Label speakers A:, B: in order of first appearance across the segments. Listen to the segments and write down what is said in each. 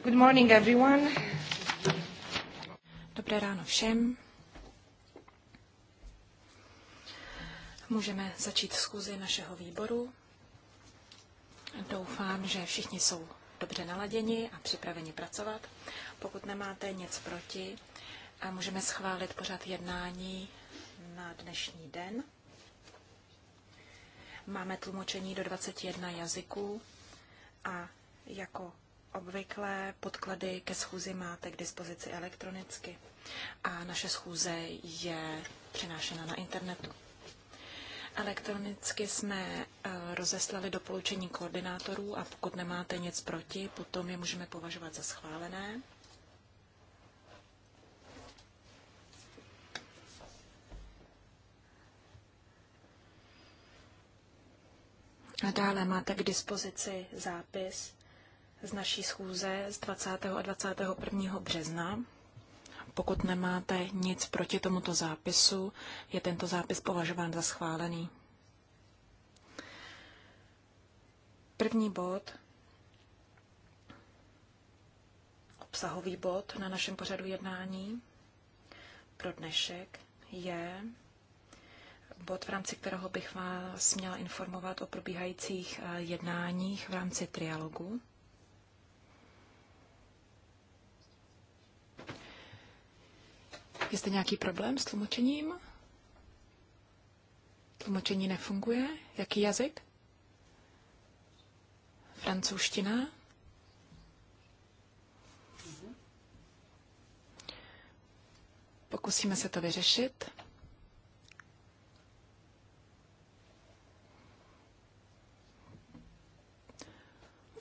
A: Good morning, everyone. Dobré ráno všem. Můžeme začít schůzi našeho výboru. Doufám, že všichni jsou dobře naladěni a připraveni pracovat. Pokud nemáte nic proti, a můžeme schválit pořad jednání na dnešní den. Máme tlumočení do 21 jazyků a jako obvykle podklady ke schůzi máte k dispozici elektronicky a naše schůze je přenášena na internetu. Elektronicky jsme eh, rozeslali doporučení koordinátorů a pokud nemáte nic proti, potom je můžeme považovat za schválené. A dále máte k dispozici zápis z naší schůze z 20. a 21. března. Pokud nemáte nic proti tomuto zápisu, je tento zápis považován za schválený. První bod, obsahový bod na našem pořadu jednání pro dnešek je bod, v rámci kterého bych vás měla informovat o probíhajících eh, jednáních v rámci trialogu. Je zde nějaký problém s tlumočením? Tlumočení nefunguje? Jaký jazyk? Francouzština? Pokusíme se to vyřešit.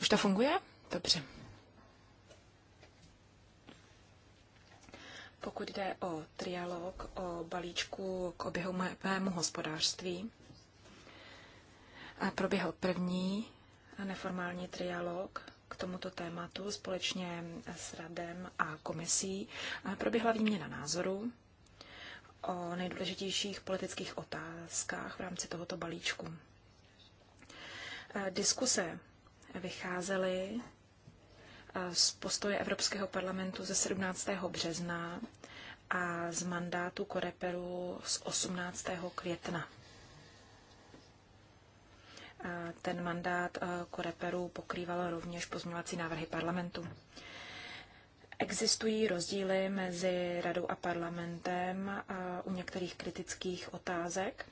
A: Už to funguje? Dobře. pokud jde o trialog o balíčku k oběhu mému hospodářství, a proběhl první neformální trialog k tomuto tématu společně s Radem a komisí. Proběhla výměna názoru o nejdůležitějších politických otázkách v rámci tohoto balíčku. Diskuse vycházely Eh, z postoje Evropského parlamentu ze 17. března a z mandátu Koreperu z 18. května. Eh, ten mandát eh, Koreperu pokrýval rovněž pozměňovací návrhy parlamentu. Existují rozdíly mezi radou a parlamentem u některých kritických otázek.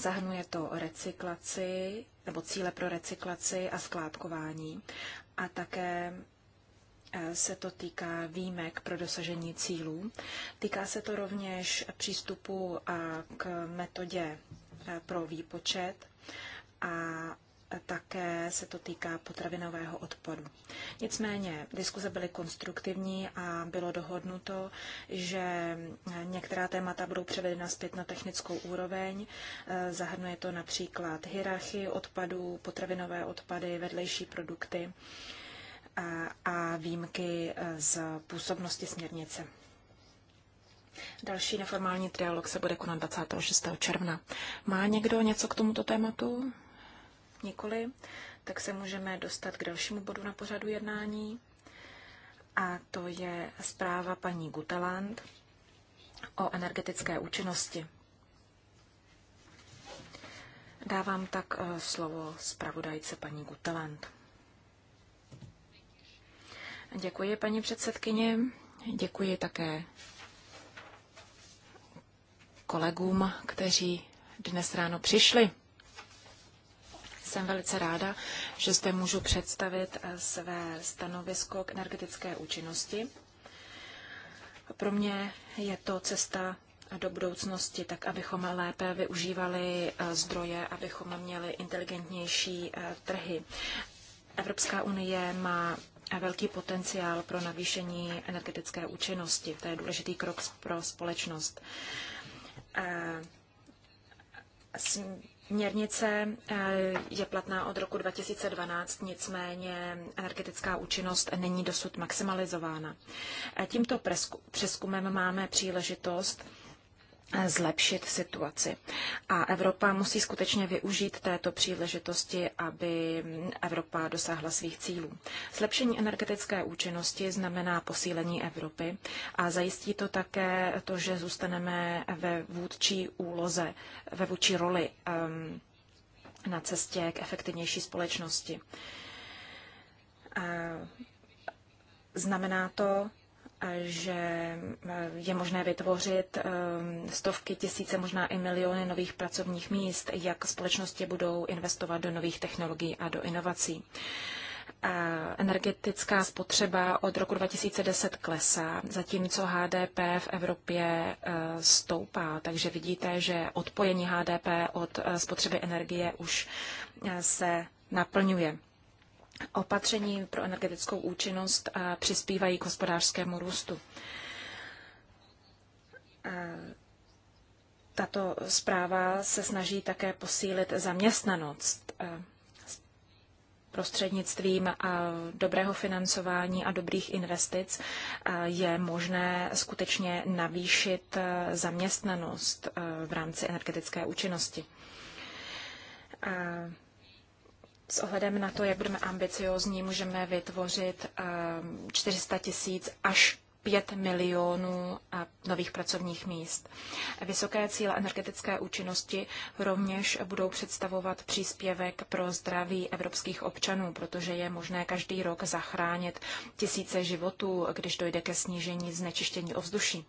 A: Zahrnuje to recyklaci nebo cíle pro recyklaci a skládkování a také eh, se to týká výjimek pro dosažení cílů. Týká se to rovněž přístupu eh, k metodě eh, pro výpočet a také se to týká potravinového odpadu. Nicméně diskuze byly konstruktivní a bylo dohodnuto, že některá témata budou převedena zpět na technickou úroveň. E, zahrnuje to například hierarchii odpadů, potravinové odpady, vedlejší produkty e, a výjimky e, z působnosti směrnice. Další neformální trialog se bude konat 26. června. Má někdo něco k tomuto tématu? Nikoli, tak se můžeme dostat k dalšímu bodu na pořadu jednání. A to je zpráva paní Guteland o energetické účinnosti. Dávám tak eh, slovo zpravodajce paní Guteland. Děkuji, paní předsedkyně. Děkuji také kolegům, kteří dnes ráno přišli jsem velice ráda, že zde můžu představit eh, své stanovisko k energetické účinnosti. Pro mě je to cesta do budoucnosti, tak abychom lépe využívali eh, zdroje, abychom měli inteligentnější eh, trhy. Evropská unie má velký potenciál pro navýšení energetické účinnosti. To je důležitý krok pro společnost Měrnice eh, je platná od roku 2012, nicméně energetická účinnost není dosud maximalizována. Eh, tímto přeskumem máme příležitost zlepšit situaci. A Evropa musí skutečně využít této příležitosti, aby Evropa dosáhla svých cílů. Zlepšení energetické účinnosti znamená posílení Evropy a zajistí to také to, že zůstaneme ve vůdčí úloze, ve vůdčí roli um, na cestě k efektivnější společnosti. znamená to, že eh, je možné vytvořit eh, stovky tisíce, možná i miliony nových pracovních míst, jak společnosti budou investovat do nových technologií a do inovací. Energetická spotřeba od roku 2010 klesá, zatímco HDP v Evropě eh, stoupá. Takže vidíte, že odpojení HDP od spotřeby energie už se naplňuje opatření pro energetickou účinnost a přispívají k hospodářskému růstu. Tato zpráva se snaží také posílit zaměstnanost prostřednictvím dobrého financování a dobrých investic je možné skutečně navýšit zaměstnanost v rámci energetické účinnosti. S ohledem na to, jak budeme ambiciozní, můžeme vytvořit 400 ehm, tisíc až 5 milionů nových pracovních míst. Vysoké cíle energetické účinnosti rovněž budou představovat příspěvek pro zdraví evropských občanů, protože je možné každý rok zachránit tisíce životů, když dojde ke snížení znečištění ovzduší.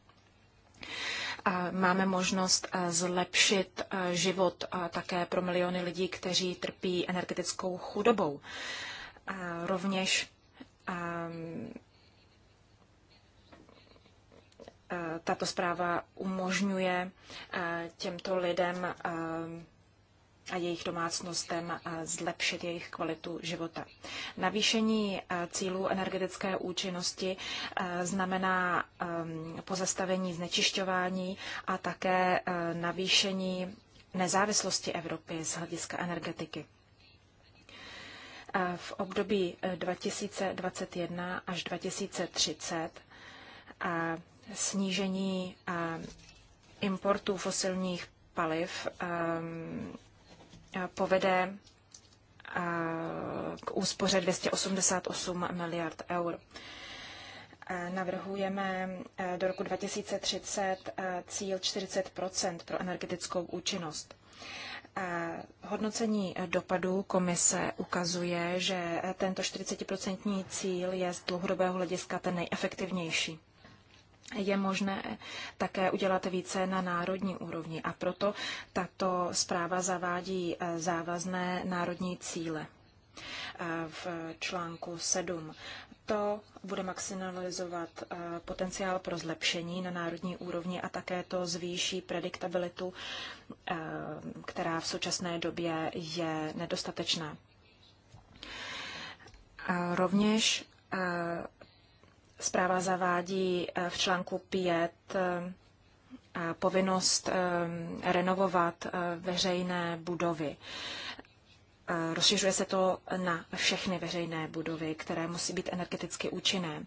A: Máme možnost eh, zlepšit eh, život eh, také pro miliony lidí, kteří trpí energetickou chudobou. Rovněž ehm, tato zpráva umožňuje těmto lidem ehm, a jejich domácnostem zlepšit jejich kvalitu života. Navýšení e, cílů energetické účinnosti e, znamená e, pozastavení znečišťování a také navýšení nezávislosti Evropy z hlediska energetiky. V období 2021 až 2030 a snížení importu fosilních paliv Eh, povede eh, k úspoře 288 miliard eur. Eh, navrhujeme do roku 2030 cíl 40 pro energetickou účinnost. Hodnocení dopadů komise ukazuje, že tento 40% cíl je z dlouhodobého hlediska ten nejefektivnější je možné také udělat více na národní úrovni a proto tato zpráva zavádí eh, závazné národní cíle eh, v článku 7. To bude maximalizovat eh, potenciál pro zlepšení na národní úrovni a také to zvýší prediktabilitu, která v současné době je nedostatečná. rovněž Zpráva zavádí eh, v článku 5 eh, povinnost eh, renovovat veřejné budovy. Rozšiřuje se to na všechny veřejné budovy, které musí být energeticky účinné.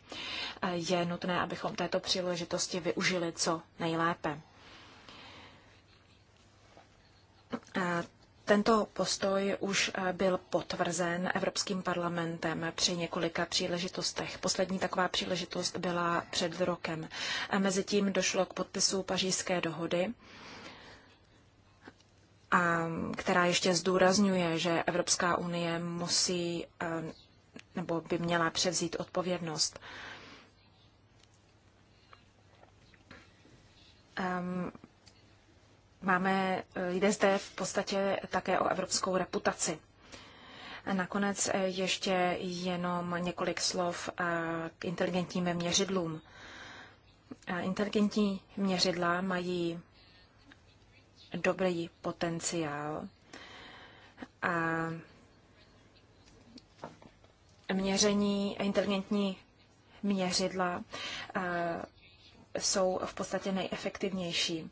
A: Je nutné, abychom této příležitosti využili co nejlépe. Tento postoj už eh, byl potvrzen Evropským parlamentem při několika příležitostech. Poslední taková příležitost byla před rokem. Mezitím došlo k podpisu pařížské dohody, a která ještě zdůrazňuje, že Evropská unie musí eh, nebo by měla převzít odpovědnost. Ehm, Máme, eh, jde zde v podstatě také o evropskou reputaci. nakonec eh, ještě jenom několik slov eh, k inteligentním měřidlům. Inteligentní měřidla mají dobrý potenciál a měření, inteligentní měřidla jsou v podstatě nejefektivnější.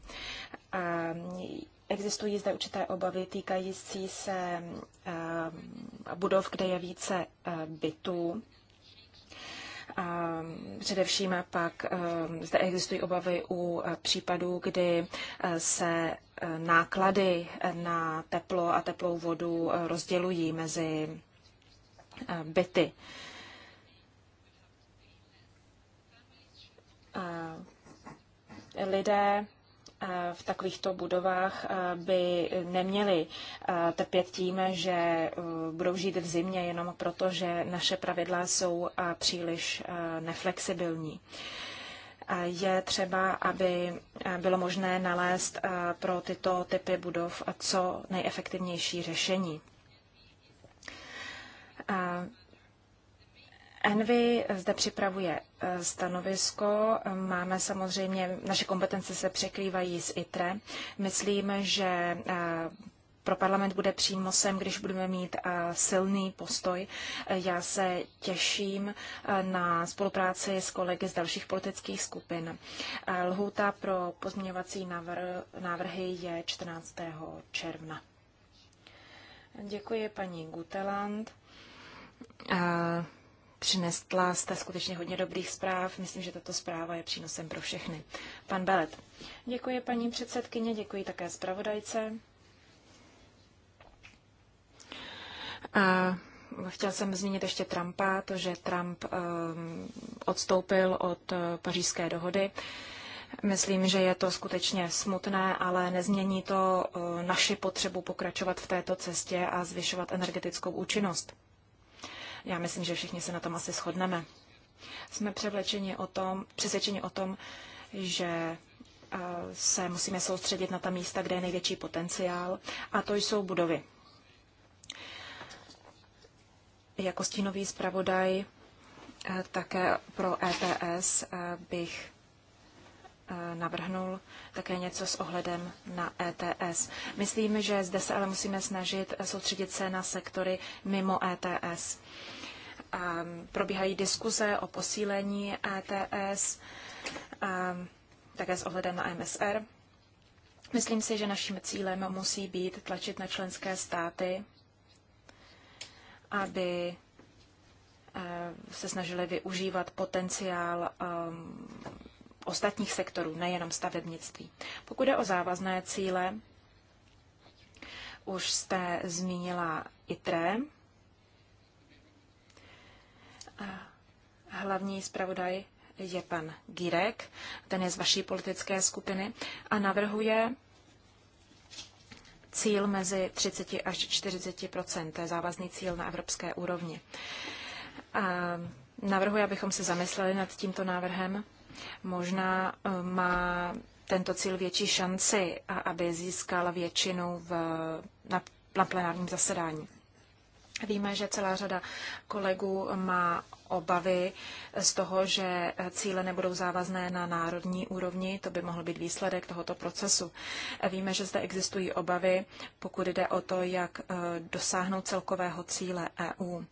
A: Existují zde určité obavy týkající se eh, budov, kde je více eh, bytů. A především pak eh, zde existují obavy u případů, kdy se náklady na teplo a teplou vodu rozdělují mezi byty. A lidé Eh, v takovýchto budovách eh, by neměli eh, trpět tím, že budou žít v zimě jenom proto, že naše pravidla jsou příliš neflexibilní. Je třeba, aby bylo možné nalézt pro tyto typy budov co nejefektivnější řešení. Envy zde připravuje stanovisko. Máme samozřejmě, naše kompetence se překrývají s ITRE. Myslím, že eh, pro parlament bude přínosem, když budeme mít eh, silný postoj. Já se těším eh, na spolupráci s kolegy z dalších politických skupin. Lhůta pro pozměňovací návrhy je 14. června. Děkuji paní Guteland. Přinestla jste skutečně hodně dobrých zpráv. Myslím, že tato zpráva je přínosem pro všechny. Pan Belet. Děkuji paní předsedkyně, děkuji také zpravodajce. A chtěl jsem zmínit ještě Trumpa, to, že Trump um, odstoupil od eh, pařížské dohody. Myslím, že je to skutečně smutné, ale nezmění to eh, naši potřebu pokračovat v této cestě a zvyšovat energetickou účinnost. Já myslím, že všichni se na tom asi shodneme. Jsme převlečeni o tom, přesvědčeni o tom, že eh, se musíme soustředit na ta místa, kde je největší potenciál, a to jsou budovy. Jako stínový zpravodaj eh, také pro ETS eh, bych Eh, navrhnul také něco s ohledem na ETS. Myslím, že zde se ale musíme snažit eh, soustředit se na sektory mimo ETS. Ehm, probíhají diskuze o posílení ETS, ehm, také s ohledem na MSR. Myslím si, že naším cílem musí být tlačit na členské státy, aby ehm, se snažili využívat potenciál ostatních sektorů, nejenom stavebnictví. Pokud je o závazné cíle, už jste zmínila ITRE, hlavní zpravodaj je pan Girek, ten je z vaší politické skupiny a navrhuje cíl mezi 30 až 40 to je závazný cíl na evropské úrovni. A navrhuji, abychom se zamysleli nad tímto návrhem Možná eh, má tento cíl větší šanci, aby získal většinu v, na, na plenárním zasedání. Víme, že celá řada kolegů má obavy z toho, že cíle nebudou závazné na národní úrovni. To by mohl být výsledek tohoto procesu. Víme, že zde existují obavy, pokud jde o to, jak eh, dosáhnout celkového cíle EU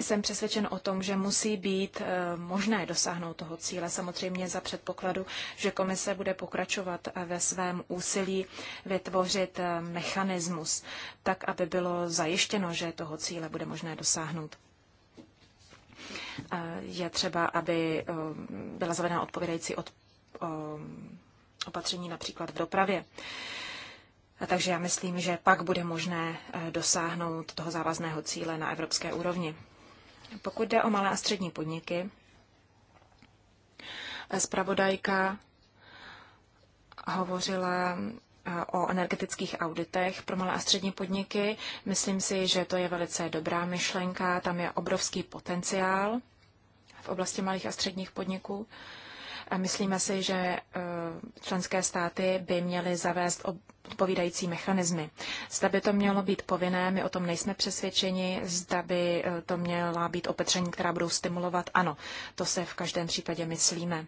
A: jsem přesvědčen o tom, že musí být eh, možné dosáhnout toho cíle, samozřejmě za předpokladu, že komise bude pokračovat eh, ve svém úsilí vytvořit eh, mechanismus, tak aby bylo zajištěno, že toho cíle bude možné dosáhnout. Je třeba, aby byla zavedena odpovědající od, opatření například v dopravě. Takže já myslím, že pak bude možné dosáhnout toho závazného cíle na evropské úrovni. Pokud jde o malé a střední podniky, zpravodajka hovořila eh, o energetických auditech pro malé a střední podniky. Myslím si, že to je velice dobrá myšlenka, tam je obrovský potenciál v oblasti malých a středních podniků. Myslíme si, že eh, členské státy by měly zavést odpovídající mechanismy. Zda by to mělo být povinné, my o tom nejsme přesvědčeni, zda by eh, to měla být opatření, která budou stimulovat, ano, to se v každém případě myslíme.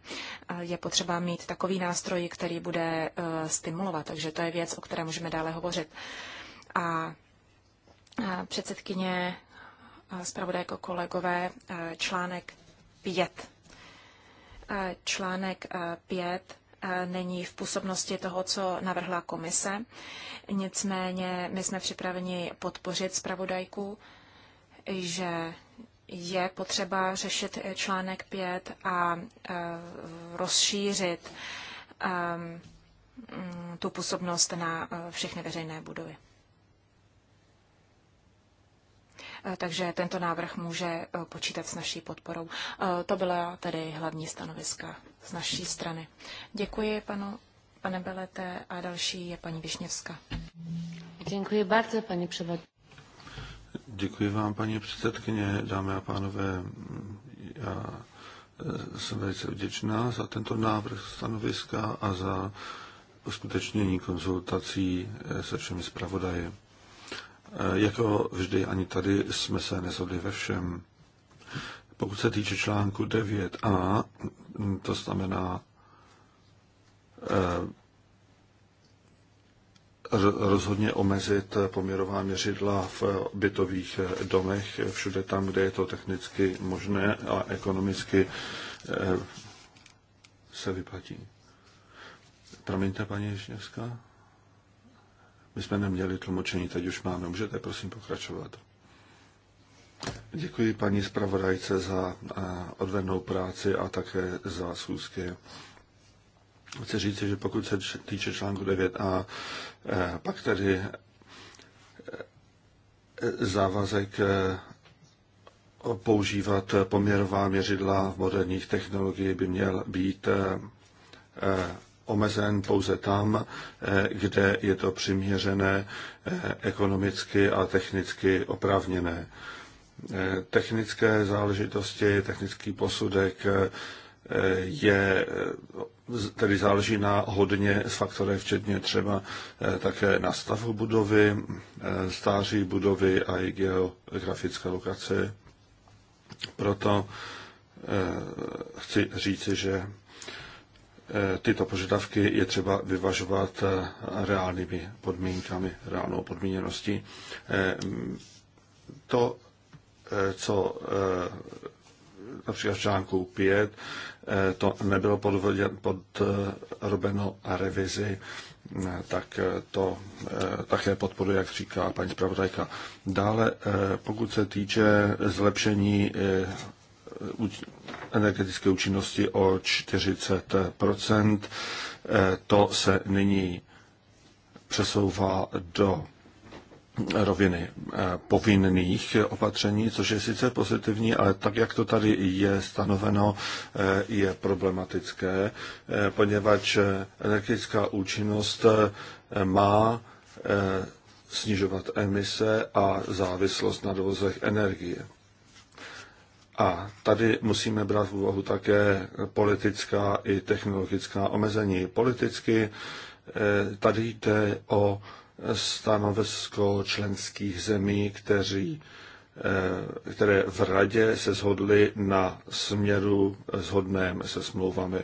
A: Eh, je potřeba mít takový nástroj, který bude stimulovat, takže to je věc, o které můžeme dále hovořit. A předsedkyně, zpravodajko kolegové, článek 5 článek 5 není v působnosti toho, co navrhla komise. Nicméně my jsme připraveni podpořit zpravodajku, že je potřeba řešit e, článek 5 a e, rozšířit tu působnost na e, všechny veřejné budovy. Eh, takže tento návrh může eh, počítat s naší podporou. Eh, to byla tedy hlavní stanoviska z naší strany. Děkuji panu pane Belete a další je paní Višněvská. Děkuji bardzo, paní převodní.
B: Děkuji vám, paní předsedkyně, dámy a pánové. Já jsem velice vděčná za tento návrh stanoviska a za uskutečnění konzultací se všemi zpravodaji. Eh, jako vždy, ani tady jsme se nezhodli ve všem. Pokud se týče článku 9a, to znamená eh, rozhodně omezit poměrová měřidla v bytových eh, domech, všude tam, kde je to technicky možné a ekonomicky se vyplatí. Promiňte, paní Ježňovská. My jsme neměli tlumočení, teď už máme. Můžete prosím pokračovat. Děkuji paní zpravodajce za eh, odvednou práci a také za schůzky. Chci říct, že pokud se týče článku 9a, eh, pak tedy eh, závazek používat poměrová měřidla v moderních technologiích, by měl být omezen pouze tam, eh, kde je to přiměřené eh, ekonomicky a technicky oprávněné. Eh, technické záležitosti, technický posudek je, tedy záleží na hodně z faktorech, včetně třeba také na stavu budovy, stáří budovy a i geografické lokace. Proto chci říci, že Eh, tyto požadavky je třeba vyvažovat eh, reálnými podmínkami, reálnou podmíněností. Eh, to, co například v článku 5, to nebylo podrobeno revizi, tak to také podporuje, jak říká paní zpravodajka. Dále, pokud se týče zlepšení energetické účinnosti o 40 eh, To se nyní přesouvá do roviny eh, povinných opatření, což je sice pozitivní, ale tak, jak to tady je stanoveno, eh, je problematické, poněvadž energetická účinnost má snižovat emise a závislost na dovozech energie. A tady musíme brát v úvahu také politická i technologická omezení. Politicky eh, tady jde o stanovisko členských zemí, kteří, eh, které v radě se shodly na směru shodném se smlouvami.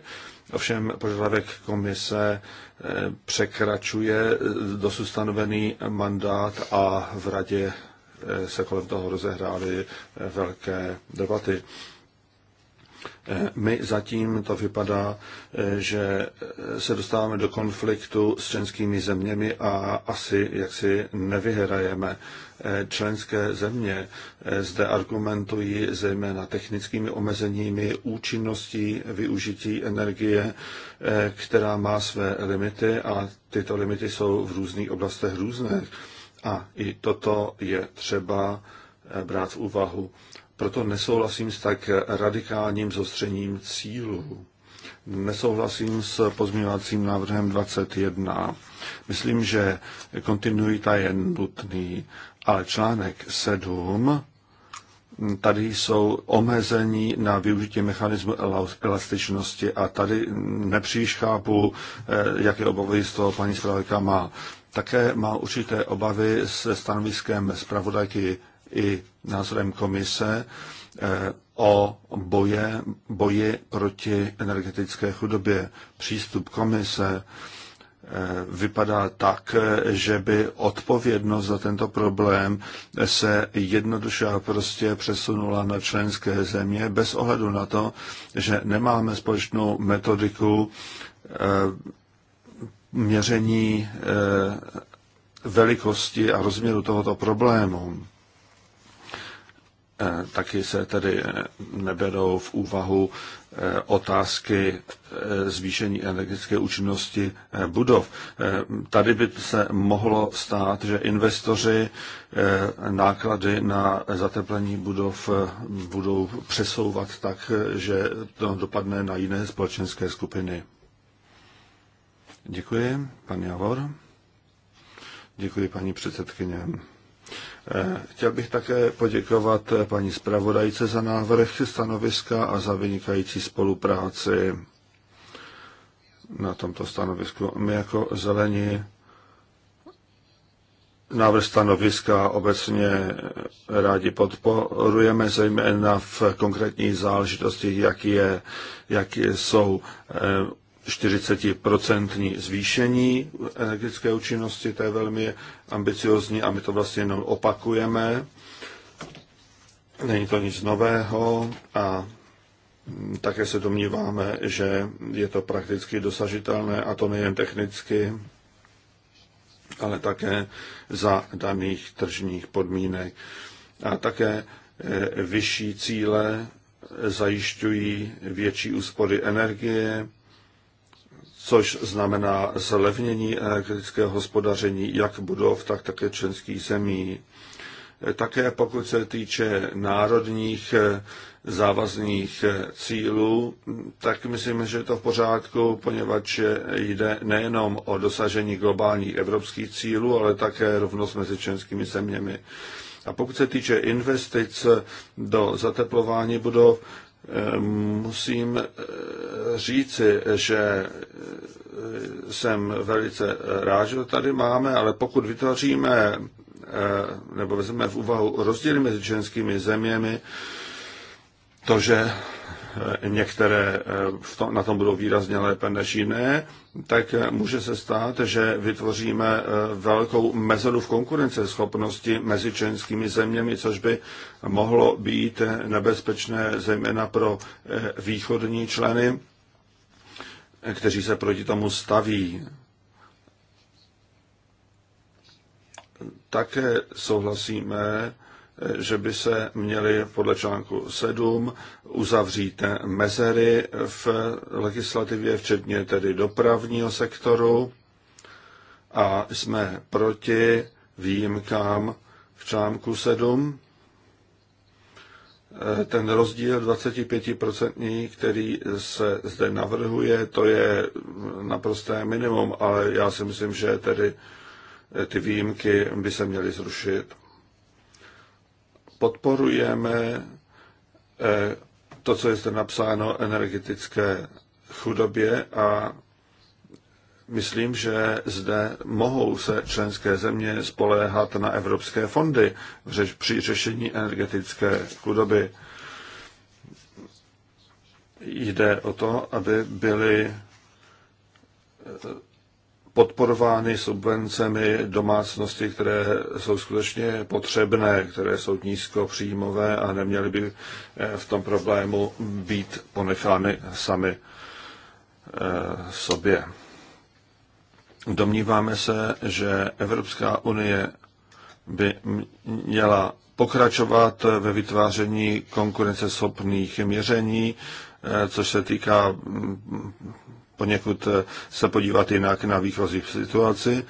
B: Ovšem požadavek komise eh, překračuje dosud stanovený mandát a v radě Eh, se kolem toho rozehrály eh, velké debaty. Eh, my zatím to vypadá, že se dostáváme do konfliktu s členskými zeměmi a asi jaksi nevyhrajeme. Členské země zde argumentují zejména technickými omezeními účinností využití energie, která má své limity a tyto limity jsou v různých oblastech různé. A i toto je třeba eh, brát v úvahu. Proto nesouhlasím s tak radikálním zostřením cílů. Nesouhlasím s pozměňovacím návrhem 21. Myslím, že kontinuita je nutný, ale článek 7 tady jsou omezení na využití mechanismu elastičnosti a tady nepříliš chápu, eh, jaké obavy z toho paní zpravodajka má také má určité obavy se stanoviskem zpravodajky i názorem komise eh, o boje, boji proti energetické chudobě. Přístup komise eh, vypadá tak, že by odpovědnost za tento problém se jednoduše a prostě přesunula na členské země bez ohledu na to, že nemáme společnou metodiku eh, měření eh, velikosti a rozměru tohoto problému. Eh, taky se tedy eh, neberou v úvahu otázky zvýšení energetické účinnosti budov. Tady by se mohlo stát, že investoři náklady na zateplení budov budou přesouvat tak, že to dopadne na jiné společenské skupiny. Děkuji, pan Javor. Děkuji, paní předsedkyně. Eh, chtěl bych také poděkovat eh, paní zpravodajce za návrh stanoviska a za vynikající spolupráci na tomto stanovisku. My jako zelení návrh stanoviska obecně eh, rádi podporujeme, zejména v konkrétní záležitosti, jak, je, jak jsou 40% zvýšení energetické účinnosti, to je velmi ambiciozní a my to vlastně jenom opakujeme. Není to nic nového a také se domníváme, že je to prakticky dosažitelné a to nejen technicky, ale také za daných tržních podmínek. A také e, vyšší cíle zajišťují větší úspory energie, což znamená zlevnění energetického eh, hospodaření jak budov, tak také členských zemí. Eh, také pokud se týče národních eh, závazných cílů, tak myslím, že je to v pořádku, poněvadž jde nejenom o dosažení globálních evropských cílů, ale také rovnost mezi členskými zeměmi. A pokud se týče investic do zateplování budov, Musím eh, říci, že eh, jsem velice rád, že to tady máme, ale pokud vytvoříme eh, nebo vezmeme v úvahu rozdíly mezi členskými zeměmi, to, že některé eh, v tom, na tom budou výrazně lépe než jiné, tak může se stát, že vytvoříme eh, velkou mezeru v konkurenceschopnosti mezi členskými zeměmi, což by mohlo být nebezpečné zejména pro eh, východní členy, kteří se proti tomu staví. Také souhlasíme, že by se měly podle článku 7 uzavřít mezery v legislativě, včetně tedy dopravního sektoru a jsme proti výjimkám v článku 7. Ten rozdíl 25%, který se zde navrhuje, to je naprosté minimum, ale já si myslím, že tedy ty výjimky by se měly zrušit podporujeme eh, to, co je zde napsáno energetické chudobě a myslím, že zde mohou se členské země spoléhat na evropské fondy při řešení energetické chudoby. Jde o to, aby byly eh, podporovány subvencemi domácnosti, které jsou skutečně potřebné, které jsou nízkopříjmové a neměly by eh, v tom problému být ponechány sami eh, sobě. Domníváme se, že Evropská unie by měla pokračovat ve vytváření konkurenceschopných měření, eh, což se týká mm, poněkud eh, se podívat jinak na výchozí situaci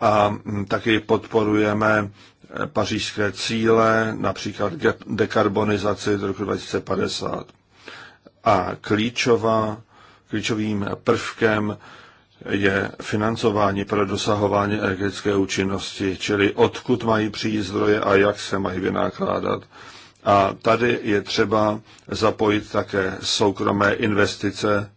B: a mm, taky podporujeme eh, pařížské cíle, například dekarbonizaci do roku 2050. A klíčová, klíčovým prvkem je financování pro dosahování energetické účinnosti, čili odkud mají přijít zdroje a jak se mají vynakládat. A tady je třeba zapojit také soukromé investice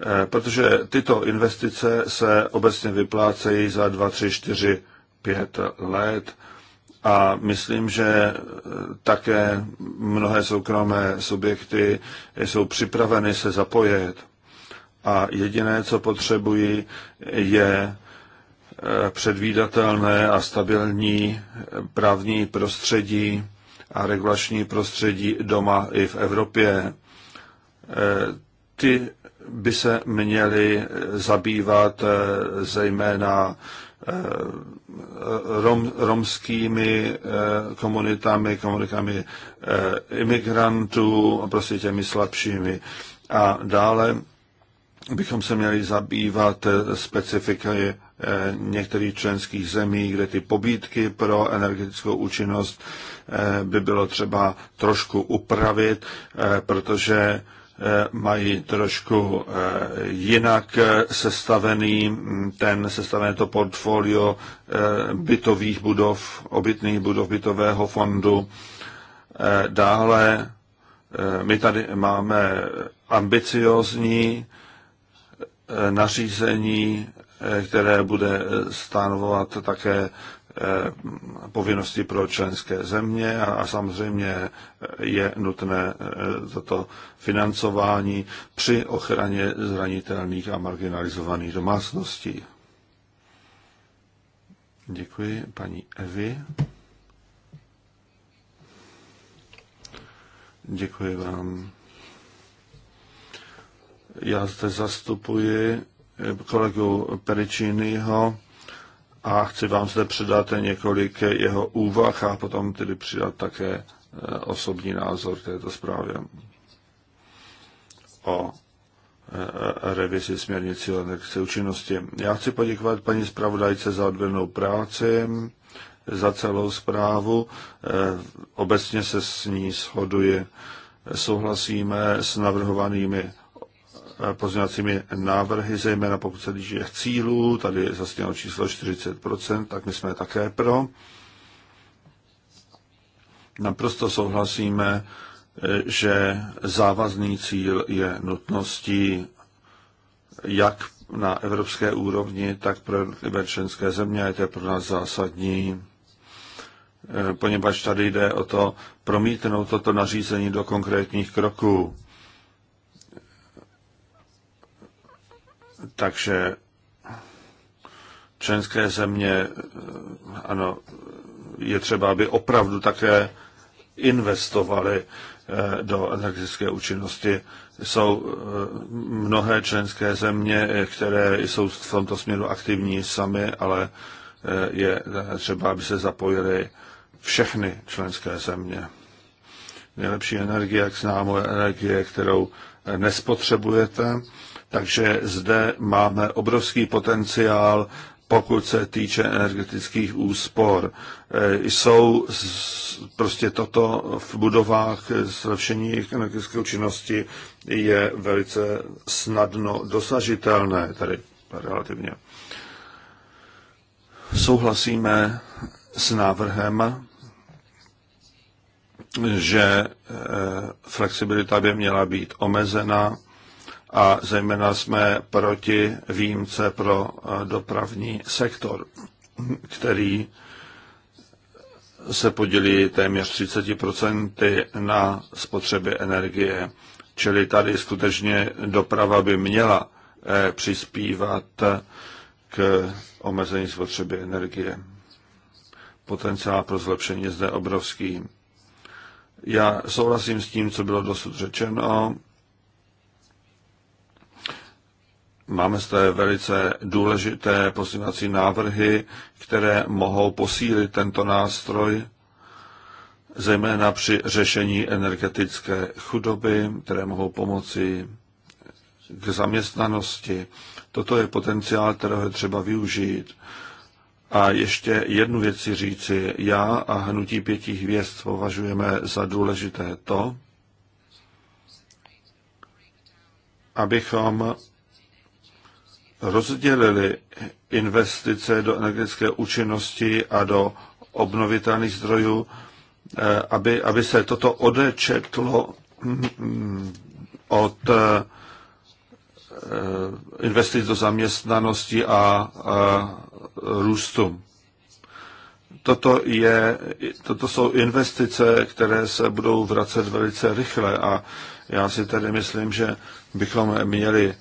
B: Eh, protože tyto investice se obecně vyplácejí za 2, 3, 4, 5 let a myslím, že eh, také mnohé soukromé subjekty jsou připraveny se zapojit. A jediné, co potřebují, je eh, předvídatelné a stabilní právní prostředí a regulační prostředí doma i v Evropě. Ty by se měli eh, zabývat eh, zejména eh, rom, romskými komunitami, komunitami imigrantů, prostě těmi slabšími. A dále bychom se měli zabývat specifiky některých členských zemí, kde ty pobídky pro energetickou účinnost by bylo třeba trošku upravit, protože Eh, mají trošku eh, jinak eh, sestavený mm, ten, sestavené to portfolio bytových budov, obytných budov bytového fondu. Dále my tady máme ambiciozní nařízení, které bude stanovovat také Eh, povinnosti pro členské země a samozřejmě je nutné eh, toto financování při ochraně zranitelných a marginalizovaných domácností. Děkuji paní Evi. Děkuji vám. Já zde zastupuji kolegu Peričínyho, a chci vám zde předat několik jeho úvah a potom tedy přidat také e, osobní názor této zprávě o e, e, revizi směrnici o energetické účinnosti. Já chci poděkovat paní zpravodajce za odvednou práci, za celou zprávu. Obecně se s ní shoduji. Souhlasíme s navrhovanými pozměňovacími návrhy, zejména pokud se týče cílů, tady je zasněno číslo 40%, tak my jsme také pro. Naprosto souhlasíme, že závazný cíl je nutností jak na evropské úrovni, tak pro jednotlivé členské země. Je to pro nás zásadní, eh, poněvadž tady jde o to promítnout toto nařízení do konkrétních kroků. Takže členské země, ano, je třeba, aby opravdu také investovali eh, do energetické účinnosti. Jsou eh, mnohé členské země, eh, které jsou v tomto směru aktivní sami, ale je třeba, aby se zapojily všechny členské země. Nejlepší energie, jak známo, je energie, kterou nespotřebujete takže zde máme obrovský potenciál, pokud se týče energetických úspor. E, jsou prostě toto v budovách zlepšení jejich energetické činnosti je velice snadno dosažitelné, tady relativně. Souhlasíme s návrhem, že e, flexibilita by měla být omezena a zejména jsme proti výjimce pro eh, dopravní sektor, který se podělí téměř 30% na spotřebě energie. Čili tady skutečně doprava by měla eh, přispívat eh, k omezení spotřeby energie. Potenciál pro zlepšení je zde obrovský. Já souhlasím s tím, co bylo dosud řečeno. Máme zde velice důležité pozměňovací návrhy, které mohou posílit tento nástroj, zejména při řešení energetické chudoby, které mohou pomoci k zaměstnanosti. Toto je potenciál, kterého je třeba využít. A ještě jednu věc si říci. Já a Hnutí pěti hvězd považujeme za důležité to, abychom rozdělili investice do energetické účinnosti a do obnovitelných zdrojů, eh, aby, aby se toto odečetlo mm, mm, od eh, eh, investic do zaměstnanosti a růstu. Toto, je, toto jsou investice, které se budou vracet velice rychle a já si tedy myslím, že bychom měli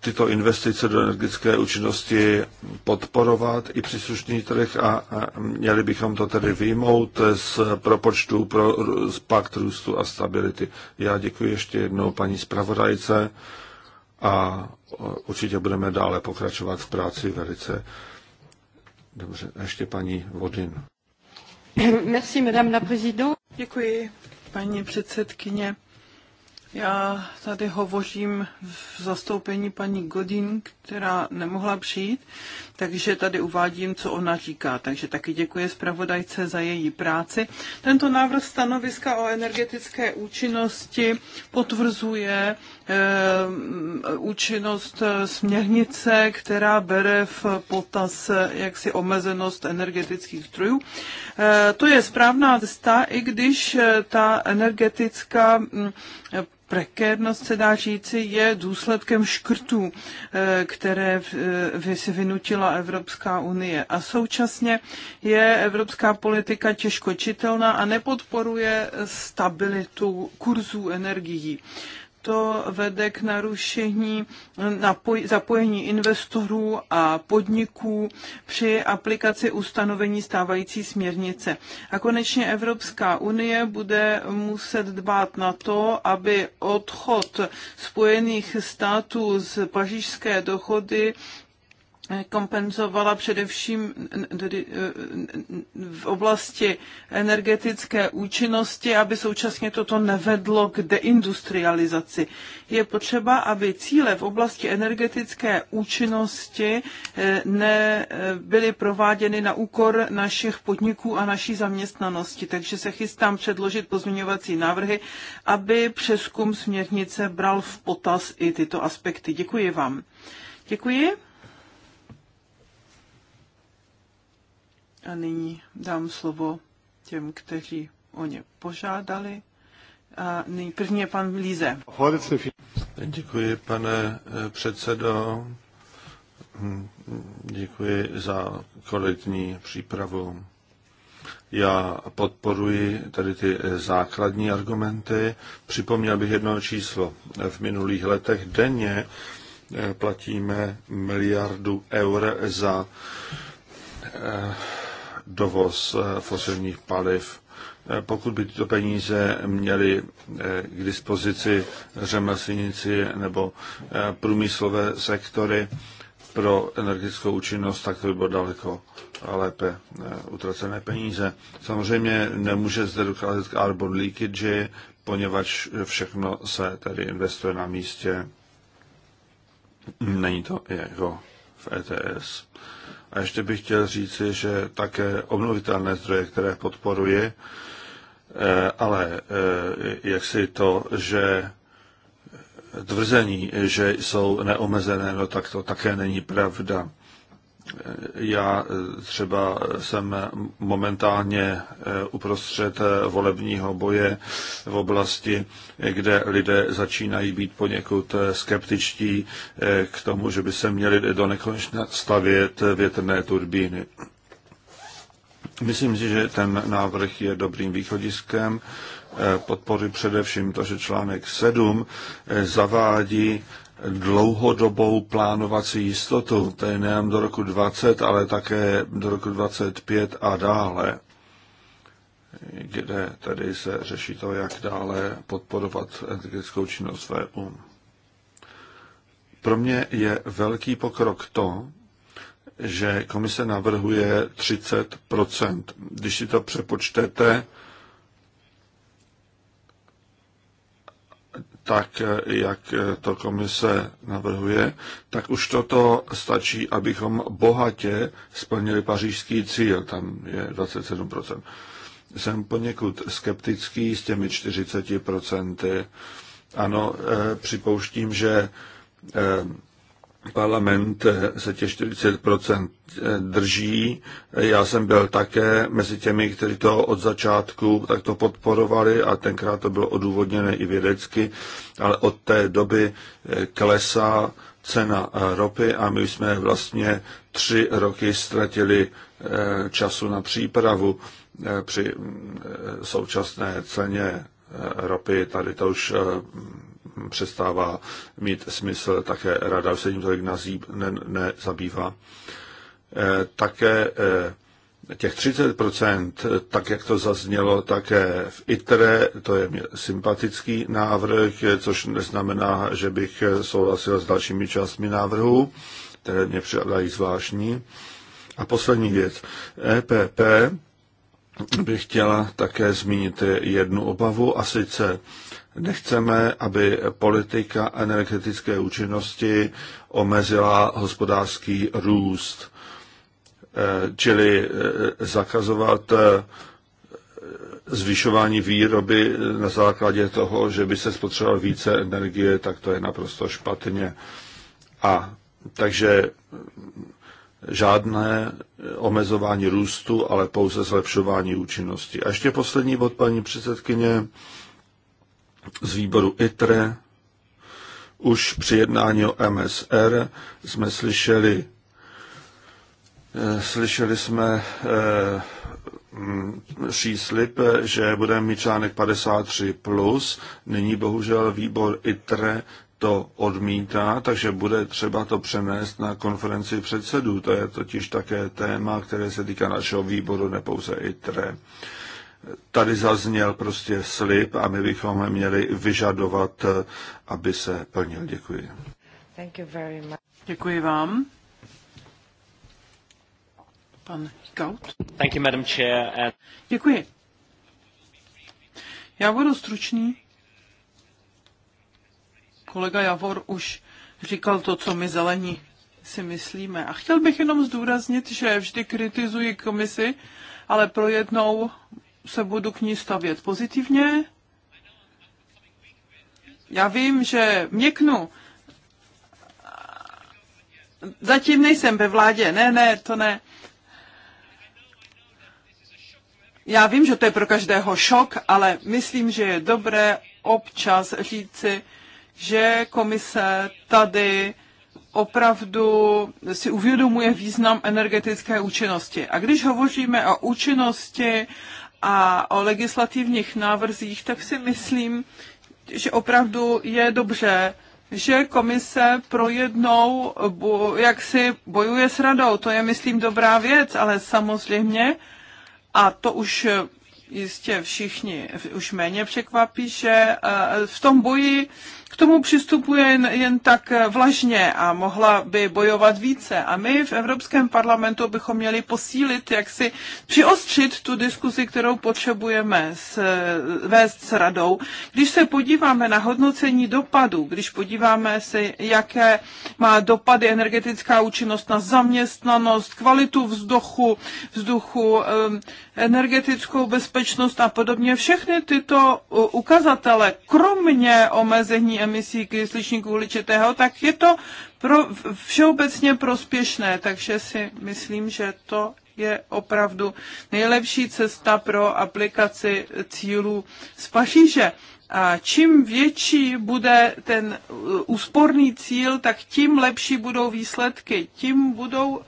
B: tyto investice do energetické účinnosti podporovat i příslušný trh a měli bychom to tedy vyjmout z propočtu pro pakt růstu a stability. Já děkuji ještě jednou paní zpravodajce a e, určitě budeme dále pokračovat v práci velice. Dobře, ještě paní Vodin.
A: Merci, madame la
C: présidente. Děkuji, paní předsedkyně. Já tady hovořím v zastoupení paní Godin, která nemohla přijít, takže tady uvádím, co ona říká. Takže taky děkuji zpravodajce za její práci. Tento návrh stanoviska o energetické účinnosti potvrzuje e, účinnost směrnice, která bere v potaz eh, jaksi omezenost energetických strojů. E, eh, to je správná cesta, i když ta energetická mm, prekérnost, se dá říci, je důsledkem škrtů, eh, které eh, si vynutila Evropská unie. A současně je evropská politika těžko a nepodporuje stabilitu kurzů energií to vede k narušení napoj, zapojení investorů a podniků při aplikaci ustanovení stávající směrnice. A konečně Evropská unie bude muset dbát na to, aby odchod Spojených států z pařížské dohody kompenzovala především tedy e, v oblasti energetické účinnosti, aby současně toto nevedlo k deindustrializaci. Je potřeba, aby cíle v oblasti energetické účinnosti e, nebyly e, prováděny na úkor našich podniků a naší zaměstnanosti. Takže se chystám předložit pozměňovací návrhy, aby přeskum směrnice bral v potaz i tyto aspekty. Děkuji vám. Děkuji. A nyní dám slovo těm, kteří o ně požádali. A nyní první je pan Líze.
B: Děkuji, pane eh, předsedo. Hm, děkuji za kvalitní přípravu. Já podporuji tady ty eh, základní argumenty. Připomněl bych jedno číslo. V minulých letech denně eh, platíme miliardu eur za dovoz eh, fosilních paliv. Eh, pokud by tyto peníze měli eh, k dispozici řemeslníci nebo průmyslové sektory pro energetickou účinnost, tak to by bylo daleko lépe utracené peníze. Samozřejmě nemůže zde docházet k arbon leakage, poněvadž všechno se tady investuje na místě. Není to jeho v ETS. A ještě bych chtěl říci, že také obnovitelné zdroje, které podporuje, eh, ale eh, jak si to, že tvrzení, že jsou neomezené, no tak to také není pravda. Já eh, třeba eh, jsem momentálně eh, uprostřed volebního boje v oblasti, kde lidé začínají být poněkud skeptičtí k tomu, že by se měli do nekonečna stavět větrné turbíny. Myslím si, že ten návrh je dobrým východiskem podpory především to, že článek 7 zavádí dlouhodobou plánovací jistotu, to je nejen do roku 20, ale také do roku 25 a dále, kde tedy se řeší to, jak dále podporovat energetickou činnost VU. E Pro mě je velký pokrok to, že komise navrhuje 30 Když si to přepočtete, tak eh, jak eh, to komise navrhuje, tak už toto stačí, abychom bohatě splnili pařížský cíl, tam je 27%. Jsem poněkud skeptický s těmi 40%. Ano, eh, připouštím, že parlament se těch 40% drží. Já jsem byl také mezi těmi, kteří to od začátku takto podporovali a tenkrát to bylo odůvodněné i vědecky, ale od té doby klesá cena ropy a my jsme vlastně tři roky ztratili eh, času na přípravu eh, při mm, eh, současné ceně ropy. Tady to už přestává mít smysl, také rada se tím tolik nezabývá. E, také e, těch 30%, tak jak to zaznělo také v ITRE, to je sympatický návrh, což neznamená, že bych souhlasil s dalšími částmi návrhu, které mě připadají zvláštní. A poslední věc. EPP bych chtěla také zmínit jednu obavu, a sice Nechceme, aby politika energetické účinnosti omezila hospodářský růst, eh, čili eh, zakazovat eh, zvyšování výroby na základě toho, že by se spotřeboval více energie, tak to je naprosto špatně. A takže žádné omezování růstu, ale pouze zlepšování účinnosti. A ještě poslední bod, paní předsedkyně z výboru ITRE. Už při jednání o MSR jsme slyšeli, eh, slyšeli jsme eh, mm, příslip, že budeme mít článek 53+. Plus. Nyní bohužel výbor ITRE to odmítá, takže bude třeba to přenést na konferenci předsedů. To je totiž také téma, které se týká našeho výboru, ne pouze ITRE. Tady zazněl prostě slib a my bychom měli vyžadovat, eh, aby se plnil. Děkuji.
C: Thank you very much. Děkuji vám. Pan Kaut.
A: Thank you, Madam Chair.
C: Děkuji. Já budu stručný. Kolega Javor už říkal to, co my zelení si myslíme. A chtěl bych jenom zdůraznit, že vždy kritizuji komisi, ale pro jednou se budu k ní stavět pozitivně. Já vím, že měknu. Zatím nejsem ve vládě. Ne, ne, to ne. Já vím, že to je pro každého šok, ale myslím, že je dobré občas říci, že komise tady opravdu si uvědomuje význam energetické účinnosti. A když hovoříme o účinnosti a o legislativních návrzích, tak si myslím, že opravdu je dobře, že komise pro jednou jak si bojuje s radou. To je, myslím, dobrá věc, ale samozřejmě, a to už jistě všichni už méně překvapí, že eh, v tom boji tomu přistupuje jen, jen tak vlažně a mohla by bojovat více. A my v Evropském parlamentu bychom měli posílit, jak si přiostřit tu diskuzi, kterou potřebujeme s, vést s radou. Když se podíváme na hodnocení dopadu, když podíváme se, jaké má dopady energetická účinnost na zaměstnanost, kvalitu vzduchu, vzduchu um, energetickou bezpečnost a podobně, všechny tyto uh, ukazatele, kromě omezení emisí kysličníku uhličitého, tak je to pro všeobecně prospěšné, takže si myslím, že to je opravdu nejlepší cesta pro aplikaci cílů z Paříže. A čím větší bude ten úsporný cíl, tak tím lepší budou výsledky, tím budou,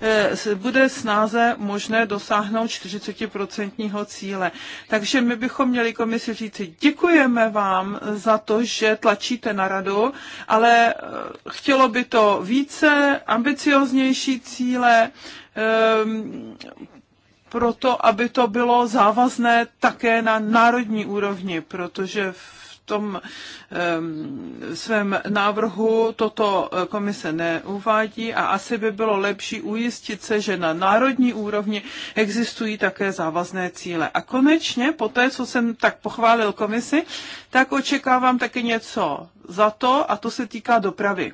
C: eh, bude snáze možné dosáhnout 40% cíle. Takže my bychom měli komisi říci, děkujeme vám za to, že tlačíte na radu, ale eh, chtělo by to více, ambicioznější cíle, Ehm, proto, aby to bylo závazné také na národní úrovni, protože v tom ehm, svém návrhu toto eh, komise neuvádí a asi by bylo lepší ujistit se, že na národní úrovni existují také závazné cíle. A konečně, po té, co jsem tak pochválil komisi, tak očekávám taky něco za to a to se týká dopravy.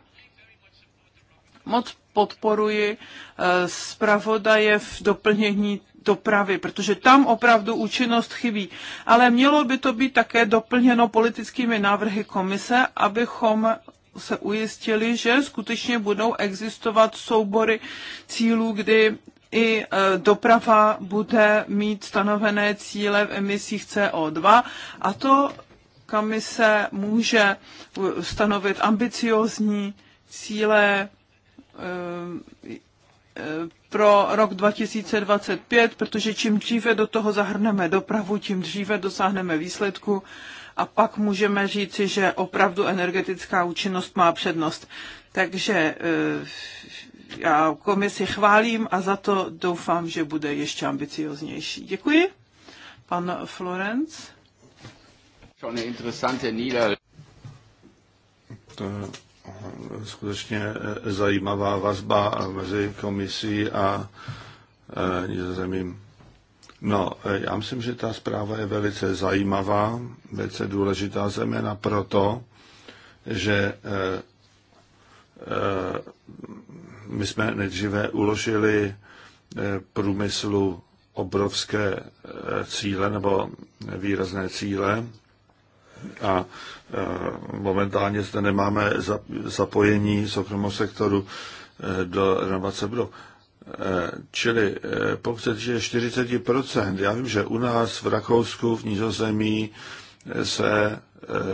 C: Moc podporuji eh, zpravodaje v doplnění dopravy, protože tam opravdu účinnost chybí. Ale mělo by to být také doplněno politickými návrhy komise, abychom se ujistili, že skutečně budou existovat soubory cílů, kdy i eh, doprava bude mít stanovené cíle v emisích CO2 a to komise může stanovit ambiciozní cíle Eh, pro rok 2025, protože čím dříve do toho zahrneme dopravu, tím dříve dosáhneme výsledku a pak můžeme říci, že opravdu energetická účinnost má přednost. Takže eh, já komisi chválím a za to doufám, že bude ještě ambicioznější. Děkuji. Pan Florenc. To je
B: skutečně eh, zajímavá vazba mezi komisí a eh, nizozemím. No, eh, já myslím, že ta zpráva je velice zajímavá, velice důležitá, zejména proto, že my jsme nejdříve uložili průmyslu obrovské cíle nebo výrazné cíle a e, momentálně zde nemáme zapojení soukromého sektoru e, do renovace budou. E, čili pokud je 40%, já vím, že u nás v Rakousku, v Nizozemí se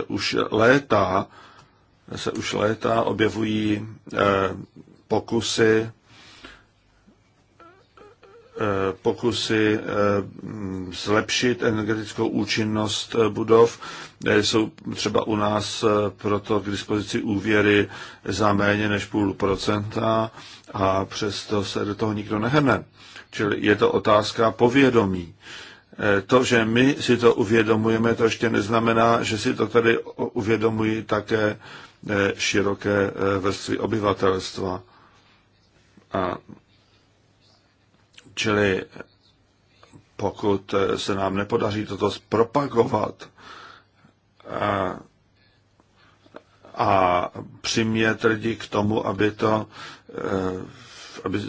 B: už léta se už léta objevují pokusy Eh, pokusy eh, mm, zlepšit energetickou účinnost eh, budov. Jsou třeba u nás proto k dispozici úvěry za méně než půl procenta a přesto se do toho nikdo nehne. Čili je to otázka povědomí. To, že my si to uvědomujeme, to ještě neznamená, že si to tady uvědomují také široké vrstvy obyvatelstva. A Čili pokud se nám nepodaří toto zpropagovat a, a přimět lidi k tomu, aby to eh, aby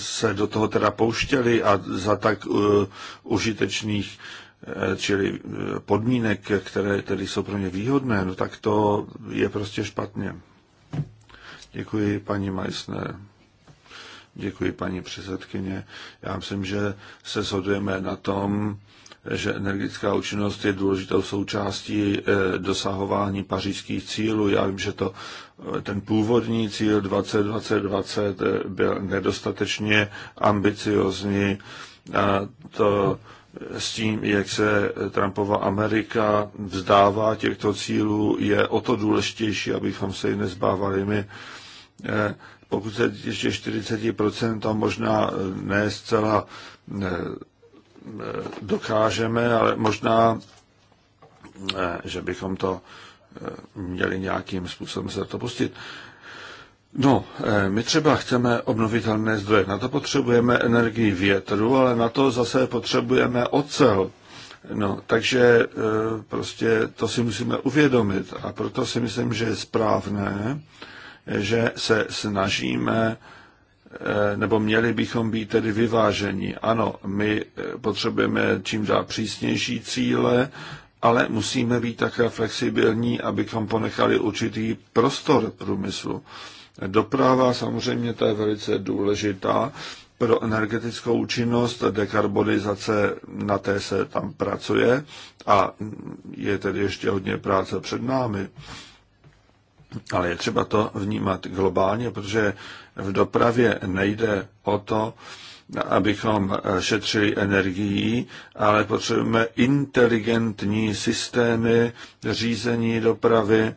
B: se do toho teda pouštěli a za tak eh, užitečných eh, čili podmínek, které tedy jsou pro ně výhodné, no tak to je prostě špatně. Děkuji, paní Meissner. Děkuji, paní předsedkyně. Já myslím, že se shodujeme na tom, že energetická účinnost je důležitou součástí eh, dosahování pařížských cílů. Já vím, že to, eh, ten původní cíl 2020 eh, byl nedostatečně ambiciozní. A to s tím, jak se Trumpova Amerika vzdává těchto cílů, je o to důležitější, abychom se ji nezbávali my pokud se ještě 40% a možná ne zcela dokážeme, ale možná, že bychom to eh, měli nějakým způsobem se to pustit. No, eh, my třeba chceme obnovitelné zdroje. Na to potřebujeme energii větru, ale na to zase potřebujeme ocel. No, takže eh, prostě to si musíme uvědomit a proto si myslím, že je správné, že se snažíme eh, nebo měli bychom být tedy vyvážení. Ano, my eh, potřebujeme čím dál přísnější cíle, ale musíme být také flexibilní, abychom ponechali určitý prostor průmyslu. Doprava samozřejmě to je velice důležitá pro energetickou účinnost, dekarbonizace, na té se tam pracuje a je tedy ještě hodně práce před námi. Ale je třeba to vnímat globálně, protože v dopravě nejde o to, abychom šetřili energií, ale potřebujeme inteligentní systémy řízení dopravy.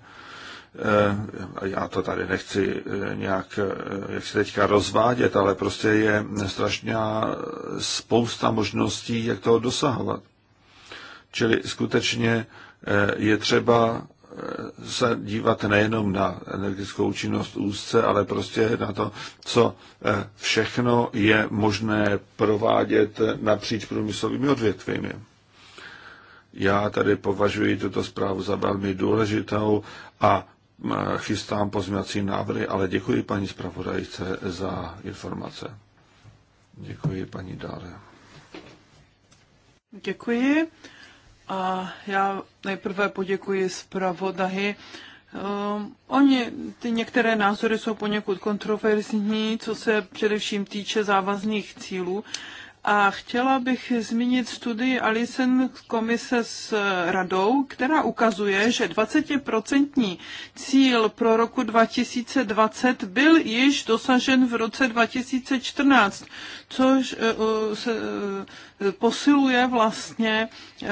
B: Eh, já to tady nechci eh, nějak, eh, jak se teďka rozvádět, ale prostě je strašná spousta možností, jak toho dosahovat. Čili skutečně je třeba se dívat nejenom na energetickou účinnost úzce, ale prostě na to, co eh, všechno je možné provádět napříč průmyslovými odvětvími. Já tady považuji tuto zprávu za velmi důležitou a eh, chystám pozměňovací návrhy, ale děkuji paní zpravodajce za informace. Děkuji paní Dále.
C: Děkuji. A já nejprve poděkuji zpravodahy. Um, oni, ty některé názory jsou poněkud kontroverzní, co se především týče závazných cílů. A chtěla bych zmínit studii Alison komise s radou, která ukazuje, že 20% cíl pro roku 2020 byl již dosažen v roce 2014, což eh, se posiluje vlastně eh,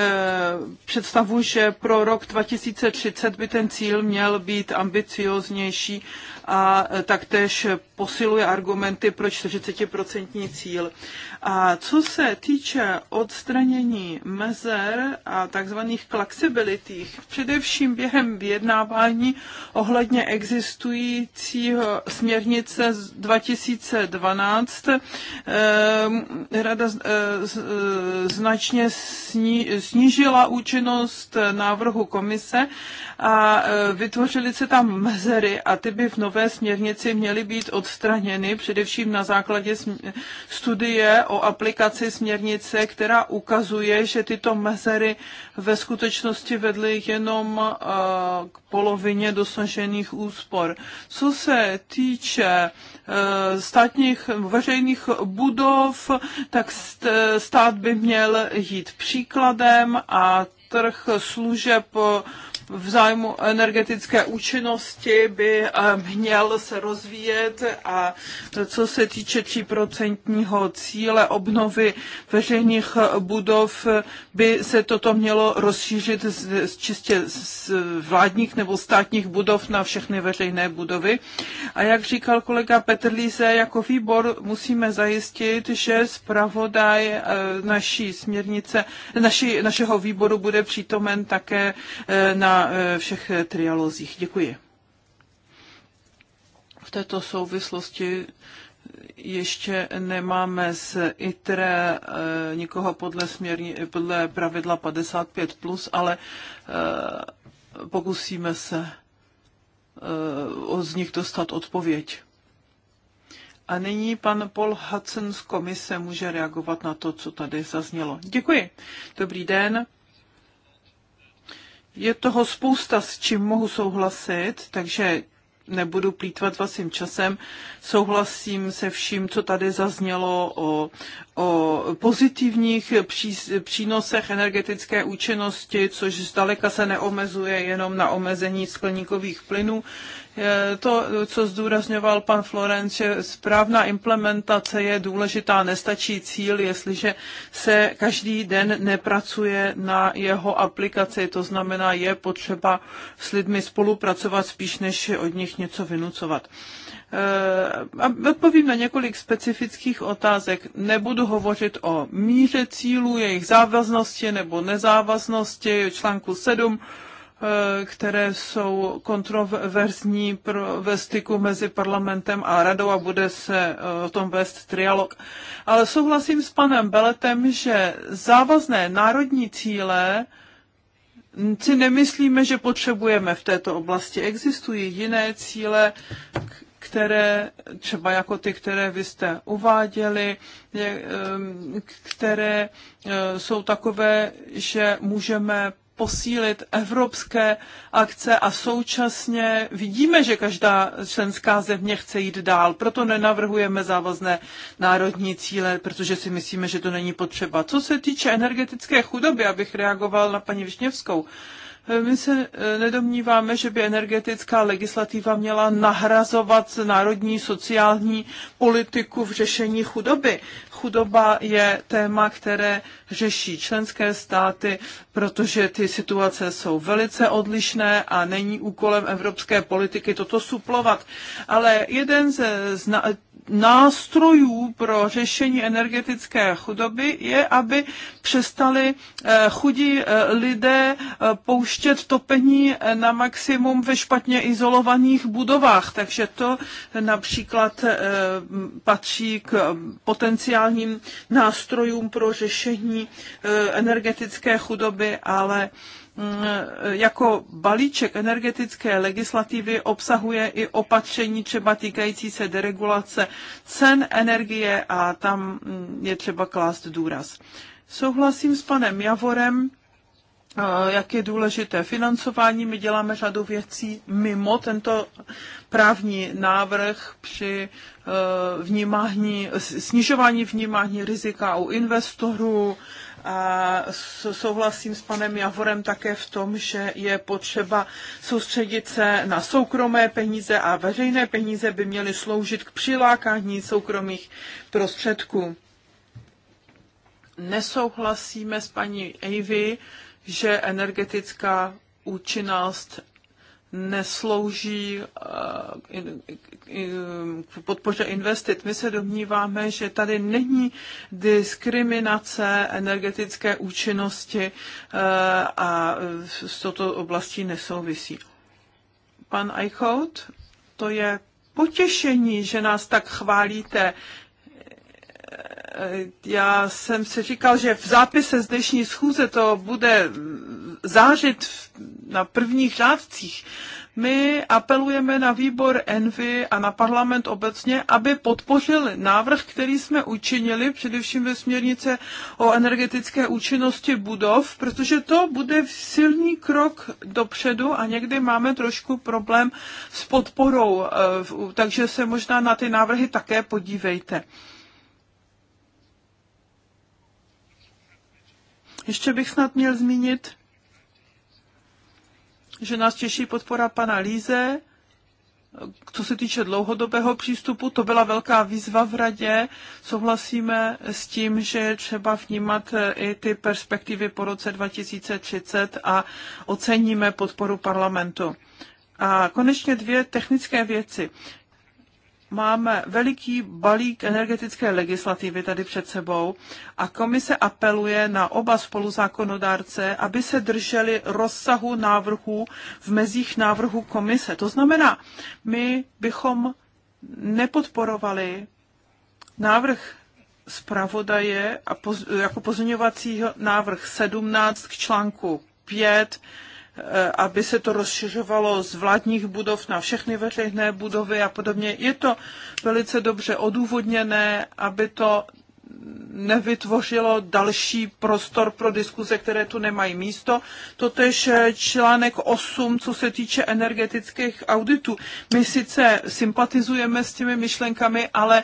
C: představu, že pro rok 2030 by ten cíl měl být ambicioznější a eh, taktéž posiluje argumenty pro 40% cíl. A co se týče odstranění mezer a takzvaných flexibilitých, především během vyjednávání ohledně existujícího směrnice z 2012, eh, Rada značně snížila účinnost návrhu komise a e, vytvořily se tam mezery a ty by v nové směrnici měly být odstraněny, především na základě studie o aplikaci směrnice, která ukazuje, že tyto mezery ve skutečnosti vedly jenom e, k polovině dosažených úspor. Co se týče e, státních veřejných budov, tak stát stát by měl jít příkladem a trh služeb v zájmu energetické účinnosti by eh, měl se rozvíjet a co se týče 3% cíle obnovy veřejných budov, by se toto mělo rozšířit z, z čistě z vládních nebo státních budov na všechny veřejné budovy. A jak říkal kolega Petr Líze, jako výbor musíme zajistit, že zpravodaj eh, naší směrnice, naši, našeho výboru bude přítomen také eh, na Eh, všech trialozích. Děkuji. V této souvislosti ještě nemáme z ITRE eh, nikoho podle, směrní, podle pravidla 55+, plus, ale eh, pokusíme se z nich dostat odpověď. A nyní pan Paul Hudson z komise může reagovat na to, co tady zaznělo. Děkuji. Dobrý den. Je toho spousta, s čím mohu souhlasit, takže nebudu plítvat vaším časem. Souhlasím se vším, co tady zaznělo o, o pozitivních pří, přínosech energetické účinnosti, což zdaleka se neomezuje jenom na omezení skleníkových plynů. Eh, to, co zdůrazňoval pan Florenc, že správná implementace je důležitá, nestačí cíl, jestliže se každý den nepracuje na jeho aplikaci. To znamená, je potřeba s lidmi spolupracovat spíš, než od nich něco vynucovat. Eh, a Odpovím na několik specifických otázek. Nebudu hovořit o míře cílů, jejich závaznosti nebo nezávaznosti, článku 7 Eh, které jsou kontroverzní pro, ve styku mezi parlamentem a radou a bude se eh, o tom vést trialog. Ale souhlasím s panem Beletem, že závazné národní cíle si nemyslíme, že potřebujeme v této oblasti. Existují jiné cíle, které, třeba jako ty, které vy jste uváděli, ehm, které eh, jsou takové, že můžeme posílit evropské akce a současně vidíme, že každá členská země chce jít dál. Proto nenavrhujeme závazné národní cíle, protože si myslíme, že to není potřeba. Co se týče energetické chudoby, abych reagoval na paní Višněvskou, my se eh, nedomníváme, že by energetická legislativa měla nahrazovat národní sociální politiku v řešení chudoby. Chudoba je téma, které řeší členské státy, protože ty situace jsou velice odlišné a není úkolem evropské politiky toto suplovat. Ale jeden ze zna- nástrojů pro řešení energetické chudoby je, aby přestali eh, chudí eh, lidé eh, pouštět topení na maximum ve špatně izolovaných budovách. Takže to například patří k potenciální ideálním nástrojům pro řešení eh, energetické chudoby, ale mm, eh, jako balíček energetické legislativy obsahuje i opatření třeba týkající se deregulace cen energie a tam mm, je třeba klást důraz. Souhlasím s panem Javorem, jak je důležité financování. My děláme řadu věcí mimo tento právní návrh při eh, vnímání, snižování vnímání rizika u investorů. A souhlasím s panem Javorem také v tom, že je potřeba soustředit se na soukromé peníze a veřejné peníze by měly sloužit k přilákání soukromých prostředků. Nesouhlasíme s paní Avy, že energetická účinnost neslouží eh, k podpoře investit. My se domníváme, že tady není diskriminace energetické účinnosti eh, a s touto oblastí nesouvisí. Pan Eichhout, to je potěšení, že nás tak chválíte. Eh, já jsem si říkal, že v zápise z dnešní schůze to bude zážit na prvních řádcích. My apelujeme na výbor Envy a na parlament obecně, aby podpořil návrh, který jsme učinili, především ve směrnice o energetické účinnosti budov, protože to bude silný krok dopředu a někdy máme trošku problém s podporou, eh, takže se možná na ty návrhy také podívejte. Ještě bych snad měl zmínit, že nás těší podpora pana Líze, co se týče dlouhodobého přístupu, to byla velká výzva v radě. Souhlasíme s tím, že je třeba vnímat eh, i ty perspektivy po roce 2030 a oceníme podporu parlamentu. A konečně dvě technické věci máme veliký balík energetické legislativy tady před sebou a komise apeluje na oba spoluzákonodárce, aby se drželi rozsahu návrhů v mezích návrhu komise. To znamená, my bychom nepodporovali návrh zpravodaje a poz, jako pozměňovací návrh 17 k článku 5 Eh, aby se to rozšiřovalo z vládních budov na všechny veřejné budovy a podobně. Je to velice dobře odůvodněné, aby to nevytvořilo další prostor pro diskuze, které tu nemají místo. Totež eh, článek 8, co se týče energetických auditů. My sice sympatizujeme s těmi myšlenkami, ale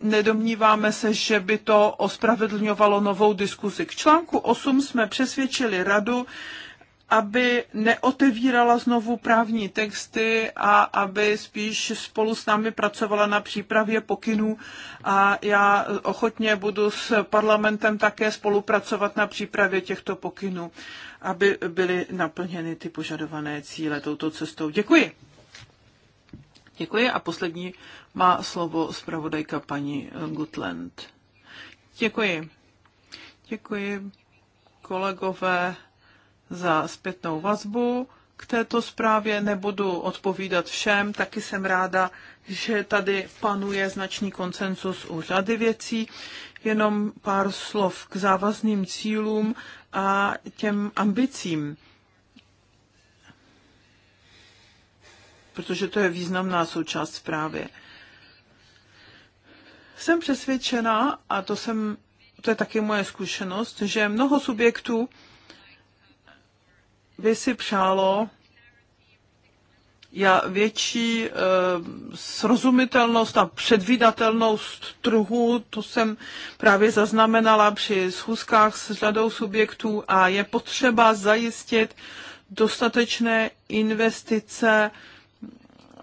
C: nedomníváme se, že by to ospravedlňovalo novou diskuzi. K článku 8 jsme přesvědčili radu, aby neotevírala znovu právní texty a aby spíš spolu s námi pracovala na přípravě pokynů a já ochotně budu s parlamentem také spolupracovat na přípravě těchto pokynů, aby byly naplněny ty požadované cíle touto cestou. Děkuji. Děkuji a poslední má slovo zpravodajka paní Gutland. Děkuji. Děkuji kolegové za zpětnou vazbu k této zprávě. Nebudu odpovídat všem, taky jsem ráda, že tady panuje značný koncensus u řady věcí. Jenom pár slov k závazným cílům a těm ambicím. Protože to je významná součást zprávy. Jsem přesvědčena, a to, jsem, to je taky moje zkušenost, že mnoho subjektů by si přálo já větší e, srozumitelnost a předvídatelnost trhu, to jsem právě zaznamenala při schůzkách s řadou subjektů a je potřeba zajistit dostatečné investice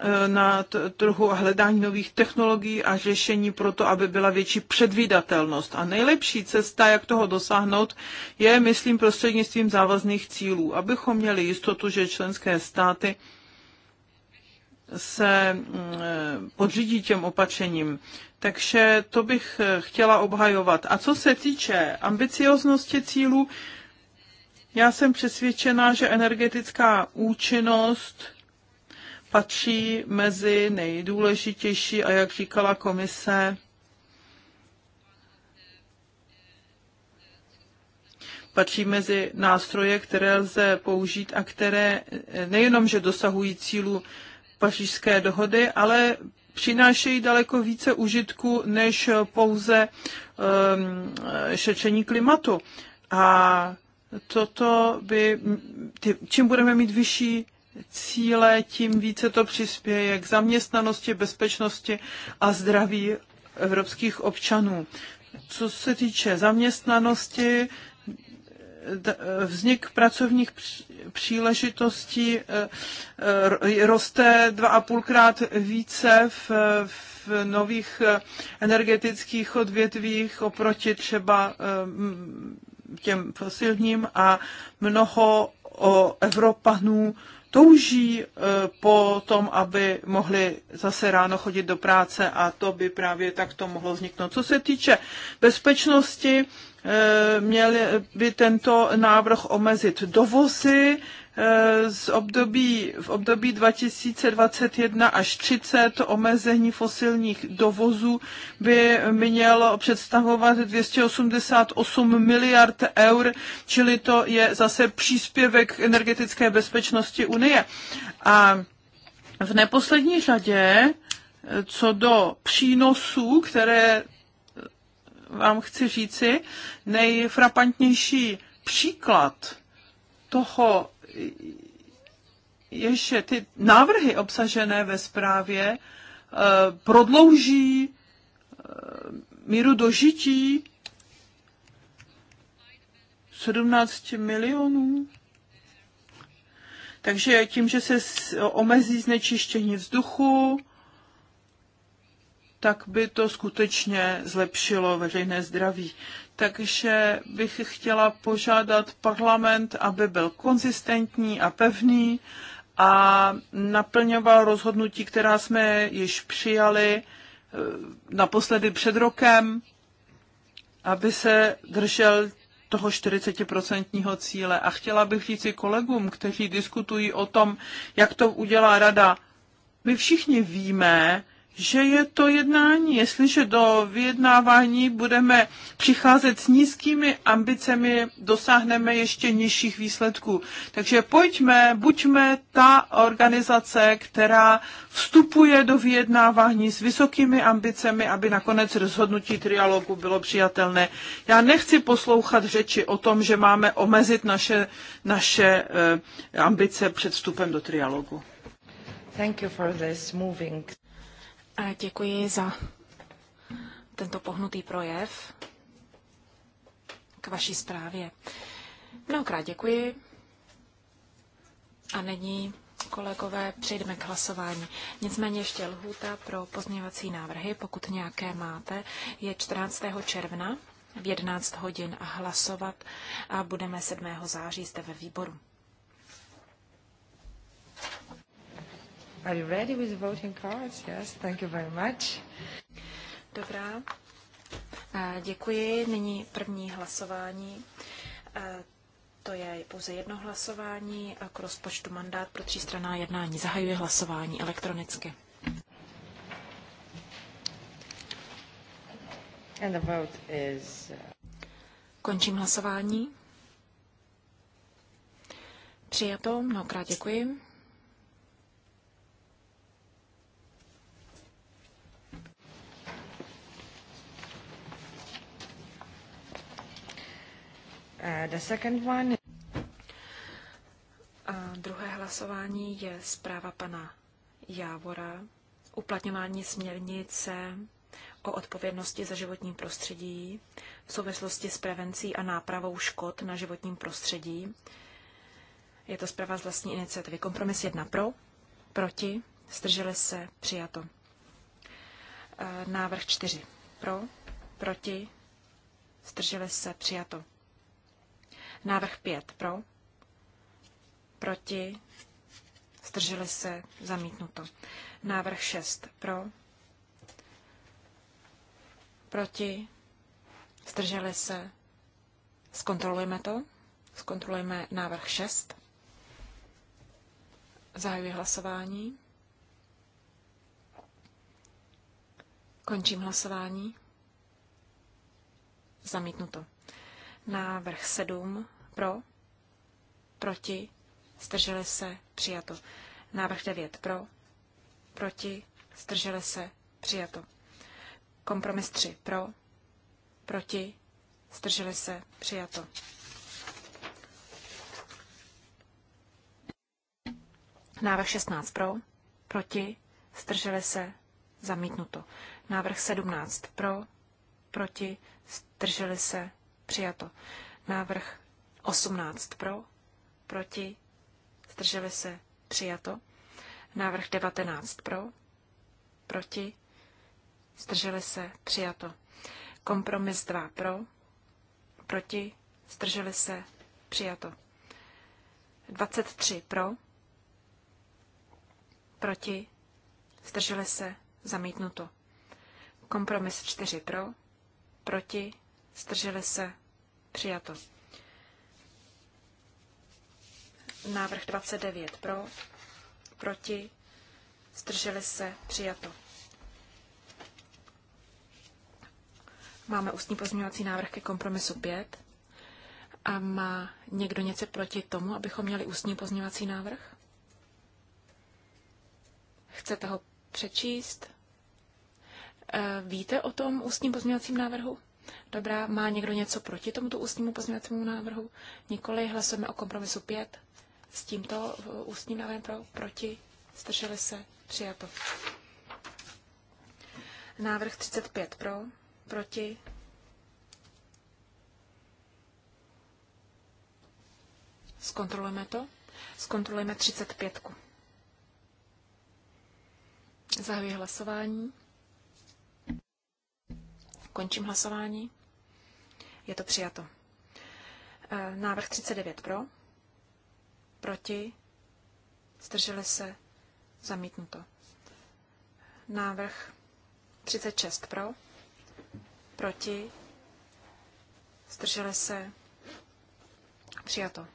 C: Eh, na trhu a hledání nových technologií a řešení pro to, aby byla větší předvídatelnost. A nejlepší cesta, jak toho dosáhnout, je, myslím, prostřednictvím závazných cílů, abychom měli jistotu, že členské státy se mm, eh, podřídí těm opatřením. Takže to bych eh, chtěla obhajovat. A co se týče ambicioznosti cílů, já jsem přesvědčena, že energetická účinnost patří mezi nejdůležitější a jak říkala komise, patří mezi nástroje, které lze použít a které eh, nejenom, že dosahují cílu pařížské dohody, ale přinášejí daleko více užitku než pouze um, šetření klimatu. A toto by, čím budeme mít vyšší cíle, tím více to přispěje k zaměstnanosti, bezpečnosti a zdraví evropských občanů. Co se týče zaměstnanosti, vznik pracovních příležitostí e, e, roste dva a půlkrát více v, v nových e, energetických odvětvích oproti třeba těm fosilním a mnoho o Evropanů touží eh, po tom, aby mohli zase ráno chodit do práce a to by právě takto mohlo vzniknout. Co se týče bezpečnosti, eh, měl by tento návrh omezit dovozy Eh, z období, v období 2021 až 30 omezení fosilních dovozů by mělo představovat 288 miliard eur, čili to je zase příspěvek energetické bezpečnosti Unie. A v neposlední řadě, eh, co do přínosů, které vám chci říci, nejfrapantnější příklad toho, ještě ty návrhy obsažené ve zprávě eh, prodlouží eh, míru dožití 17 milionů. Takže tím, že se omezí znečištění vzduchu, tak by to skutečně zlepšilo veřejné zdraví takže bych chtěla požádat parlament, aby byl konzistentní a pevný a naplňoval rozhodnutí, která jsme již přijali eh, naposledy před rokem, aby se držel toho 40% cíle. A chtěla bych říct i kolegům, kteří diskutují o tom, jak to udělá rada. My všichni víme, že je to jednání. Jestliže do vyjednávání budeme přicházet s nízkými ambicemi, dosáhneme ještě nižších výsledků. Takže pojďme, buďme ta organizace, která vstupuje do vyjednávání s vysokými ambicemi, aby nakonec rozhodnutí trialogu bylo přijatelné. Já nechci poslouchat řeči o tom, že máme omezit naše, naše eh, ambice před vstupem do trialogu.
A: Thank you for this moving. Děkuji za tento pohnutý projev k vaší zprávě. Mnohokrát děkuji. A nyní, kolegové, přejdeme k hlasování. Nicméně ještě lhůta pro pozměňovací návrhy, pokud nějaké máte, je 14. června v 11 hodin a hlasovat a budeme 7. září zde ve výboru. Are you ready with voting cards? Yes, thank you very much. Dobrá. Děkuji. Nyní první hlasování. To je pouze jedno hlasování k rozpočtu mandát pro třístraná jednání. Zahajuje hlasování elektronicky. And the vote is... Uh, Končím hlasování. Přijato, mnohokrát děkuji. Eh, the second one... A druhé hlasování je zpráva pana Jávora, uplatňování směrnice o odpovědnosti za životní prostředí v souvislosti s prevencí a nápravou škod na životním prostředí. Je to zpráva z vlastní iniciativy. Kompromis jedna pro, proti, zdrželi se, přijato. Eh, návrh čtyři. pro, proti, zdrželi se, přijato. Návrh 5 pro, proti, zdrželi se, zamítnuto. Návrh 6 pro, proti, zdrželi se, zkontrolujeme to, zkontrolujeme návrh 6, zahajuji hlasování, končím hlasování, zamítnuto. Návrh 7 pro, proti, zdrželi se, přijato. Návrh 9 pro, proti, zdrželi se, přijato. Kompromis 3 pro, proti, zdrželi se, přijato. Návrh 16 pro, proti, zdrželi se, zamítnuto. Návrh 17 pro, proti, zdrželi se, Přijato. Návrh 18 pro, proti, zdrželi se, přijato. Návrh 19 pro, proti, zdrželi se, přijato. Kompromis 2 pro, proti, zdrželi se, přijato. 23 pro, proti, zdrželi se, zamítnuto. Kompromis 4 pro, proti, zdrželi se, Přijato. Návrh 29 pro, proti, zdrželi se, přijato. Máme ústní pozměňovací návrh ke kompromisu 5. A má někdo něco proti tomu, abychom měli ústní pozměňovací návrh? Chcete ho přečíst? E, víte o tom ústním pozměňovacím návrhu? Dobrá, má někdo něco proti tomuto ústnímu pozměňovacímu návrhu? Nikoli, hlasujeme o kompromisu 5. S tímto uh, ústním návrhem pro, proti, Strželi se, přijato. Návrh 35 pro, proti, Zkontrolujeme to. Zkontrolujeme 35. Zahajuji hlasování. Končím hlasování. Je to přijato. E, návrh 39 pro, proti, zdrželi se, zamítnuto. Návrh 36 pro, proti, zdrželi se, přijato.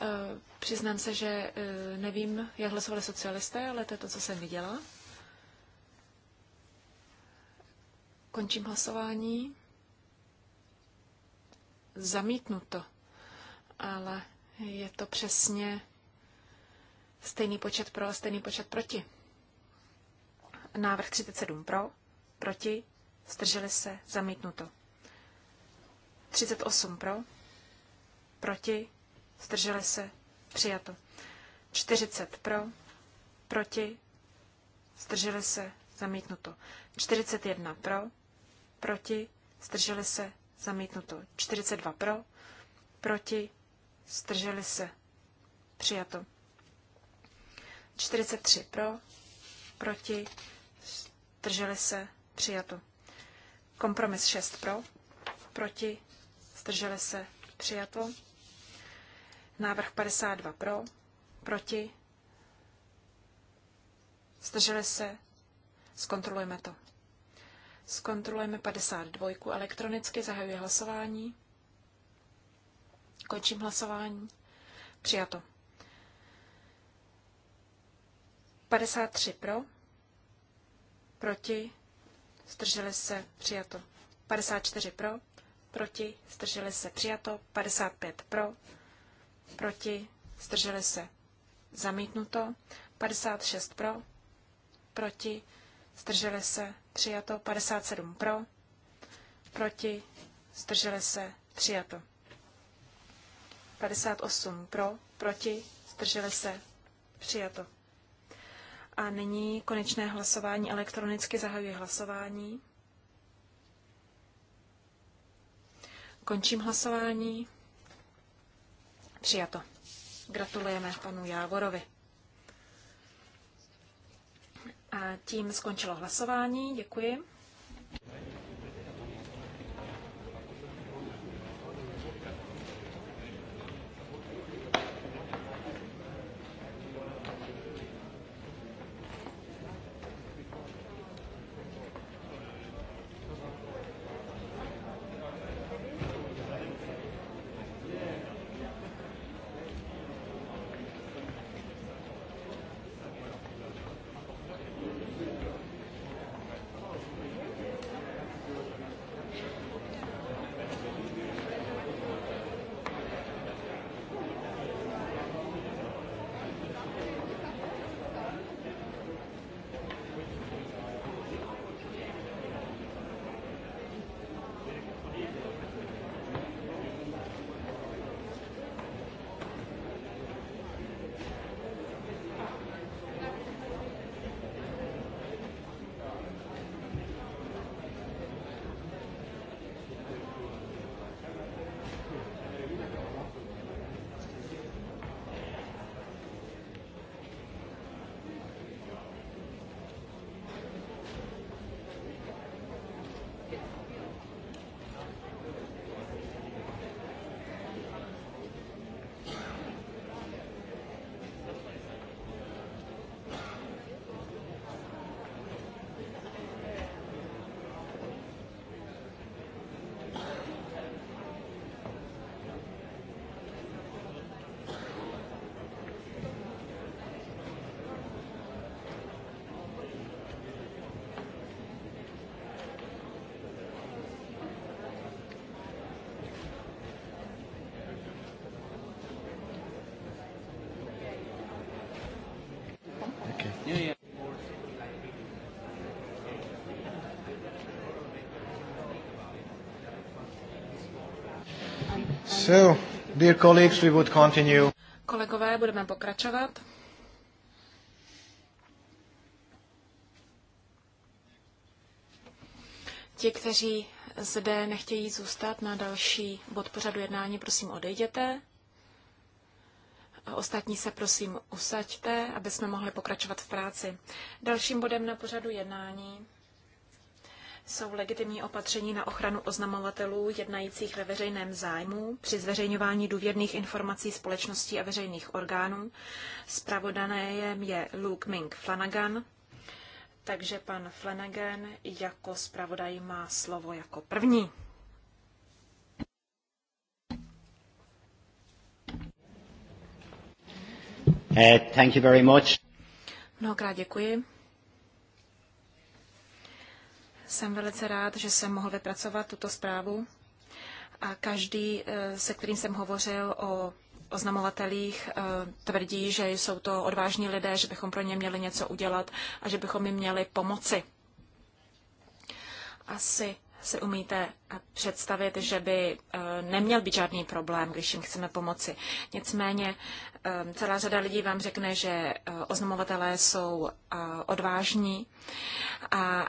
A: Eh, přiznám se, že eh, nevím, jak hlasovali socialisté, ale to je to, co jsem viděla. Končím hlasování. Zamítnuto. Ale je to přesně stejný počet pro a stejný počet proti. Návrh 37 pro, proti, zdrželi se, zamítnuto. 38 pro, proti, zdrželi se, přijato. 40 pro, proti, zdrželi se, zamítnuto. 41 pro, proti, zdrželi se, zamítnuto. 42 pro, proti, zdrželi se, přijato. 43 pro, proti, zdrželi se, přijato. Kompromis 6 pro, proti, zdrželi se, přijato. Návrh 52 pro, proti, zdrželi se, zkontrolujeme to. Zkontrolujeme 52 elektronicky, zahajuji hlasování. Končím hlasování. Přijato. 53 pro, proti, zdrželi se, přijato. 54 pro, proti, zdrželi se, přijato. 55 pro, proti, zdrželi se, zamítnuto, 56 pro, proti, zdrželi se, přijato, 57 pro, proti, zdrželi se, přijato. 58 pro, proti, zdrželi se, přijato. A nyní konečné hlasování elektronicky zahajuje hlasování. Končím hlasování. Přijato. Gratulujeme panu Jávorovi. A tím skončilo hlasování. Děkuji. So,
C: dear colleagues, we would continue.
A: Kolegové, budeme pokračovat. Ti, kteří zde nechtějí zůstat na další bod pořadu jednání, prosím odejděte. Ostatní se prosím usaďte, aby jsme mohli pokračovat v práci. Dalším bodem na pořadu jednání jsou legitimní opatření na ochranu oznamovatelů jednajících ve veřejném zájmu při zveřejňování důvěrných informací společností a veřejných orgánů. Spravodanem je Luke Ming Flanagan, takže pan Flanagan jako zpravodaj má slovo jako první. Uh, thank you very much. Mnohokrát děkuji. Jsem velice rád, že jsem mohl vypracovat tuto zprávu. A každý, eh, se kterým jsem hovořil o oznamovatelích, eh, tvrdí, že jsou to odvážní lidé, že bychom pro ně měli něco udělat a že bychom jim měli pomoci. Asi si umíte představit, že by eh, neměl být žádný problém, když jim chceme pomoci. Nicméně Ehm, celá řada lidí vám řekne, že eh, oznamovatelé jsou eh, odvážní,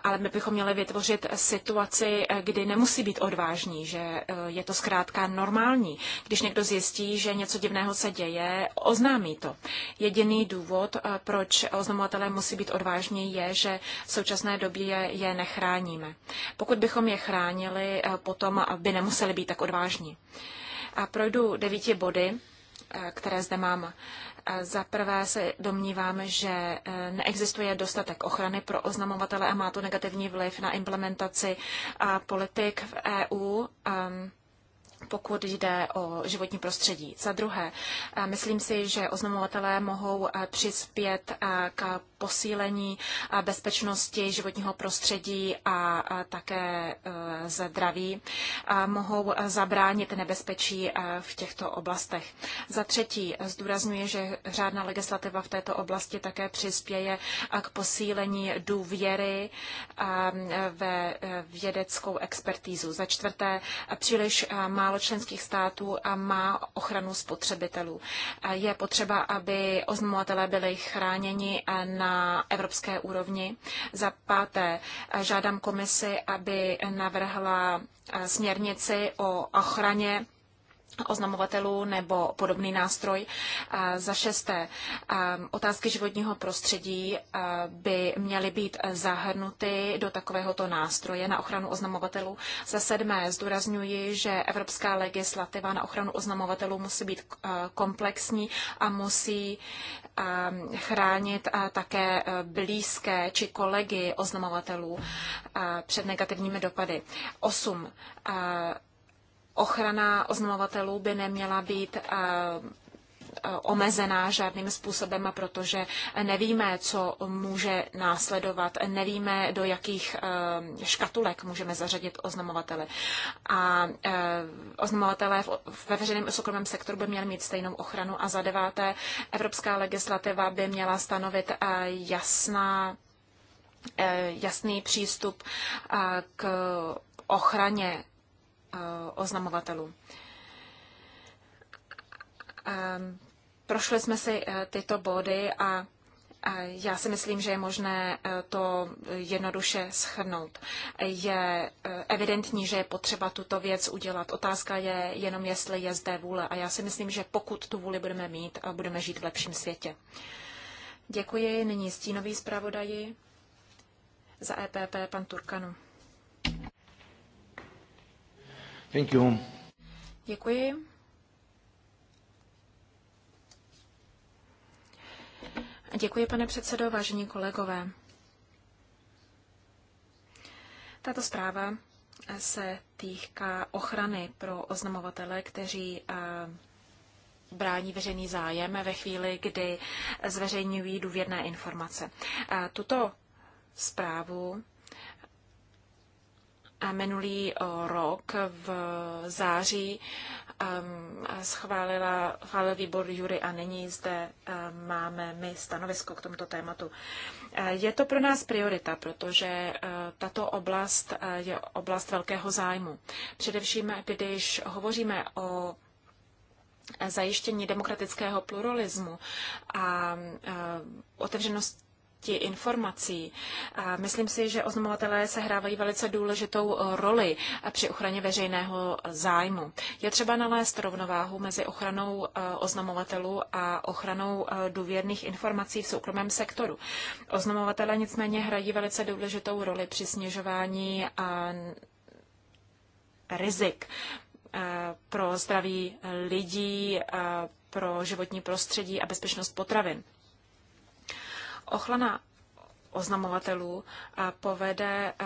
A: ale my bychom měli vytvořit situaci, eh, kdy nemusí být odvážní, že je to zkrátka normální. Když někdo zjistí, že něco divného se děje, oznámí to. Jediný důvod, proč oznamovatelé musí být odvážní, je, že v současné době je nechráníme. Pokud bychom je chránili, potom by nemuseli být tak odvážní. A projdu devíti body Eh, které zde mám. Eh, za prvé se domnívám, že eh, neexistuje dostatek ochrany pro oznamovatele a má to negativní vliv na implementaci politik v EU pokud jde o životní prostředí. Za druhé, myslím si, že oznamovatelé mohou přispět k posílení eh, bezpečnosti životního prostředí a také eh, zdraví mohou eh, zabránit nebezpečí v těchto oblastech. Za třetí zdůrazňuje, že řádná legislativa v této oblasti také přispěje k posílení důvěry ve vědeckou expertízu. Za čtvrté, příliš málo členských států má ochranu spotřebitelů. Je potřeba, aby oznamovatelé byli chráněni na na evropské úrovni. Za páté žádám komisi, aby navrhla eh, směrnici o ochraně oznamovatelů nebo podobný nástroj. Za šesté, eh, otázky životního prostředí eh, by měly být zahrnuty do takovéhoto nástroje na ochranu oznamovatelů. Za sedmé, zdůrazňuji, že evropská legislativa na ochranu oznamovatelů musí být komplexní a musí chránit také e, blízké či kolegy oznamovatelů e, před negativními dopady. 8. E, ochrana oznamovatelů by neměla být Eh, omezená žádným způsobem, protože nevíme, co může následovat, nevíme, do jakých eh, škatulek můžeme zařadit oznamovatele. A eh, oznamovatelé ve veřejném a soukromém sektoru by měli mít stejnou ochranu. A za deváté, evropská legislativa by měla stanovit jasná jasný přístup k ochraně oznamovatelů. Ehm, Prošli jsme si eh, tyto body a já si myslím, že je možné eh, to jednoduše schrnout. Je eh, evidentní, že je potřeba tuto věc udělat. Otázka je jenom, jestli je zde vůle. A já si myslím, že pokud tu vůli budeme mít, budeme žít v lepším světě. Děkuji. Nyní stínový zpravodaji za EPP, pan Turkanu. Thank you. Děkuji. Děkuji, pane předsedo, vážení kolegové. Tato zpráva se týká ochrany pro oznamovatele, kteří eh, brání veřejný zájem ve chvíli, kdy zveřejňují důvěrné informace. Eh, tuto zprávu eh, minulý rok v září Um, schválila, schválil výbor Jury a nyní zde um, máme my stanovisko k tomuto tématu. Uh, je to pro nás priorita, protože uh, tato oblast uh, je oblast velkého zájmu. Především, když hovoříme o zajištění demokratického pluralismu a otevřenosti informací. A myslím si, že oznamovatelé hrávají velice důležitou roli při ochraně veřejného zájmu. Je třeba nalézt rovnováhu mezi ochranou e, oznamovatelů a ochranou e, důvěrných informací v soukromém sektoru. Oznamovatelé nicméně hrají velice důležitou roli při snižování rizik e, pro zdraví lidí, pro životní prostředí a bezpečnost potravin. Ochlana oznamovatelů eh, povede eh,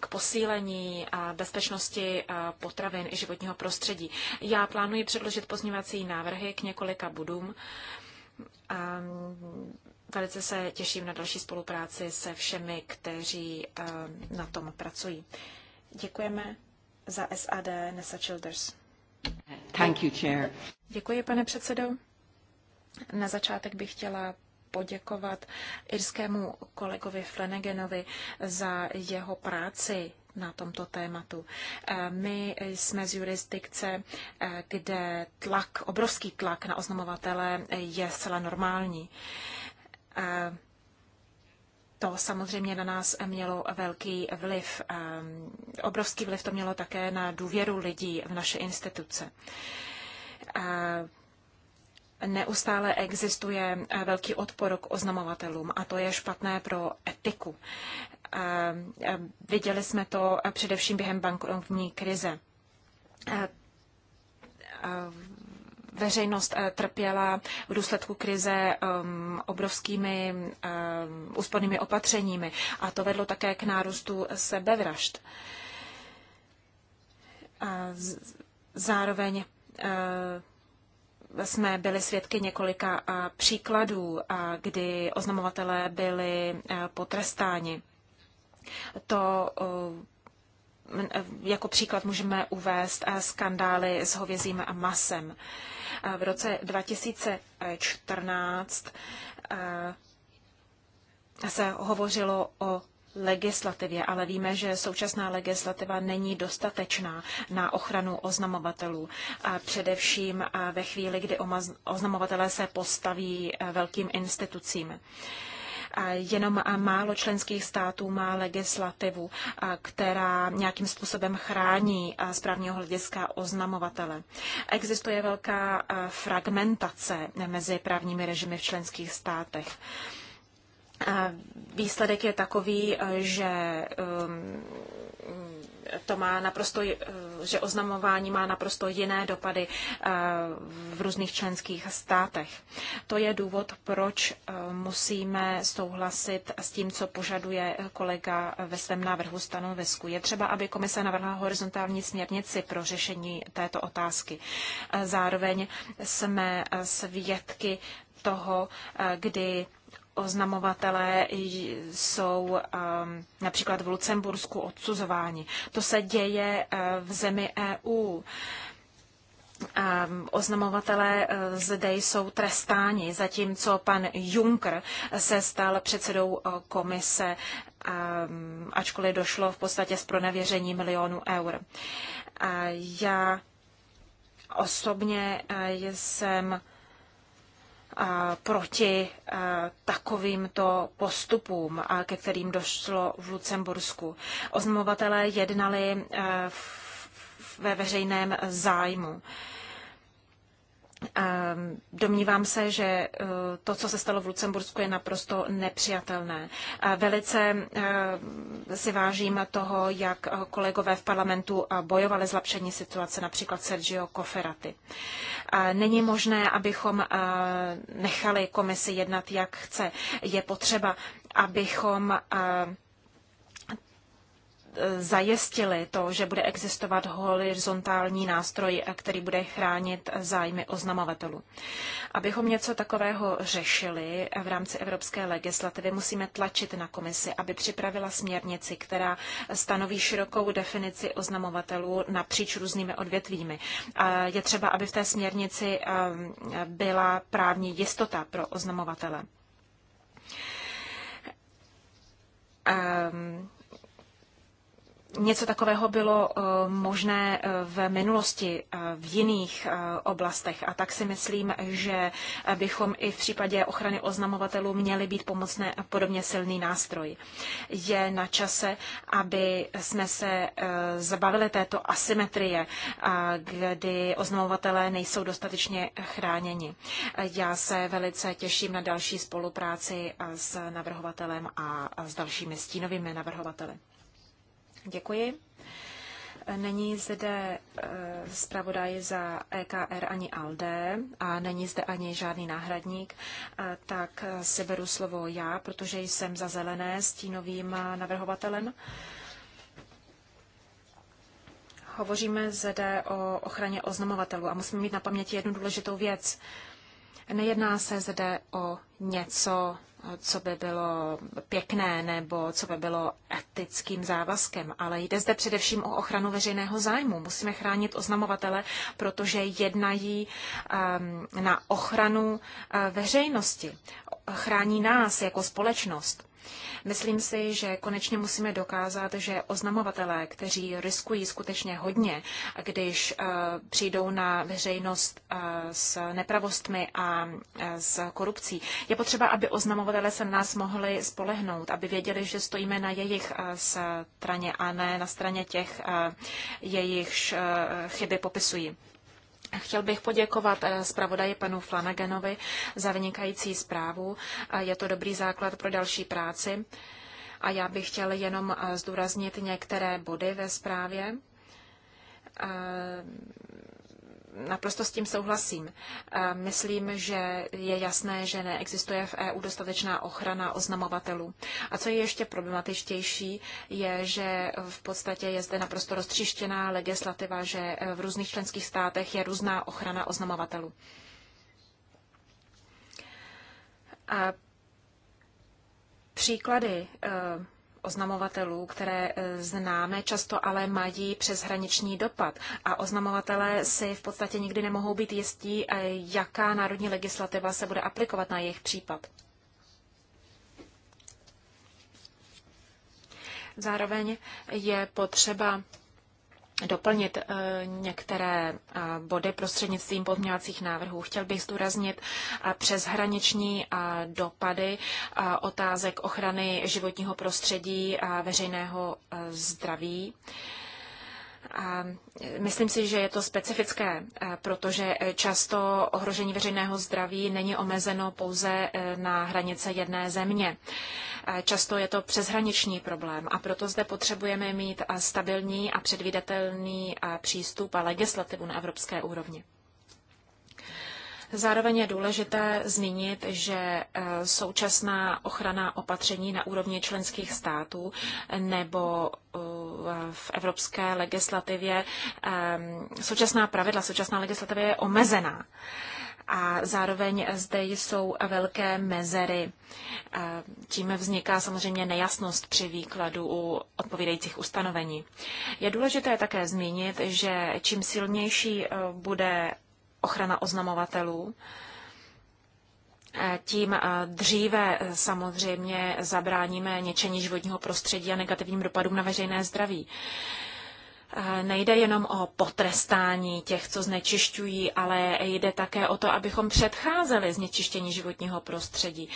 A: k posílení eh, bezpečnosti potravin i životního prostředí. Já plánuji předložit pozměňovací návrhy k několika budům. Ehm, velice se těším na další spolupráci se všemi, kteří na tom pracují. Děkujeme za SAD Nessa Childers. Thank you, chair. Děkuji, pane předsedo. Na začátek bych chtěla poděkovat irskému kolegovi Flanaganovi za jeho práci na tomto tématu. Eh, my jsme z jurisdikce, eh, kde tlak, obrovský tlak na oznamovatele je zcela normální. Eh, to samozřejmě na nás mělo velký vliv. Obrovský vliv to mělo také na důvěru lidí v naše instituce neustále existuje eh, velký odpor k oznamovatelům a to je špatné pro etiku. Eh, eh, viděli jsme to především během bankovní krize. Veřejnost trpěla v důsledku krize ehm, obrovskými ehm, úspornými opatřeními a to vedlo také k nárůstu sebevražd. Zároveň jsme byli svědky několika příkladů, kdy oznamovatelé byli e, potrestáni. To e, jako příklad můžeme uvést e, skandály s hovězím a masem. V roce 2014 se hovořilo o legislativě, ale víme, že současná legislativa není dostatečná na ochranu oznamovatelů. A především ve chvíli, kdy oznamovatelé se postaví e, velkým institucím. Jenom málo členských států má legislativu, která nějakým způsobem chrání správního hlediska oznamovatele. Existuje velká fragmentace mezi právními režimy v členských státech. Výsledek je takový, eh, že ehm, to má naprosto, eh, že oznamování má naprosto jiné dopady eh, v různých členských státech. To je důvod, proč musíme souhlasit s tím, co požaduje kolega ve svém návrhu stanovisku. Je třeba, aby komise navrhla horizontální směrnici pro řešení této otázky. Zároveň jsme svědky toho, kdy oznamovatelé jsou um, například v Lucembursku odsuzováni. To se děje uh, v zemi EU. Um, oznamovatelé uh, zde jsou trestáni, zatímco pan Juncker se stal předsedou uh, komise, um, ačkoliv došlo v podstatě s pronevěřením milionů eur. Já osobně jsem proti e, takovýmto postupům, ke kterým došlo v Lucembursku. Oznamovatelé jednali e, ve veřejném zájmu. Mm, domnívám se, že e, to, co se stalo v Lucembursku, je naprosto nepřijatelné. Velice e, si vážím toho, jak e, kolegové v parlamentu bojovali zlepšení situace, například Sergio Koferaty. Není možné, abychom nechali komisi jednat, jak chce. Je potřeba, abychom zajistili to, že bude existovat horizontální nástroj, který bude chránit zájmy oznamovatelů. Abychom něco takového řešili v rámci evropské legislativy, musíme tlačit na komisi, aby připravila směrnici, která stanoví širokou definici oznamovatelů napříč různými odvětvími. Je třeba, aby v té směrnici eh, byla právní jistota pro oznamovatele. Um, něco takového bylo eh, možné eh, v minulosti eh, v jiných oblastech a tak si myslím, že bychom i v případě ochrany oznamovatelů měli být pomocné a podobně silný nástroj. Je na čase, aby jsme se zabavili této asymetrie, kdy oznamovatelé nejsou dostatečně chráněni. Já se velice těším na další spolupráci s navrhovatelem a s dalšími stínovými navrhovateli. Děkuji. Není zde eh, zpravodaj za EKR ani ALDE a není zde ani žádný náhradník, eh, tak eh, si beru slovo já, protože jsem za zelené stínovým navrhovatelem. Hovoříme zde o ochraně oznamovatelů a musíme mít na paměti jednu důležitou věc. Nejedná se zde o něco, co by bylo pěkné nebo co by bylo etickým závazkem, ale jde zde především o ochranu veřejného zájmu. Musíme chránit oznamovatele, protože jednají ehm, na ochranu eh, veřejnosti. Chrání nás jako společnost. Myslím si, že konečně musíme dokázat, že oznamovatelé, kteří riskují skutečně hodně, když eh, přijdou na veřejnost eh, s nepravostmi a eh, s korupcí, je potřeba, aby oznamovatelé se na nás mohli spolehnout, aby věděli, že stojíme na jejich straně a ne na straně těch, jejichž chyby popisují. Chtěl bych poděkovat eh, zpravodaji panu Flanaganovi za vynikající zprávu. Eh, je to dobrý základ pro další práci. A já bych chtěl jenom eh, zdůraznit některé body ve zprávě Naprosto s tím souhlasím. E, myslím, že je jasné, že neexistuje v EU dostatečná ochrana oznamovatelů. A co je ještě problematičtější, je, že v podstatě je zde naprosto roztřištěná legislativa, že e, v různých členských státech je různá ochrana oznamovatelů. A příklady e, oznamovatelů, které e, známe, často ale mají přeshraniční dopad. A oznamovatelé si v podstatě nikdy nemohou být jistí, e, jaká národní legislativa se bude aplikovat na jejich případ. Zároveň je potřeba doplnit eh, některé eh, body prostřednictvím podměňovacích návrhů. Chtěl bych zdůraznit eh, přeshraniční dopady otázek ochrany životního prostředí a veřejného zdraví. E, myslím si, že je to specifické, e, protože často ohrožení veřejného zdraví není omezeno pouze e, na hranice jedné země. Často je to přeshraniční problém a proto zde potřebujeme mít stabilní a předvídatelný přístup a legislativu na evropské úrovni. Zároveň je důležité zmínit, že eh, současná ochrana opatření na úrovni členských států nebo eh, v evropské legislativě, eh, současná pravidla, současná legislativa je omezená. A zároveň zde jsou velké mezery. Tím vzniká samozřejmě nejasnost při výkladu u odpovídajících ustanovení. Je důležité také zmínit, že čím silnější bude ochrana oznamovatelů. Eh, tím eh, dříve eh, samozřejmě zabráníme něčení životního prostředí a negativním dopadům na veřejné zdraví. Nejde jenom o potrestání těch, co znečišťují, ale jde také o to, abychom předcházeli znečištění životního prostředí.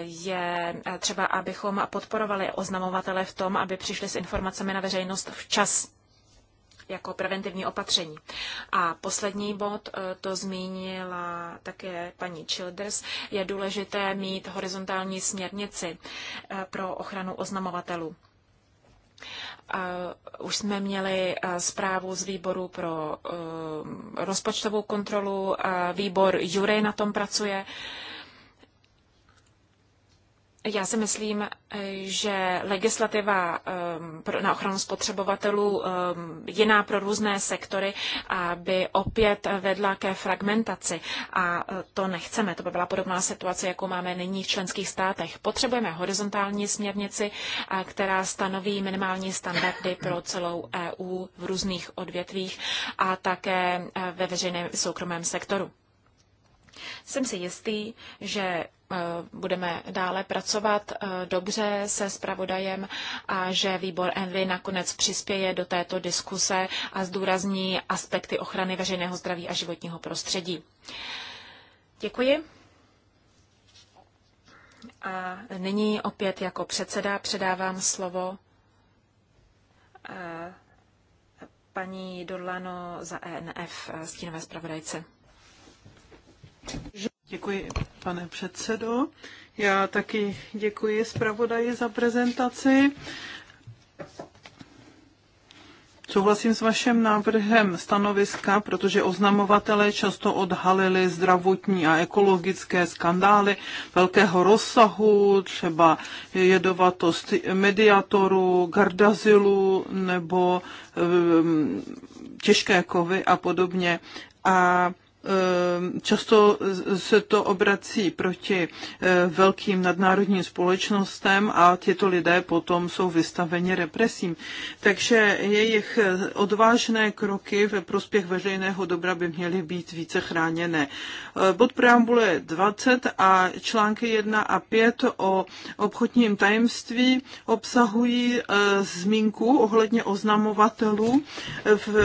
A: Je třeba, abychom podporovali oznamovatele v tom, aby přišli s informacemi na veřejnost včas jako preventivní opatření. A poslední bod, e, to zmínila také paní Childers, je důležité mít horizontální směrnici e, pro ochranu oznamovatelů. E, už jsme měli zprávu z výboru pro rozpočtovou kontrolu, výbor Jury na tom pracuje já si myslím, eh, že legislativa ehm, na ochranu spotřebovatelů ehm, jiná pro různé sektory by opět vedla ke fragmentaci a eh, to nechceme. To by byla podobná situace, jakou máme nyní v členských státech. Potřebujeme horizontální směrnici, eh, která stanoví minimální standardy pro celou EU v různých odvětvích a také ve veřejném soukromém sektoru. Jsem si jistý, že eh, budeme dále pracovat eh, dobře se spravodajem a že výbor Envy nakonec přispěje do této diskuse a zdůrazní aspekty ochrany veřejného zdraví a životního prostředí. Děkuji. A nyní opět jako předseda předávám slovo eh, paní Dorlano za ENF, stínové zpravodajce. Děkuji, pane předsedo. Já taky děkuji
C: zpravodaji za prezentaci. Souhlasím s vaším návrhem stanoviska, protože oznamovatelé často odhalili zdravotní a ekologické skandály velkého rozsahu, třeba jedovatost mediatoru, gardazilu nebo um, těžké kovy a podobně. A Ehm, často se to obrací proti eh, velkým nadnárodním společnostem a tyto lidé potom jsou vystaveni represím. Takže jejich eh, odvážné kroky ve prospěch veřejného dobra by měly být více chráněné. Eh, bod preambule 20 a články 1 a 5 o obchodním tajemství obsahují zmínku ohledně oznamovatelů v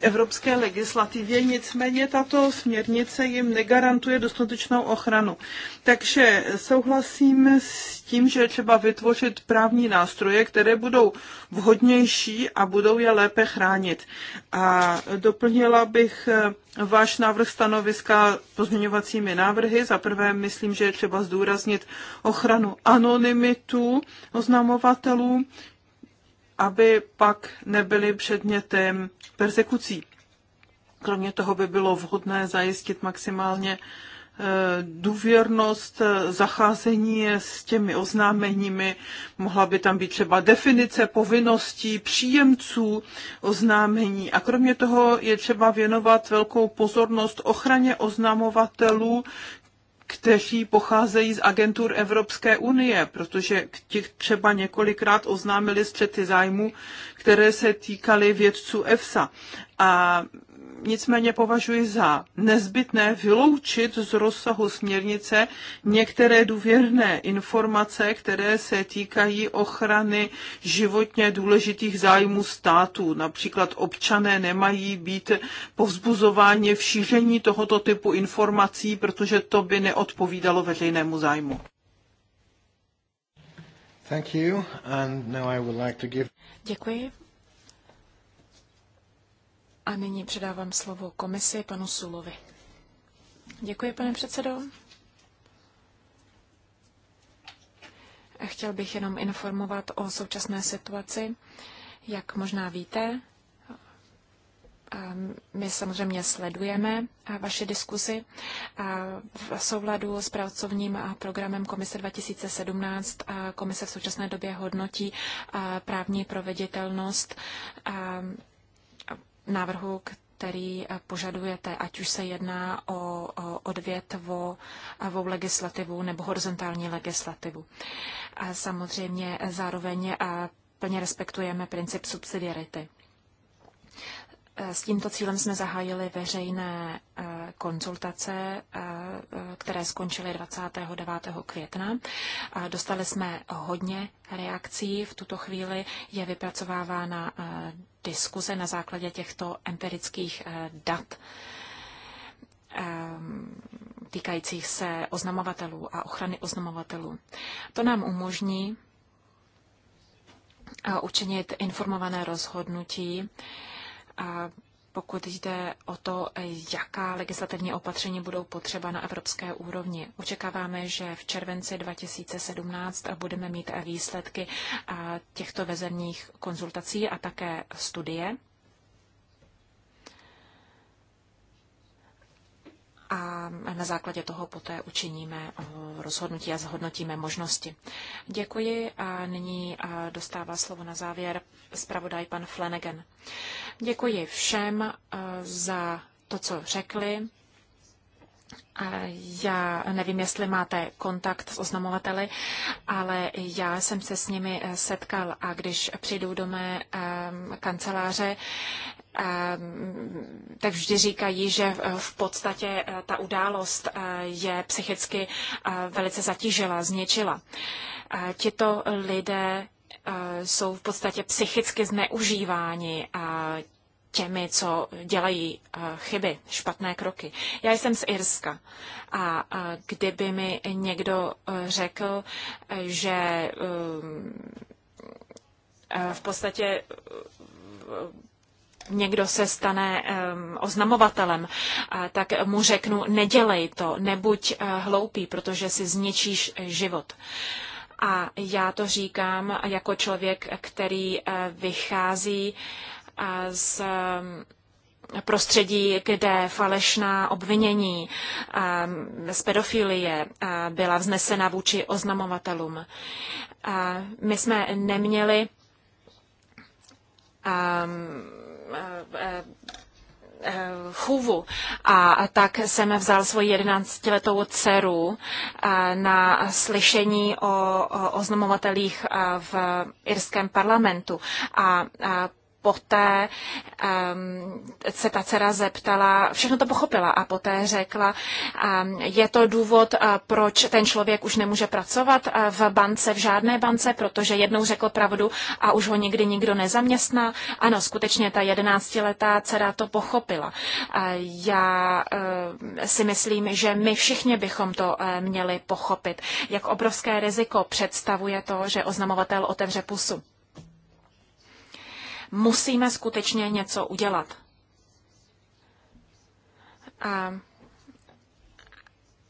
C: evropské legislativě, nicméně tato směrnice směrnice jim negarantuje dostatečnou ochranu. Takže souhlasím s tím, že je třeba vytvořit právní nástroje, které budou vhodnější a budou je lépe chránit. A doplnila bych eh, váš návrh stanoviska pozměňovacími návrhy. Za prvé, myslím, že je třeba zdůraznit ochranu anonymitu oznamovatelů, aby pak nebyly předmětem persekucí. Kromě toho by bylo vhodné zajistit maximálně eh, důvěrnost eh, zacházení s těmi oznámeními. Mohla by tam být třeba definice povinností příjemců oznámení. A kromě toho je třeba věnovat velkou pozornost ochraně oznamovatelů, kteří pocházejí z agentur Evropské unie, protože těch třeba několikrát oznámili střety zájmu, které se týkaly vědců EFSA. A nicméně považuji za nezbytné vyloučit z rozsahu směrnice některé důvěrné informace, které se týkají ochrany životně důležitých zájmů států. Například občané nemají být povzbuzováni v šíření tohoto typu informací, protože to by neodpovídalo veřejnému zájmu.
A: Děkuji. A nyní předávám slovo komisi panu Sulovi. Děkuji, pane předsedo. A chtěl bych jenom informovat o současné situaci. Jak možná víte, my samozřejmě sledujeme vaše diskuzi v souladu s pracovním programem Komise 2017. Komise v současné době hodnotí právní proveditelnost návrhu, který eh, požadujete, ať už se jedná o, odvětvovou legislativu nebo horizontální legislativu. A samozřejmě zároveň eh, plně respektujeme princip subsidiarity. Eh, s tímto cílem jsme zahájili veřejné eh, konzultace, eh, které skončily 29. května. Dostali jsme hodně reakcí. V tuto chvíli je vypracovávána diskuze na základě těchto empirických dat ehm, týkajících se oznamovatelů a ochrany oznamovatelů. To nám umožní učinit informované rozhodnutí, pokud jde o to, jaká legislativní opatření budou potřeba na evropské úrovni. Očekáváme, že v červenci 2017 budeme mít výsledky těchto vezemních konzultací a také studie. a na základě toho poté učiníme eh, rozhodnutí a zhodnotíme možnosti. Děkuji a nyní eh, dostává slovo na závěr zpravodaj pan Flanagan. Děkuji všem eh, za to, co řekli. Já nevím, jestli máte kontakt s oznamovateli, ale já jsem se s nimi setkal a když přijdou do mé kanceláře, Ehm, tak vždy říkají, že v podstatě eh, ta událost eh, je psychicky eh, velice zatížila, zničila. Tito lidé jsou v podstatě psychicky zneužíváni těmi, co dělají chyby, špatné kroky. Já jsem z Irska a kdyby mi někdo řekl, že ehm, v podstatě někdo se stane um, oznamovatelem, uh, tak mu řeknu, nedělej to, nebuď uh, hloupý, protože si zničíš eh, život. A já to říkám jako člověk, který uh, vychází uh, z. Um, prostředí, kde falešná obvinění z pedofilie byla vznesena vůči oznamovatelům. My jsme neměli chůvu. A tak jsem vzal svoji jedenáctiletou dceru eh, na slyšení o oznamovatelích eh, v irském parlamentu. A poté um, se ta dcera zeptala, všechno to pochopila a poté řekla, um, je to důvod, uh, proč ten člověk už nemůže pracovat uh, v bance, v žádné bance, protože jednou řekl pravdu a už ho nikdy nikdo nezaměstná. Ano, skutečně ta jedenáctiletá dcera to pochopila. Uh, já uh, si myslím, že my všichni bychom to uh, měli pochopit. Jak obrovské riziko představuje to, že oznamovatel otevře pusu musíme skutečně něco udělat. A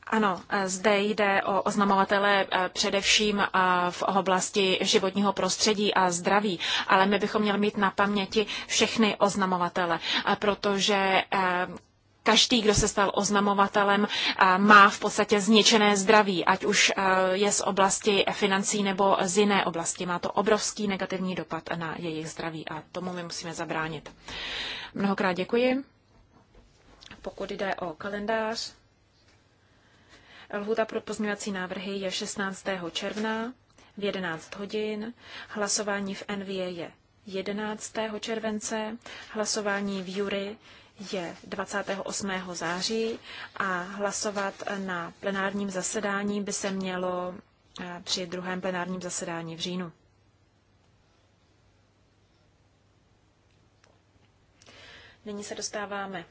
A: ano, zde jde o oznamovatele eh, především eh, v oblasti životního prostředí a zdraví, ale my bychom měli mít na paměti všechny oznamovatele, eh, protože každý, kdo se stal oznamovatelem, má v podstatě zničené zdraví, ať už e, je z oblasti financí nebo z jiné oblasti. Má to obrovský negativní dopad na jejich zdraví a tomu my musíme zabránit. Mnohokrát děkuji. Pokud jde o kalendář, lhuta pro pozměňovací návrhy je 16. června v 11 hodin. Hlasování v NVA je 11. července, hlasování v Jury je 28. září a hlasovat na plenárním zasedání by se mělo eh, při druhém plenárním zasedání v říjnu. Nyní se dostáváme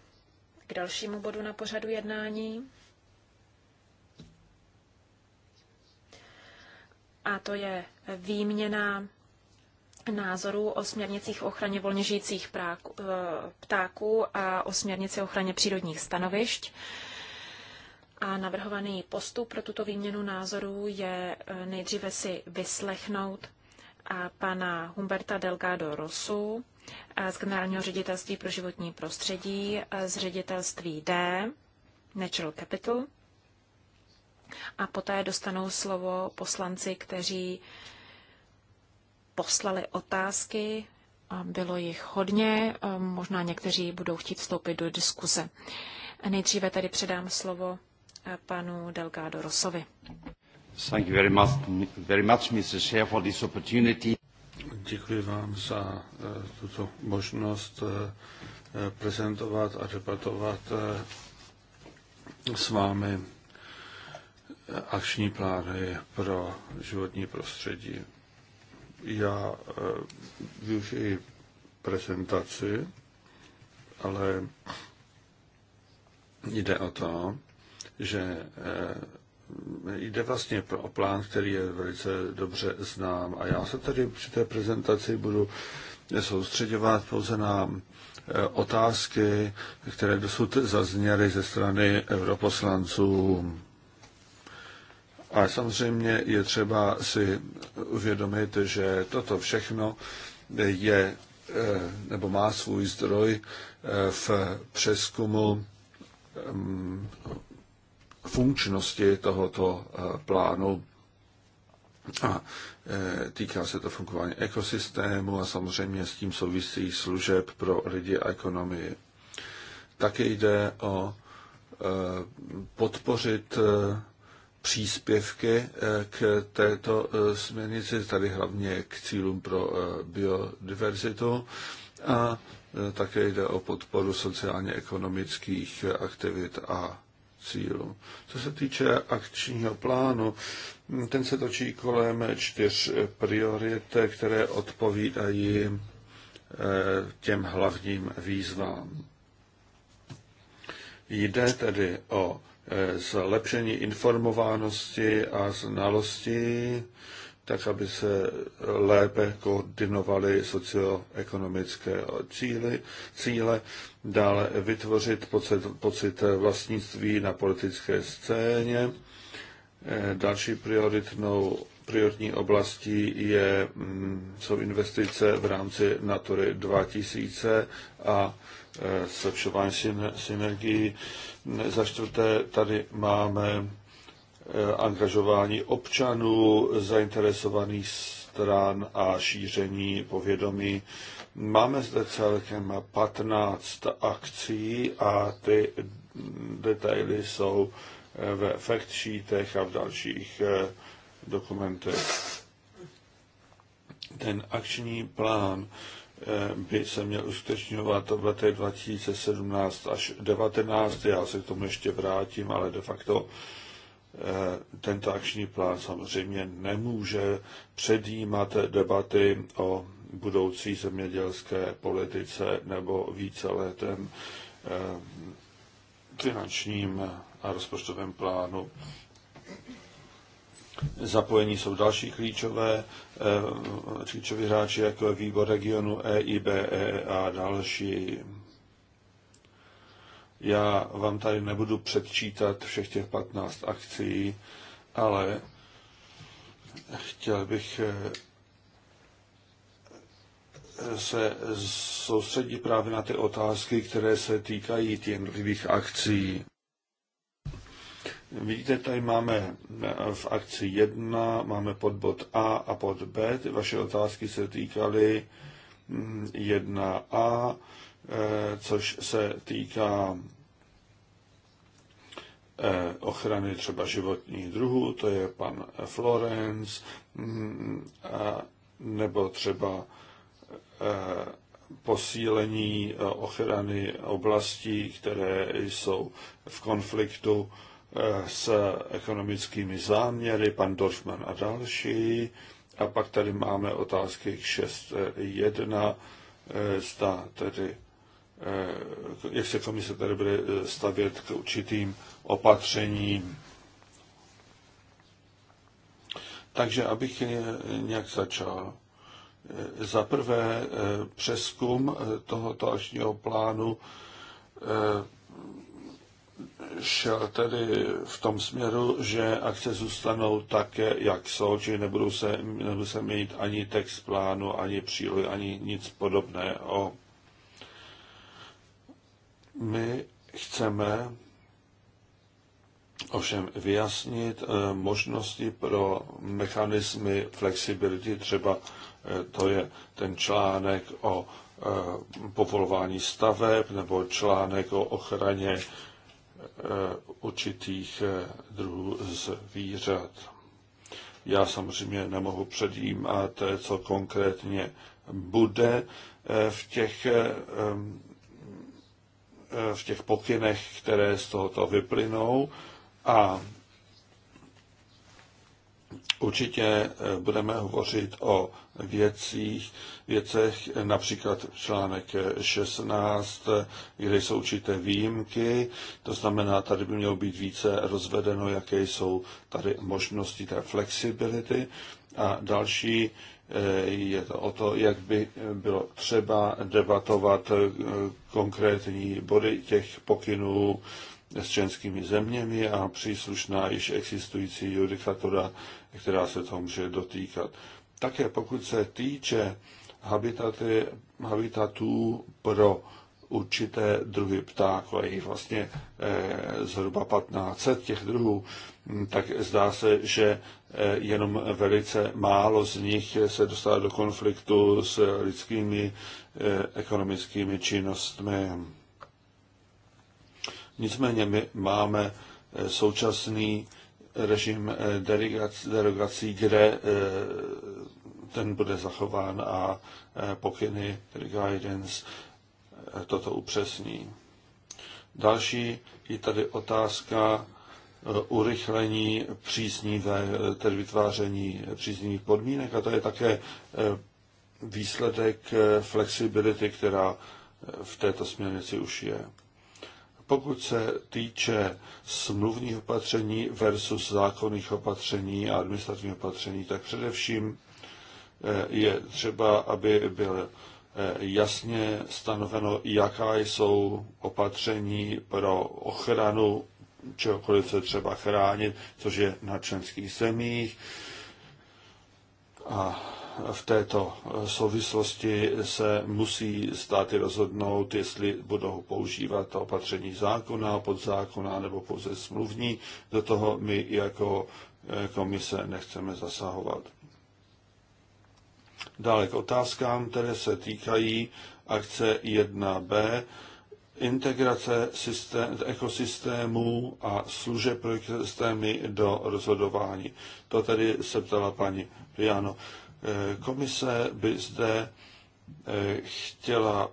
A: k dalšímu bodu na pořadu jednání. A to je výměna názorů o směrnicích o ochraně volně žijících eh, ptáků a o směrnici o ochraně přírodních stanovišť. A navrhovaný postup pro tuto výměnu názorů je eh, nejdříve si vyslechnout a eh, pana Humberta Delgado Rosu z Generálního ředitelství pro životní prostředí, z ředitelství D, Natural Capital. A poté dostanou slovo poslanci, kteří poslali otázky, bylo jich hodně, ehm, možná někteří budou chtít vstoupit do diskuze. Nejdříve tady předám slovo eh, panu Delgado Rosovi.
B: Thank you very much, very much, Mr. Chair, for this opportunity. Děkuji vám za eh, tuto možnost eh, prezentovat a debatovat s vámi akční plány pro životní prostředí. Já eh, využiji prezentaci, ale jde o to, že eh, jde vlastně o plán, který je velice dobře znám. A já se tady při té prezentaci budu soustředovat pouze na eh, otázky, které dosud zazněly ze strany europoslanců. A samozřejmě je třeba si uvědomit, že toto všechno je eh, nebo má svůj zdroj eh, v přeskumu mm, funkčnosti tohoto eh, plánu. A týká se to fungování ekosystému a samozřejmě s tím souvisí služeb pro lidi a ekonomii. Také jde o podpořit příspěvky eh, k této eh, směrnici, tady hlavně k cílům pro eh, biodiverzitu a také jde o podporu sociálně-ekonomických aktivit a cílů. Co se týče akčního plánu, hm, ten se točí kolem čtyř priorit, které odpovídají těm hlavním výzvám. Jde tedy o Eh, zlepšení informovanosti a znalostí, tak aby se lépe koordinovaly socioekonomické cíly, cíle, dále vytvořit pocit, pocit vlastnictví na politické scéně. Eh, další prioritnou prioritní oblastí je, mm, jsou investice v rámci Natury 2000 a Eh, zlepšování synergii. Za čtvrté tady máme eh, angažování občanů, zainteresovaných stran a šíření povědomí. Máme zde celkem 15 akcí a ty detaily jsou eh, ve fact sheetech a v dalších dokumentech. Ten akční plán by se měl uskutečňovat v letech 2017 až 2019. Já se k tomu ještě vrátím, ale de facto eh, tento akční plán samozřejmě nemůže předjímat debaty o budoucí zemědělské politice nebo víceletém eh, finančním a rozpočtovém plánu. Zapojení jsou další klíčové, eh, klíčoví hráči, jako je výbor regionu EIBE e e a další. Já vám tady nebudu předčítat všech těch 15 akcí, ale chtěl bych eh, se soustředit právě na ty otázky, které se týkají těch jednotlivých akcí. Vidíte, tady máme eh, v akci 1, máme bod A a pod B. Ty vaše otázky se týkaly 1A, mm, eh, což se týká eh, ochrany třeba životních druhů, to je pan Florence, mm, nebo třeba posílení ochrany oblastí, které jsou v konfliktu Eh, s ekonomickými záměry, pan Dorfman a další. A pak tady máme otázky 6.1, eh, zda tedy, eh, jak se komise tady bude stavět k určitým opatřením. Takže abych nějak začal. Za prvé přeskum tohoto ažního plánu šel tedy v tom směru, že akce zůstanou tak, jak jsou, či nebudou se, nebudou se měnit ani text plánu, ani přílohy, ani nic podobného. My chceme ovšem vyjasnit eh, možnosti pro mechanismy flexibility, třeba eh, to je ten článek o eh, povolování staveb nebo článek o ochraně Eh, určitých eh, druhů zvířat. Já samozřejmě nemohu předjímat, co konkrétně bude eh, v těch, v těch pokynech, které z tohoto vyplynou a Určitě eh, budeme hovořit o věcích, věcech, například článek 16, eh, eh, kde jsou určité výjimky, to znamená, tady by mělo být více rozvedeno, jaké jsou tady možnosti té flexibility. A další je to o to, jak by bylo třeba debatovat konkrétní body těch pokynů s členskými zeměmi a příslušná již existující judikatura která se toho může dotýkat. Také pokud se týče habitaty, habitatů pro určité druhy ptáků, a jich vlastně eh, zhruba 1500 těch druhů, hm, tak zdá se, že eh, jenom velice málo z nich se dostává do konfliktu s lidskými eh, ekonomickými činnostmi. Nicméně my máme současný režim eh, derogací, kde eh, ten bude zachován a eh, pokyny, tedy guidance, toto upřesní. Další je tady otázka urychlení příznivé, tedy vytváření příznivých podmínek a to je také výsledek flexibility, která v této směrnici už je. Pokud se týče smluvních opatření versus zákonných opatření a administrativních opatření, tak především eh, je třeba, aby byl eh, jasně stanoveno, jaká jsou opatření pro ochranu čehokoliv se třeba chránit, což je na členských zemích. A v této eh, souvislosti se musí státy rozhodnout, jestli budou používat opatření zákona, podzákona nebo pouze smluvní. Do toho my jako eh, komise nechceme zasahovat. Dále k otázkám, které se týkají akce 1b, integrace systém, ekosystémů a služeb pro ekosystémy do rozhodování. To tedy se ptala paní Priano. Eh, komise by zde eh, chtěla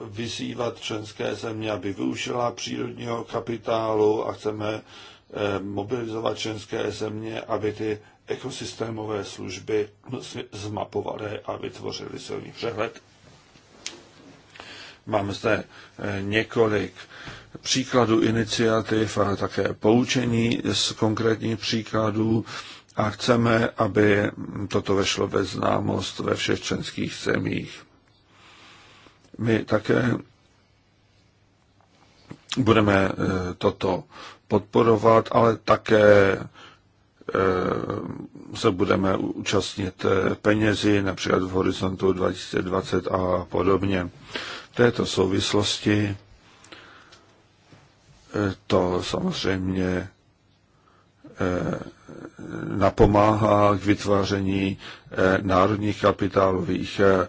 B: vyzývat členské země, aby využila přírodního kapitálu a chceme eh, mobilizovat členské země, aby ty ekosystémové služby zmapovaly a vytvořily silný přehled. Mám zde několik příkladů iniciativ a také poučení z konkrétních příkladů a chceme, aby toto vešlo ve známost ve všech členských zemích. My také budeme eh, toto podporovat, ale také eh, se budeme účastnit eh, penězi, například v horizontu 2020 a podobně. V této souvislosti to samozřejmě Eh, napomáhá k vytváření eh, národních kapitálových eh,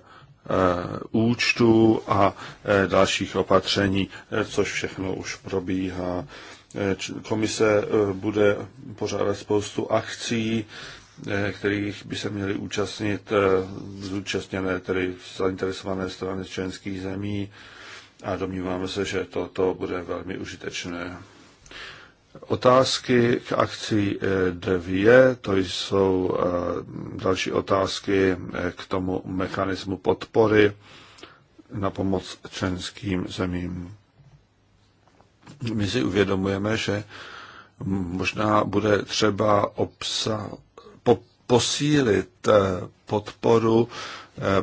B: účtů a dalších opatření, což všechno už probíhá. Komise bude pořádat spoustu akcí, kterých by se měly účastnit zúčastněné, tedy zainteresované strany z členských zemí a domníváme se, že toto bude velmi užitečné. Otázky k akci 2, eh, to jsou eh, další otázky eh, k tomu mechanismu podpory na pomoc členským zemím. My si uvědomujeme, že možná bude třeba obsa, po, posílit podporu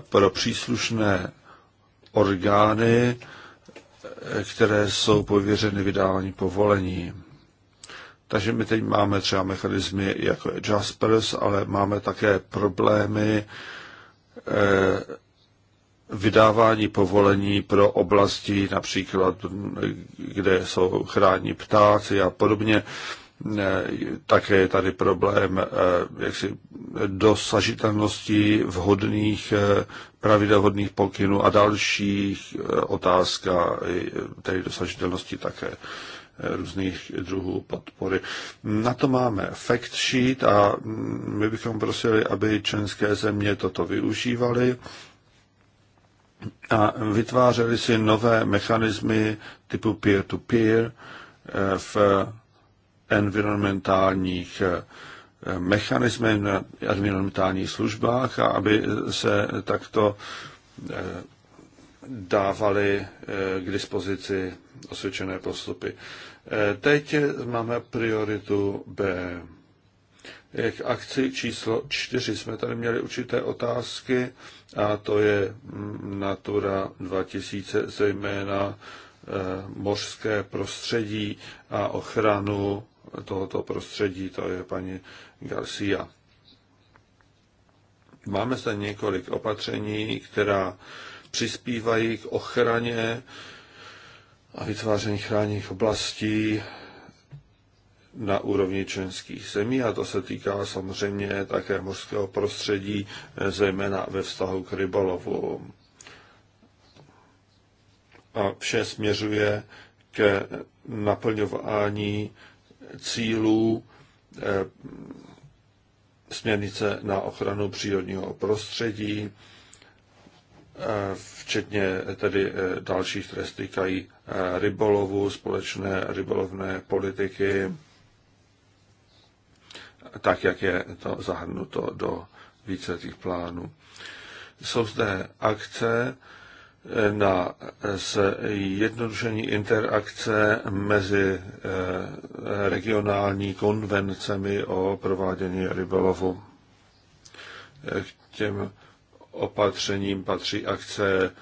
B: pro příslušné orgány, které jsou pověřeny vydávání povolení. Takže my teď máme třeba mechanismy jako Jaspers, ale máme také problémy eh, vydávání povolení pro oblasti, například kde jsou chrání ptáci a podobně. Eh, také je tady problém eh, jaksi, dosažitelnosti vhodných pravidel vhodných pokynů a dalších otázka, tady dosažitelnosti také různých druhů podpory. Na to máme fact sheet a my bychom prosili, aby členské země toto využívaly a vytvářeli si nové mechanismy typu peer-to-peer -peer eh, v environmentálních eh, mechanismech, na environmentálních službách a aby se takto eh, dávaly k dispozici osvědčené postupy. Eh, teď máme prioritu B. jak akci číslo 4 jsme tady měli určité otázky a to je mm, Natura 2000, zejména eh, mořské prostředí a ochranu tohoto prostředí, to je paní Garcia. Máme zde několik opatření, která přispívají k ochraně a vytváření chráněných oblastí na úrovni členských zemí a to se týká samozřejmě také mořského prostředí, zejména ve vztahu k rybolovu. A vše směřuje ke naplňování cílů eh, směrnice na ochranu přírodního prostředí, Eh, včetně eh, tedy eh, dalších, které se týkají rybolovu, společné rybolovné politiky, tak, jak je to zahrnuto do víceletých plánů. Jsou zde akce na zjednodušení interakce mezi regionální konvencemi o provádění rybolovu. K těm opatřením patří akce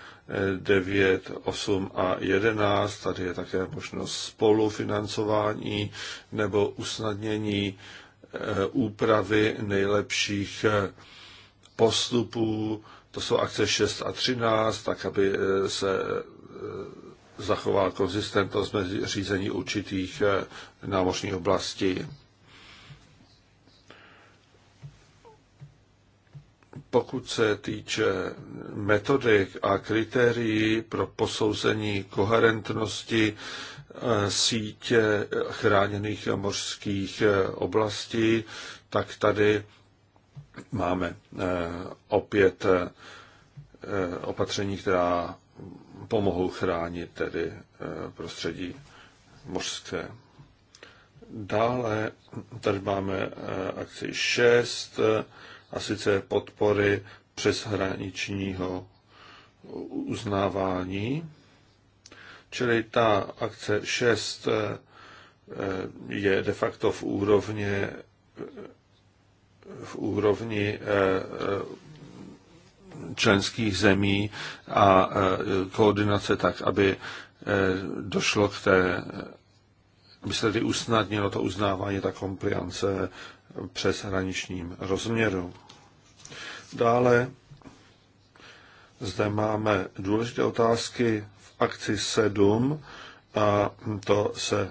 B: 9, eh, 8 a 11. Tady je také možnost spolufinancování nebo usnadnění eh, úpravy nejlepších eh, postupů. To jsou akce 6 a 13, tak aby se zachovala konzistentnost mezi řízení určitých námořních oblastí. pokud se týče metodik a kritérií pro posouzení koherentnosti eh, sítě chráněných mořských eh, oblastí, tak tady máme eh, opět opatření, která pomohou chránit tedy prostředí mořské. Dále tady máme akci 6, a sice podpory přeshraničního uznávání. Čili ta akce 6 eh, eh, je de facto v úrovni v úrovni eh, členských zemí a koordinace tak, aby došlo k té, aby se tedy usnadnilo to uznávání, ta kompliance přes rozměru. Dále zde máme důležité otázky v akci 7 a to se e,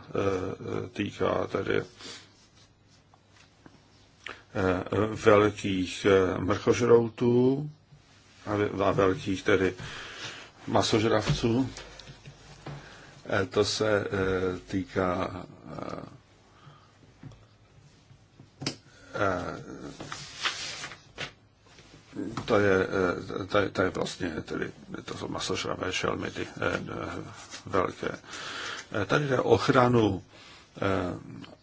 B: týká tedy e, velkých e, mrchožroutů a velkých tedy masožravců. To se týká Eh, to je, eh, to je, to je vlastně, tedy, to jsou masožravé šelmy, ty eh, velké. Tady jde o ochranu,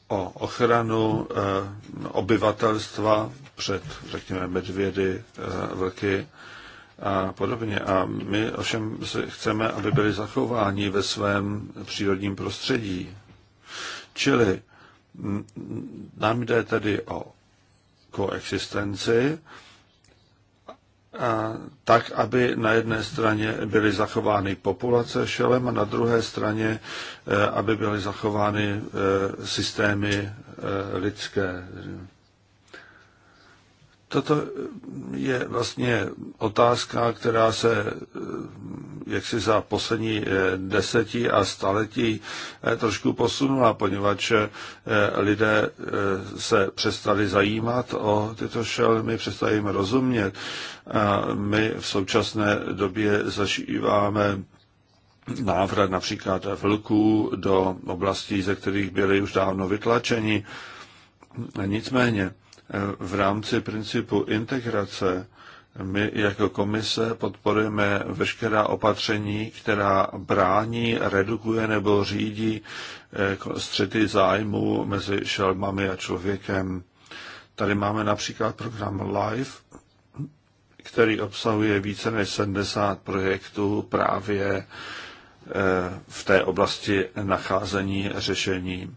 B: o ochranu obyvatelstva před, řekněme, medvědy, vlky a podobně. A my ovšem chceme, aby byli zachováni ve svém přírodním prostředí. Čili nám jde tedy o koexistenci, a tak, aby na jedné straně byly zachovány populace šelem a na druhé straně, eh, aby byly zachovány eh, systémy eh, lidské. Toto je vlastně otázka, která se eh, jak si za poslední eh, desetí a staletí eh, trošku posunula, poněvadž lidé se přestali zajímat o tyto šelmy, přestali jim rozumět. A my v současné době zažíváme návrat například vlků do oblastí, ze kterých byli už dávno vytlačeni. Nicméně, Eh, v rámci principu integrace my jako komise podporujeme veškerá opatření, která brání, redukuje nebo řídí eh, střety zájmu mezi šelmami a člověkem. Tady máme například program LIFE, který obsahuje více než 70 projektů právě eh, v té oblasti nacházení řešení.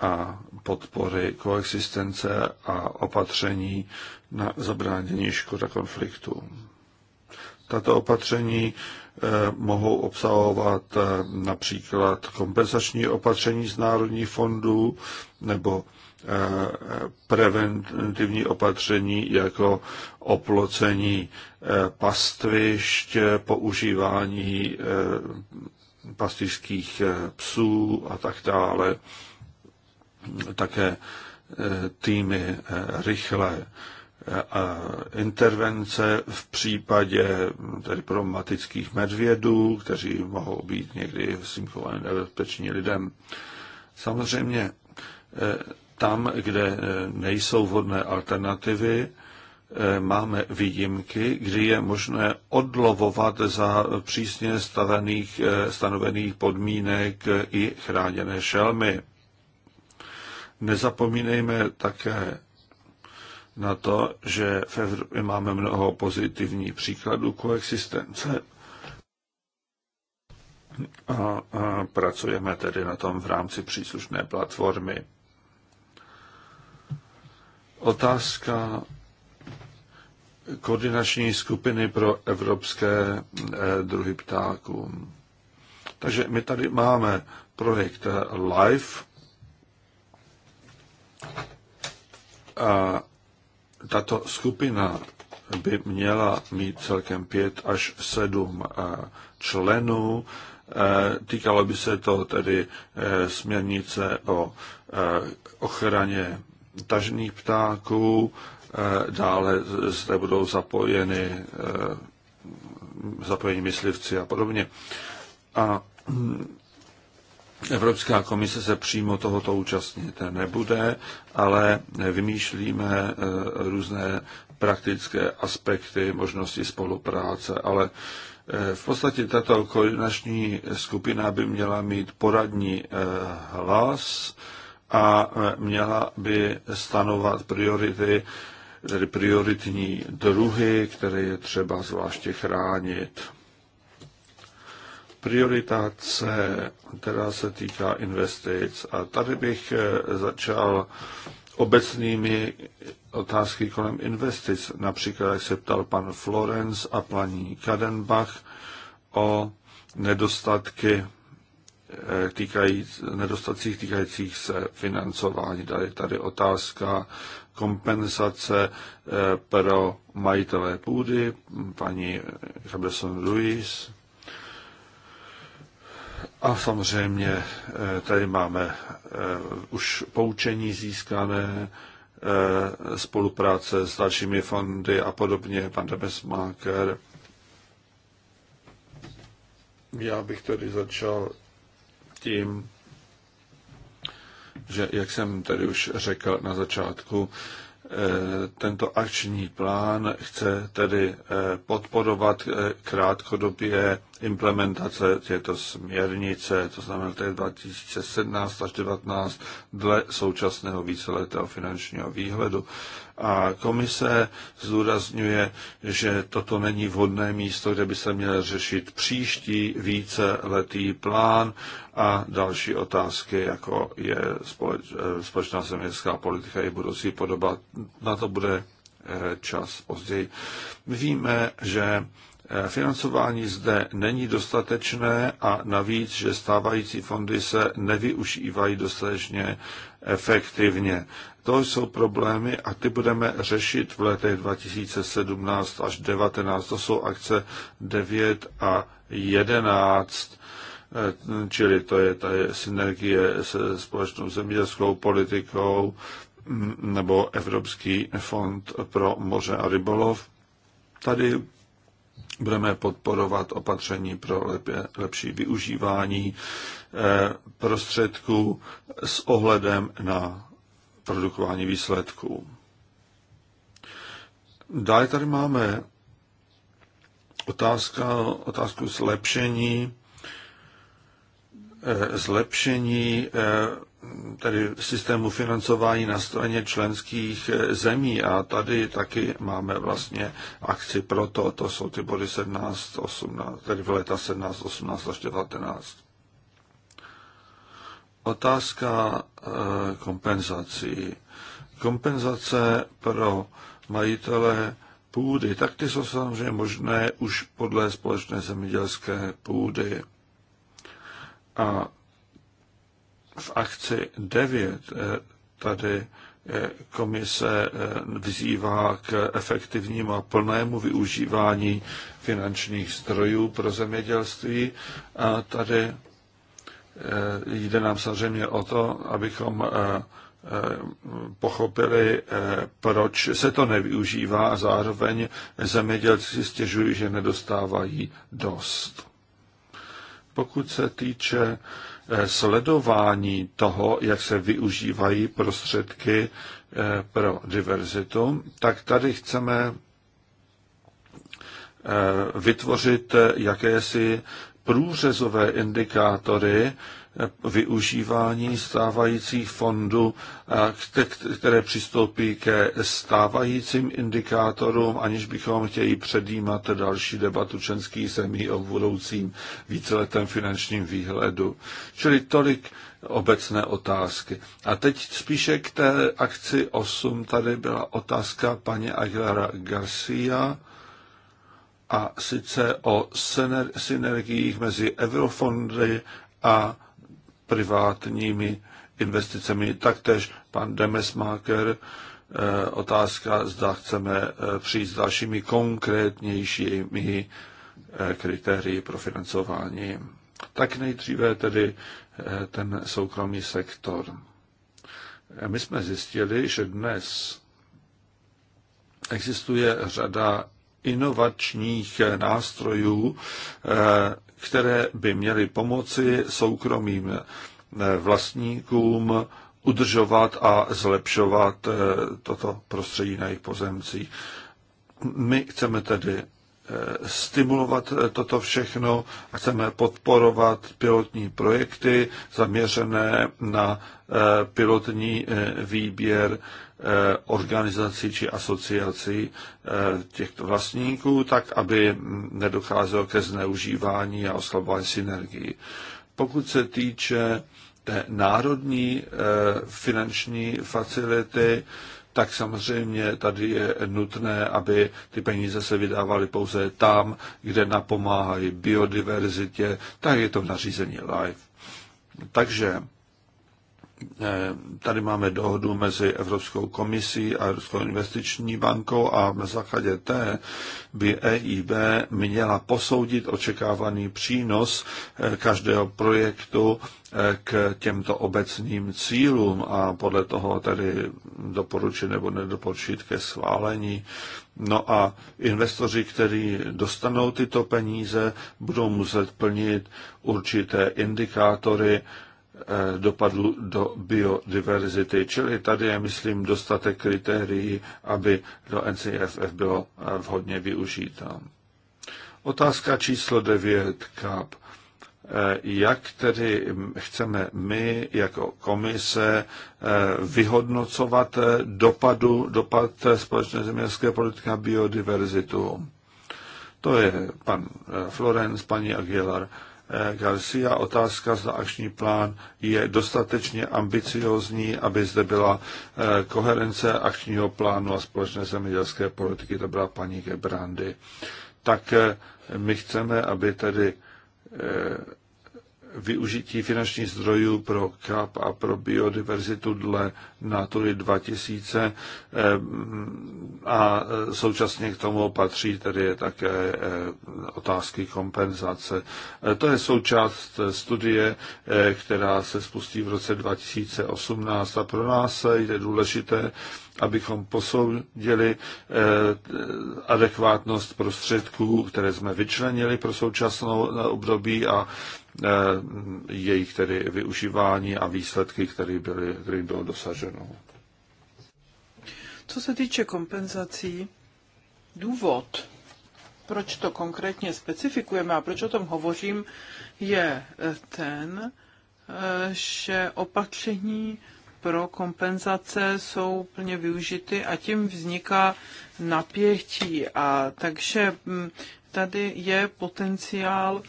B: A podpory koexistence a opatření na zabránění škod a konfliktů. Tato opatření eh, mohou obsahovat eh, například kompenzační opatření z národních fondů nebo eh, preventivní opatření jako oplocení pastvišť, používání pastižských psů a tak dále také e, týmy e, rychlé e, intervence v případě tedy problematických medvědů, kteří mohou být někdy symbolem nebezpeční lidem. Samozřejmě tam, kde nejsou vhodné alternativy, máme výjimky, kdy je možné odlovovat za přísně stavených, stanovených podmínek i chráněné šelmy. Nezapomínejme také na to, že v Evropě máme mnoho pozitivních příkladů koexistence a, a pracujeme tedy na tom v rámci příslušné platformy. Otázka koordinační skupiny pro evropské eh, druhy ptáků. Takže my tady máme projekt LIFE, A tato skupina by měla mít celkem pět až sedm eh, členů. Eh, týkalo by se to tedy eh, směrnice o ochraně tažných ptáků, dále zde budou zapojeny zapojení myslivci a podobně. A hm, Evropská komise se přímo tohoto účastnit nebude, ale vymýšlíme eh, různé praktické aspekty, možnosti spolupráce, ale eh, v podstatě tato koordinační skupina by měla mít poradní eh, hlas a měla by stanovat priority, tedy prioritní druhy, které je třeba zvláště chránit. Priorita C, která se týká investic. A tady bych eh, začal obecnými otázky kolem investic. Například, jak se ptal pan Florence a paní Kadenbach o nedostatky eh, týkají, nedostatcích týkajících se financování. Tady, tady otázka kompenzace eh, pro majitelé půdy, paní Cabezon Ruiz. A samozřejmě eh, tady máme eh, už poučení získané, eh, spolupráce s dalšími fondy a podobně, pan Demesmaker. Já bych tedy začal tím, že, jak jsem tady už řekl na začátku, Eh, tento akční plán chce tedy eh, podporovat eh, krátkodobě implementace této směrnice, to znamená to je 2017 až 2019 dle současného víceletého finančního výhledu a komise zdůrazňuje, že toto není vhodné místo, kde by se měl řešit příští víceletý plán a další otázky, jako je společ, eh, společná zeměstská politika i budoucí podoba. Na to bude eh, čas později. víme, že Financování zde není dostatečné a navíc, že stávající fondy se nevyužívají dostatečně efektivně. To jsou problémy a ty budeme řešit v letech 2017 až 2019. To jsou akce 9 a 11, čili to je ta synergie se společnou zemědělskou politikou nebo Evropský fond pro moře a rybolov. Tady Budeme podporovat opatření pro lepší využívání eh, prostředků s ohledem na produkování výsledků. Dále tady máme otázka, otázku zlepšení, eh, zlepšení eh, tedy systému financování na straně členských eh, zemí a tady taky máme vlastně akci pro to, to jsou ty body 17, 18, tedy v leta 17, 18 až 19. Otázka eh, kompenzací. Kompenzace pro majitele půdy, tak ty jsou samozřejmě možné už podle společné zemědělské půdy. A v akci 9 eh, tady eh, komise eh, vyzývá k efektivnímu a plnému využívání finančních strojů pro zemědělství. A tady jde nám samozřejmě o to, abychom pochopili, proč se to nevyužívá a zároveň zemědělci stěžují, že nedostávají dost. Pokud se týče sledování toho, jak se využívají prostředky eh, pro diverzitu, tak tady chceme eh, vytvořit eh, jakési průřezové indikátory, využívání stávajících fondů, které přistoupí ke stávajícím indikátorům, aniž bychom chtěli předjímat další debatu členských zemí o budoucím víceletém finančním výhledu. Čili tolik obecné otázky. A teď spíše k té akci 8 tady byla otázka paní Aguilera Garcia a sice o synergiích mezi eurofondy a privátními investicemi. Taktéž pan Demesmaker eh, otázka, zda chceme eh, přijít s dalšími konkrétnějšími eh, kritérii pro financování. Tak nejdříve tedy ten soukromý sektor. My jsme zjistili, že dnes existuje řada inovačních nástrojů, které by měly pomoci soukromým eh, vlastníkům udržovat a zlepšovat eh, toto prostředí na jejich pozemcích. My chceme tedy eh, stimulovat toto všechno a chceme podporovat pilotní projekty zaměřené na pilotní výběr Eh, organizací či asociací eh, těchto vlastníků, tak aby nedocházelo ke zneužívání a oslabování synergii. Pokud se týče té národní eh, finanční facility, tak samozřejmě tady je nutné, aby ty peníze se vydávaly pouze tam, kde napomáhají biodiverzitě, tak je to v nařízení LIFE. Takže Eh, tady máme dohodu mezi Evropskou komisí a Evropskou investiční bankou a na základě té by EIB měla posoudit očekávaný přínos eh, každého projektu eh, k těmto obecným cílům a podle toho tedy doporučit nebo nedoporučit ke schválení. No a investoři, kteří dostanou tyto peníze, budou muset plnit určité indikátory, Eh, dopadl do biodiverzity. Čili tady je, myslím, dostatek kritérií, aby do NCFF bylo eh, vhodně využito. Otázka číslo 9, KAP. Eh, jak tedy chceme my jako komise vyhodnocovat dopadu, dopad společné zemědělské politiky na biodiverzitu? To je pan Florence, paní Aguilar. Eh, Garcia. Otázka, zda akční plán je dostatečně ambiciózní, aby zde byla eh, koherence akčního plánu a společné zemědělské politiky. To byla paní Gebrandy. Tak eh, my chceme, aby tedy využití finančních zdrojů pro KAP a pro biodiverzitu dle Natury 2000 eh, a současně k tomu patří tedy také eh, otázky kompenzace. Eh, to je součást studie, která se spustí v roce 2018 a pro nás je důležité, abychom posoudili eh, adekvátnost prostředků, které jsme vyčlenili pro současnou období a eh, jejich tedy využívání a výsledky, které byly, které bylo dosaženo.
C: Co se týče kompenzací, důvod, proč to konkrétně specifikujeme a proč o tom hovořím, je eh, ten, že opatření pro kompenzace jsou plně využity a tím vzniká napětí. A takže mm, tady je potenciál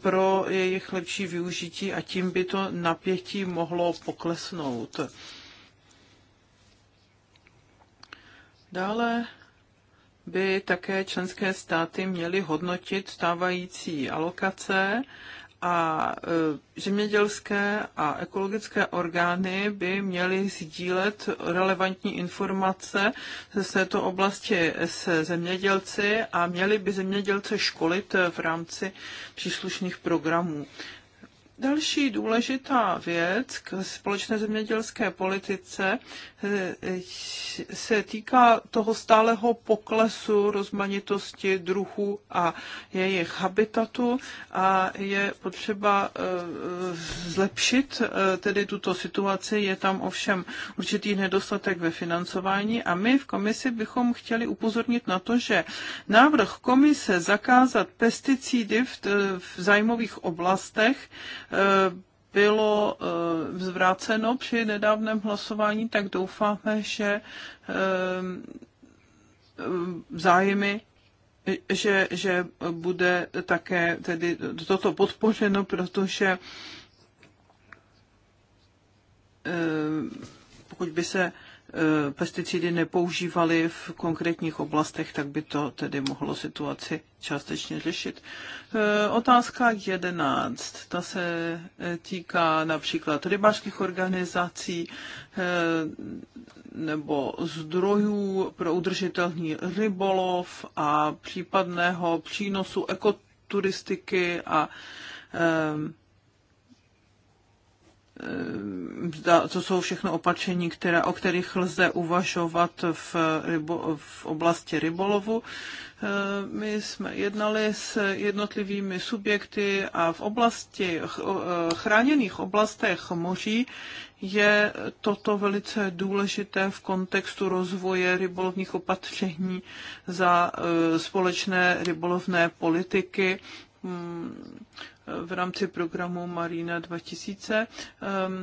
C: pro jejich lepší využití a tím by to napětí mohlo poklesnout. Dále by také členské státy měly hodnotit stávající alokace a e, zemědělské a ekologické orgány by měly sdílet relevantní informace z této oblasti se zemědělci a měly by zemědělce školit v rámci příslušných programů. Další důležitá věc k společné zemědělské politice eh, se týká toho stáleho poklesu rozmanitosti druhů a jejich habitatu a je potřeba eh, zlepšit eh, tedy tuto situaci. Je tam ovšem určitý nedostatek ve financování a my v komisi bychom chtěli upozornit na to, že návrh komise zakázat pesticidy v zájmových oblastech bylo eh, vzvráceno při nedávném hlasování, tak doufáme, že eh, zájmy že, že bude také tedy toto podpořeno, protože eh, pokud by se Eh, pesticidy nepoužívali v konkrétních oblastech, tak by to tedy mohlo situaci částečně řešit. Eh, otázka 11. Ta se eh, týká například rybářských organizací nebo zdrojů pro udržitelný rybolov a případného přínosu ekoturistiky a Ehm, to jsou všechno opatření, které, o kterých lze uvažovat v, rybo, v oblasti rybolovu. Ehm, my jsme jednali s jednotlivými subjekty a v oblasti e- chráněných oblastech moří je toto velice důležité v kontextu rozvoje rybolovních opatření za e, společné rybolovné politiky ehm, v rámci programu Marina 2000. Ehm,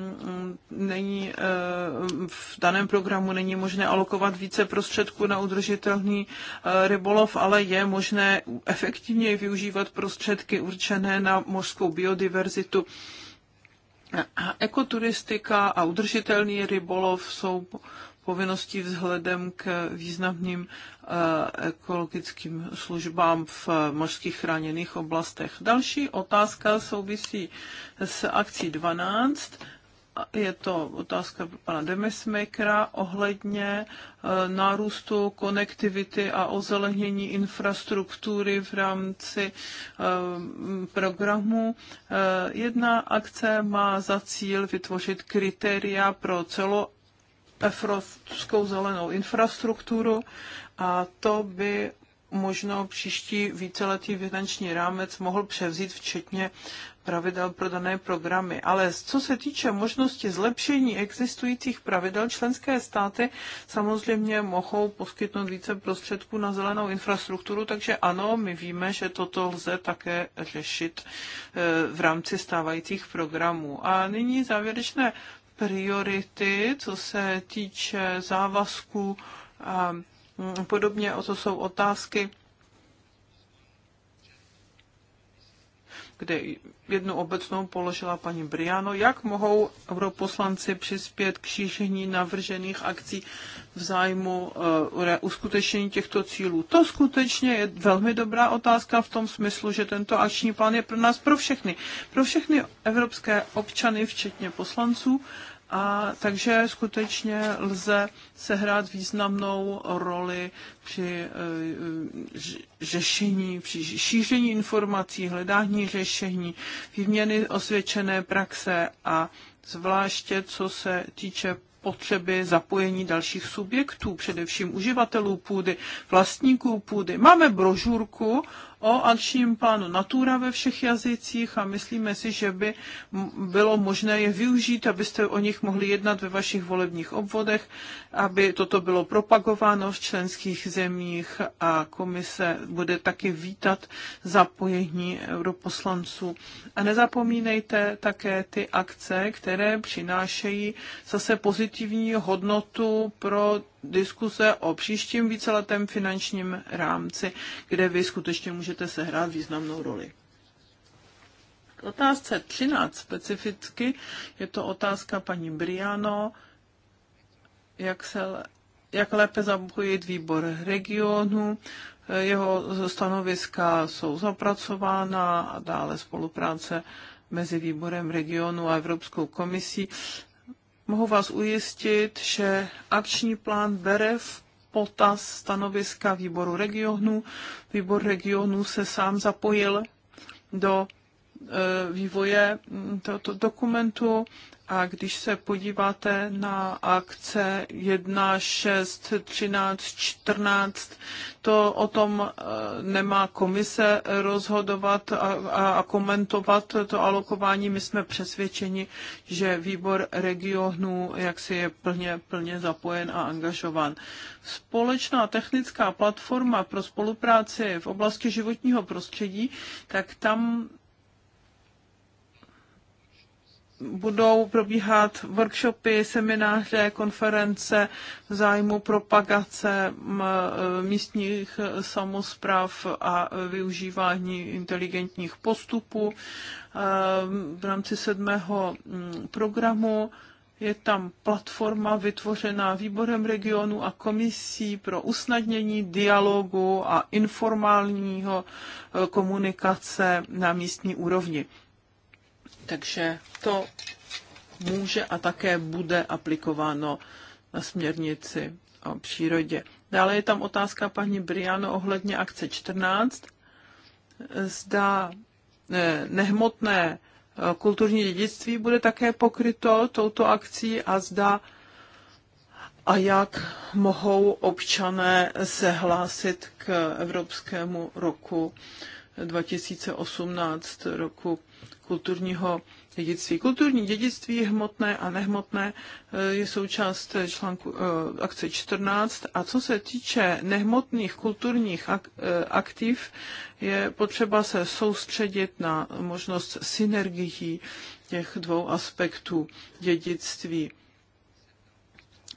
C: není, ehm, v daném programu není možné alokovat více prostředků na udržitelný eh, rybolov, ale je možné efektivně využívat prostředky určené na mořskou biodiverzitu. Ekoturistika a udržitelný rybolov jsou povinností vzhledem k významným eh, ekologickým službám v mořských chráněných oblastech. Další otázka souvisí s akcí 12 je to otázka pana Demesmakera ohledně eh, nárůstu konektivity a ozelenění infrastruktury v rámci eh, programu. Jedna akce má za cíl vytvořit kritéria pro celo evropskou zelenou infrastrukturu a to by možno příští víceletý finanční rámec mohl převzít včetně pravidel pro dané programy. Ale co se týče možnosti zlepšení existujících pravidel, členské státy samozřejmě mohou poskytnout více prostředků na zelenou infrastrukturu, takže ano, my víme, že toto lze také řešit eh, v rámci stávajících programů. A nyní závěrečné priority, co se týče závazků a mm, podobně, o to jsou otázky, kde jednu obecnou položila paní Briano, jak mohou europoslanci přispět k šíření navržených akcí v zájmu uh, uskutečnění těchto cílů. To skutečně je velmi dobrá otázka v tom smyslu, že tento akční plán je pro nás pro všechny. Pro všechny evropské občany, včetně poslanců a takže skutečně lze sehrát významnou roli při eh, řešení, při šíření informací, hledání řešení, výměny osvědčené praxe a zvláště co se týče potřeby zapojení dalších subjektů, především uživatelů půdy, vlastníků půdy. Máme brožurku o akčním plánu Natura ve všech jazycích a myslíme si, že by bylo možné je využít, abyste o nich mohli jednat ve vašich volebních obvodech aby toto bylo propagováno v členských zemích a komise bude taky vítat zapojení europoslanců. A nezapomínejte také ty akce, které přinášejí zase pozitivní hodnotu pro diskuse o příštím víceletém finančním rámci, kde vy skutečně můžete sehrát významnou roli. K otázce 13 specificky je to otázka paní Briano jak, se, jak lépe zapojit výbor regionu, jeho stanoviska jsou zapracována a dále spolupráce mezi výborem regionu a Evropskou komisí. Mohu vás ujistit, že akční plán bere v potaz stanoviska výboru regionu. Výbor regionu se sám zapojil do Eh, vývoje mm, tohoto dokumentu a když se podíváte na akce 1, 6, 13, 14, to o tom eh, nemá komise rozhodovat a, a komentovat to alokování. My jsme přesvědčeni, že výbor regionů jaksi je plně, plně zapojen a angažovan. Společná technická platforma pro spolupráci v oblasti životního prostředí, tak tam budou probíhat workshopy, semináře, konference v zájmu propagace e, místních samozpráv a využívání inteligentních postupů e, v rámci sedmého programu. Je tam platforma vytvořená výborem regionu a komisí pro usnadnění dialogu a informálního e, komunikace na místní úrovni. Takže to může a také bude aplikováno na směrnici o přírodě. Dále je tam otázka paní Briano ohledně akce 14. Zda eh, nehmotné eh, kulturní dědictví bude také pokryto touto akcí a zda a jak mohou občané se hlásit k Evropskému roku 2018 roku kulturního dědictví. Kulturní dědictví hmotné a nehmotné eh, je součást článku eh, akce 14 a co se týče nehmotných kulturních eh, aktiv, je potřeba se soustředit na možnost synergií těch dvou aspektů dědictví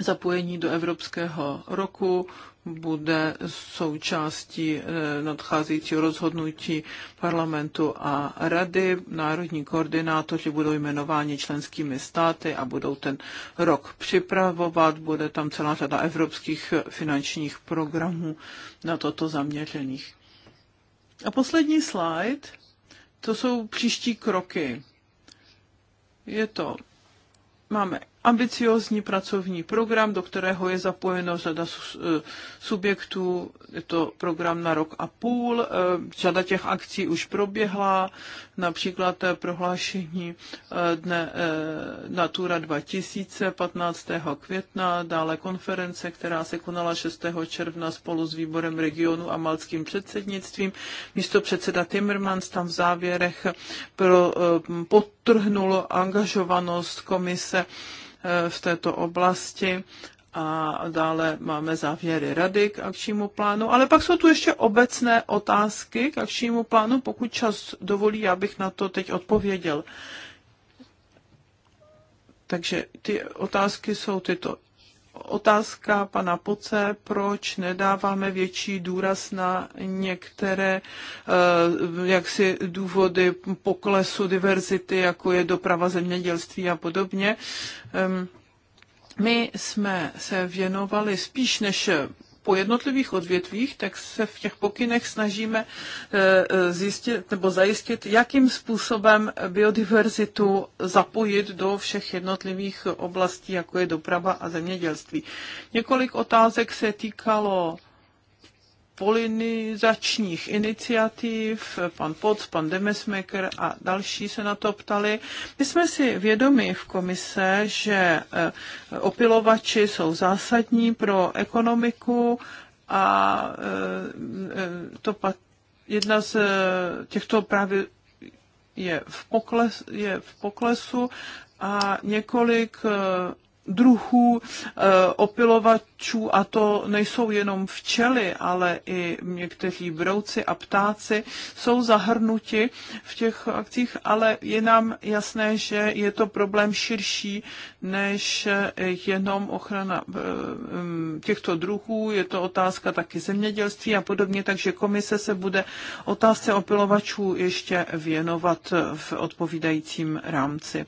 C: zapojení do Evropského roku bude součástí eh, nadcházejícího rozhodnutí parlamentu a rady. Národní koordinátoři budou jmenováni členskými státy a budou ten rok připravovat. Bude tam celá řada evropských finančních programů na toto zaměřených. A poslední slide, to jsou příští kroky. Je to, máme ambiciózní pracovní program, do kterého je zapojeno řada eh, subjektů. Je to program na rok a půl. Eh, řada těch akcí už proběhla, například eh, prohlášení dne Natura 2000 15. května, dále konference, která se konala 6. června spolu s výborem regionu a malským předsednictvím. Místo předseda Timmermans tam v závěrech pro, potrhnul angažovanost komise Eh, v této oblasti a dále máme závěry rady k akčnímu plánu, ale pak jsou tu ještě obecné otázky k akčnímu plánu, pokud čas dovolí, já bych na to teď odpověděl. Takže ty otázky jsou tyto otázka pana Poce, proč nedáváme větší důraz na některé eh, jaksi důvody poklesu diverzity, jako je doprava zemědělství a podobně. My jsme se věnovali spíš než po jednotlivých odvětvích, tak se v těch pokynech snažíme eh, eh, zjistit nebo zajistit, jakým způsobem biodiverzitu zapojit do všech jednotlivých oblastí, jako je doprava a zemědělství. Několik otázek se týkalo polinizačních iniciativ, pan Poc, pan Demesmaker a další se na to ptali. My jsme si vědomi v komise, že eh, opilovači jsou zásadní pro ekonomiku a eh, eh, to jedna z těchto právě je v, pokles, je v poklesu a několik druhů eh, opilovačů a to nejsou jenom včely, ale i někteří brouci a ptáci jsou zahrnuti v těch akcích, ale je nám jasné, že je to problém širší než jenom ochrana eh, mm, těchto druhů, je to otázka taky zemědělství a podobně, takže komise se bude otázce opilovačů ještě věnovat v odpovídajícím rámci.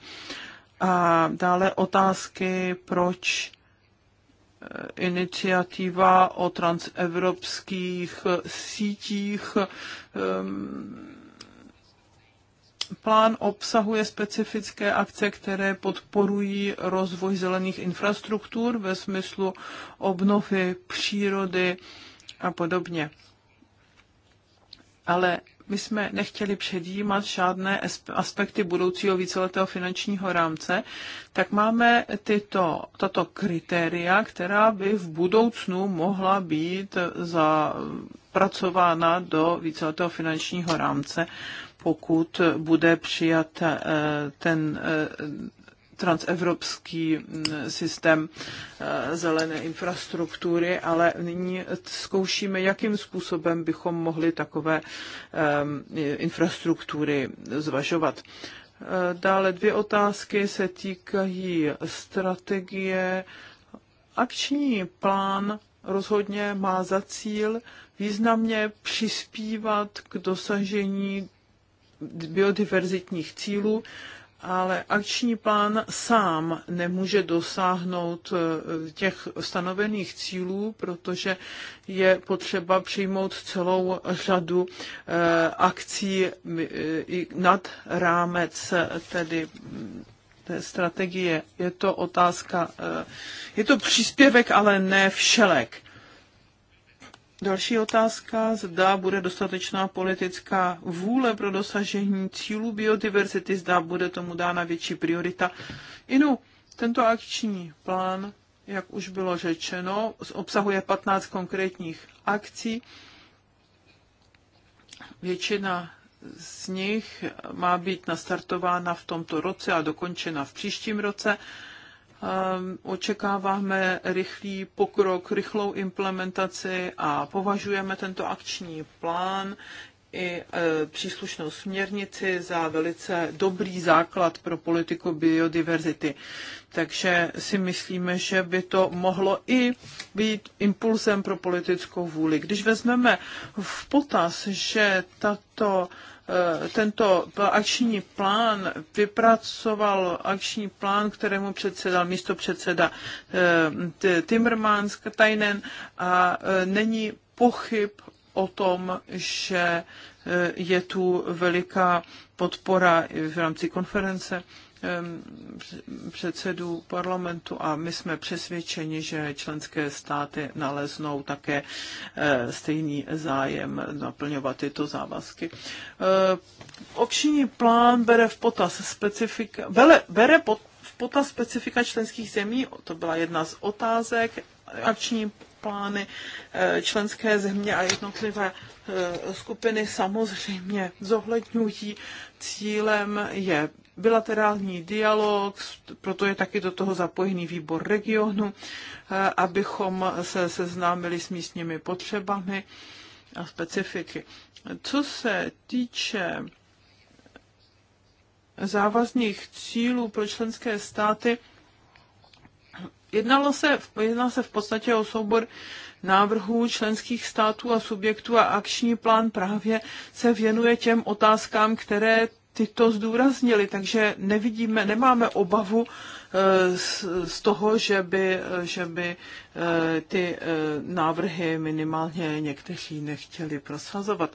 C: A dále otázky, proč eh, iniciativa o transevropských sítích. Ehm, plán obsahuje specifické akce, které podporují rozvoj zelených infrastruktur ve smyslu obnovy přírody a podobně. Ale my jsme nechtěli předjímat žádné aspekty budoucího víceletého finančního rámce, tak máme tyto, tato kritéria, která by v budoucnu mohla být zapracována do víceletého finančního rámce, pokud bude přijat eh, ten eh, transevropský mm, systém eh, zelené infrastruktury, ale nyní zkoušíme, jakým způsobem bychom mohli takové eh, infrastruktury zvažovat. Eh, dále dvě otázky se týkají strategie. Akční plán rozhodně má za cíl významně přispívat k dosažení biodiverzitních cílů ale akční plán sám nemůže dosáhnout e, těch stanovených cílů, protože je potřeba přijmout celou řadu e, akcí e, nad rámec tedy té strategie. Je to otázka, je to příspěvek, ale ne všelek. Další otázka, zda bude dostatečná politická vůle pro dosažení cílů biodiverzity, zda bude tomu dána větší priorita. Inu, tento akční plán, jak už bylo řečeno, obsahuje 15 konkrétních akcí. Většina z nich má být nastartována v tomto roce a dokončena v příštím roce. Ehm, očekáváme rychlý pokrok, rychlou implementaci a považujeme tento akční plán i e, příslušnou směrnici za velice dobrý základ pro politiku biodiverzity. Takže si myslíme, že by to mohlo i být impulsem pro politickou vůli. Když vezmeme v potaz, že tato Eh, tento akční plán vypracoval akční plán, kterému předsedal místo předseda eh, Timmermans, Tajnen a eh, není pochyb o tom, že je tu veliká podpora v rámci konference předsedů parlamentu a my jsme přesvědčeni, že členské státy naleznou také e, stejný zájem naplňovat tyto závazky. E, Obční plán bere v potaz specifika, bere, bere pot, v potaz specifika členských zemí, to byla jedna z otázek, akční plány e, členské země a jednotlivé skupiny samozřejmě zohledňují. Cílem je bilaterální dialog, proto je taky do toho zapojený výbor regionu, eh, abychom se seznámili s místními potřebami a specifiky. Co se týče závazných cílů pro členské státy, jednalo se, jednalo se v podstatě o soubor návrhů členských států a subjektů a akční plán právě se věnuje těm otázkám, které tyto zdůraznili, takže nevidíme, nemáme obavu eh, z, toho, že by, že by eh, ty eh, návrhy minimálně někteří nechtěli prosazovat.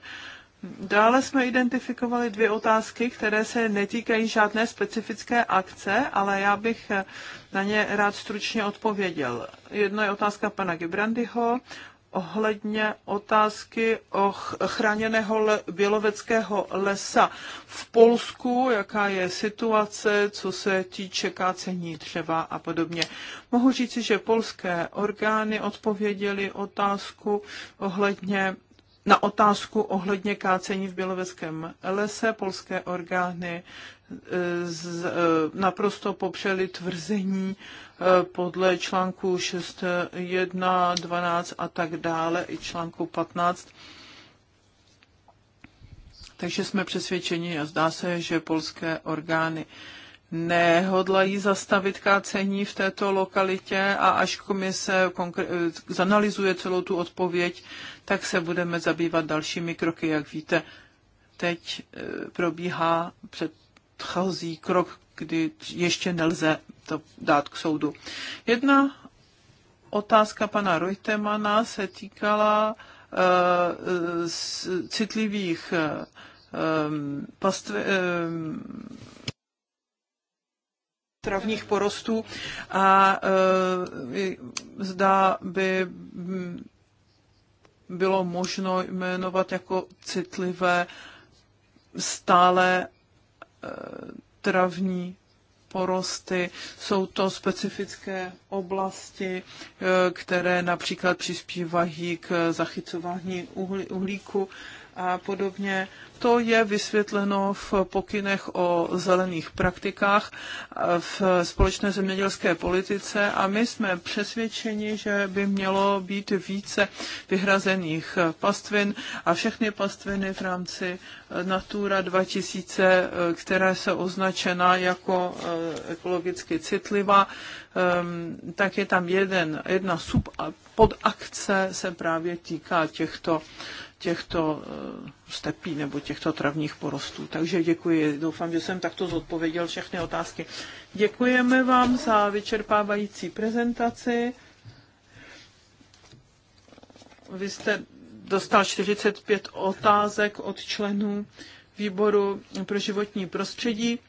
C: Dále jsme identifikovali dvě otázky, které se netýkají žádné specifické akce, ale já bych na ně rád stručně odpověděl. Jedna je otázka pana Gibrandyho ohledně otázky o chráněného le, běloveckého lesa v Polsku, jaká je situace, co se týče kácení dřeva a podobně. Mohu říci, že polské orgány odpověděly otázku ohledně na otázku ohledně kácení v Běloveském lese polské orgány e, z, e, naprosto popřeli tvrzení e, podle článku 6, 1, 12 a tak dále i článku 15. Takže jsme přesvědčeni a zdá se, že polské orgány nehodlají zastavit kácení v této lokalitě a až komise eh, zanalizuje celou tu odpověď, tak se budeme zabývat dalšími kroky. Jak víte, teď eh, probíhá předchozí krok, kdy ještě nelze to dát k soudu. Jedna otázka pana Rojtemana se týkala eh, citlivých pastve, travních porostů a e, zda by bylo možno jmenovat jako citlivé stále e, travní porosty, jsou to specifické oblasti, e, které například přispívají k zachycování uhlíku a podobně. To je vysvětleno v pokynech o zelených praktikách v společné zemědělské politice a my jsme přesvědčeni, že by mělo být více vyhrazených pastvin a všechny pastviny v rámci eh, Natura 2000, eh, která se označena jako eh, ekologicky citlivá, ehm, tak je tam jeden, jedna sub akce se právě týká těchto těchto eh, stepí nebo těchto travních porostů. Takže děkuji. Doufám, že jsem takto zodpověděl všechny otázky. Děkujeme vám za vyčerpávající prezentaci. Vy jste dostal 45 otázek od členů výboru pro životní prostředí.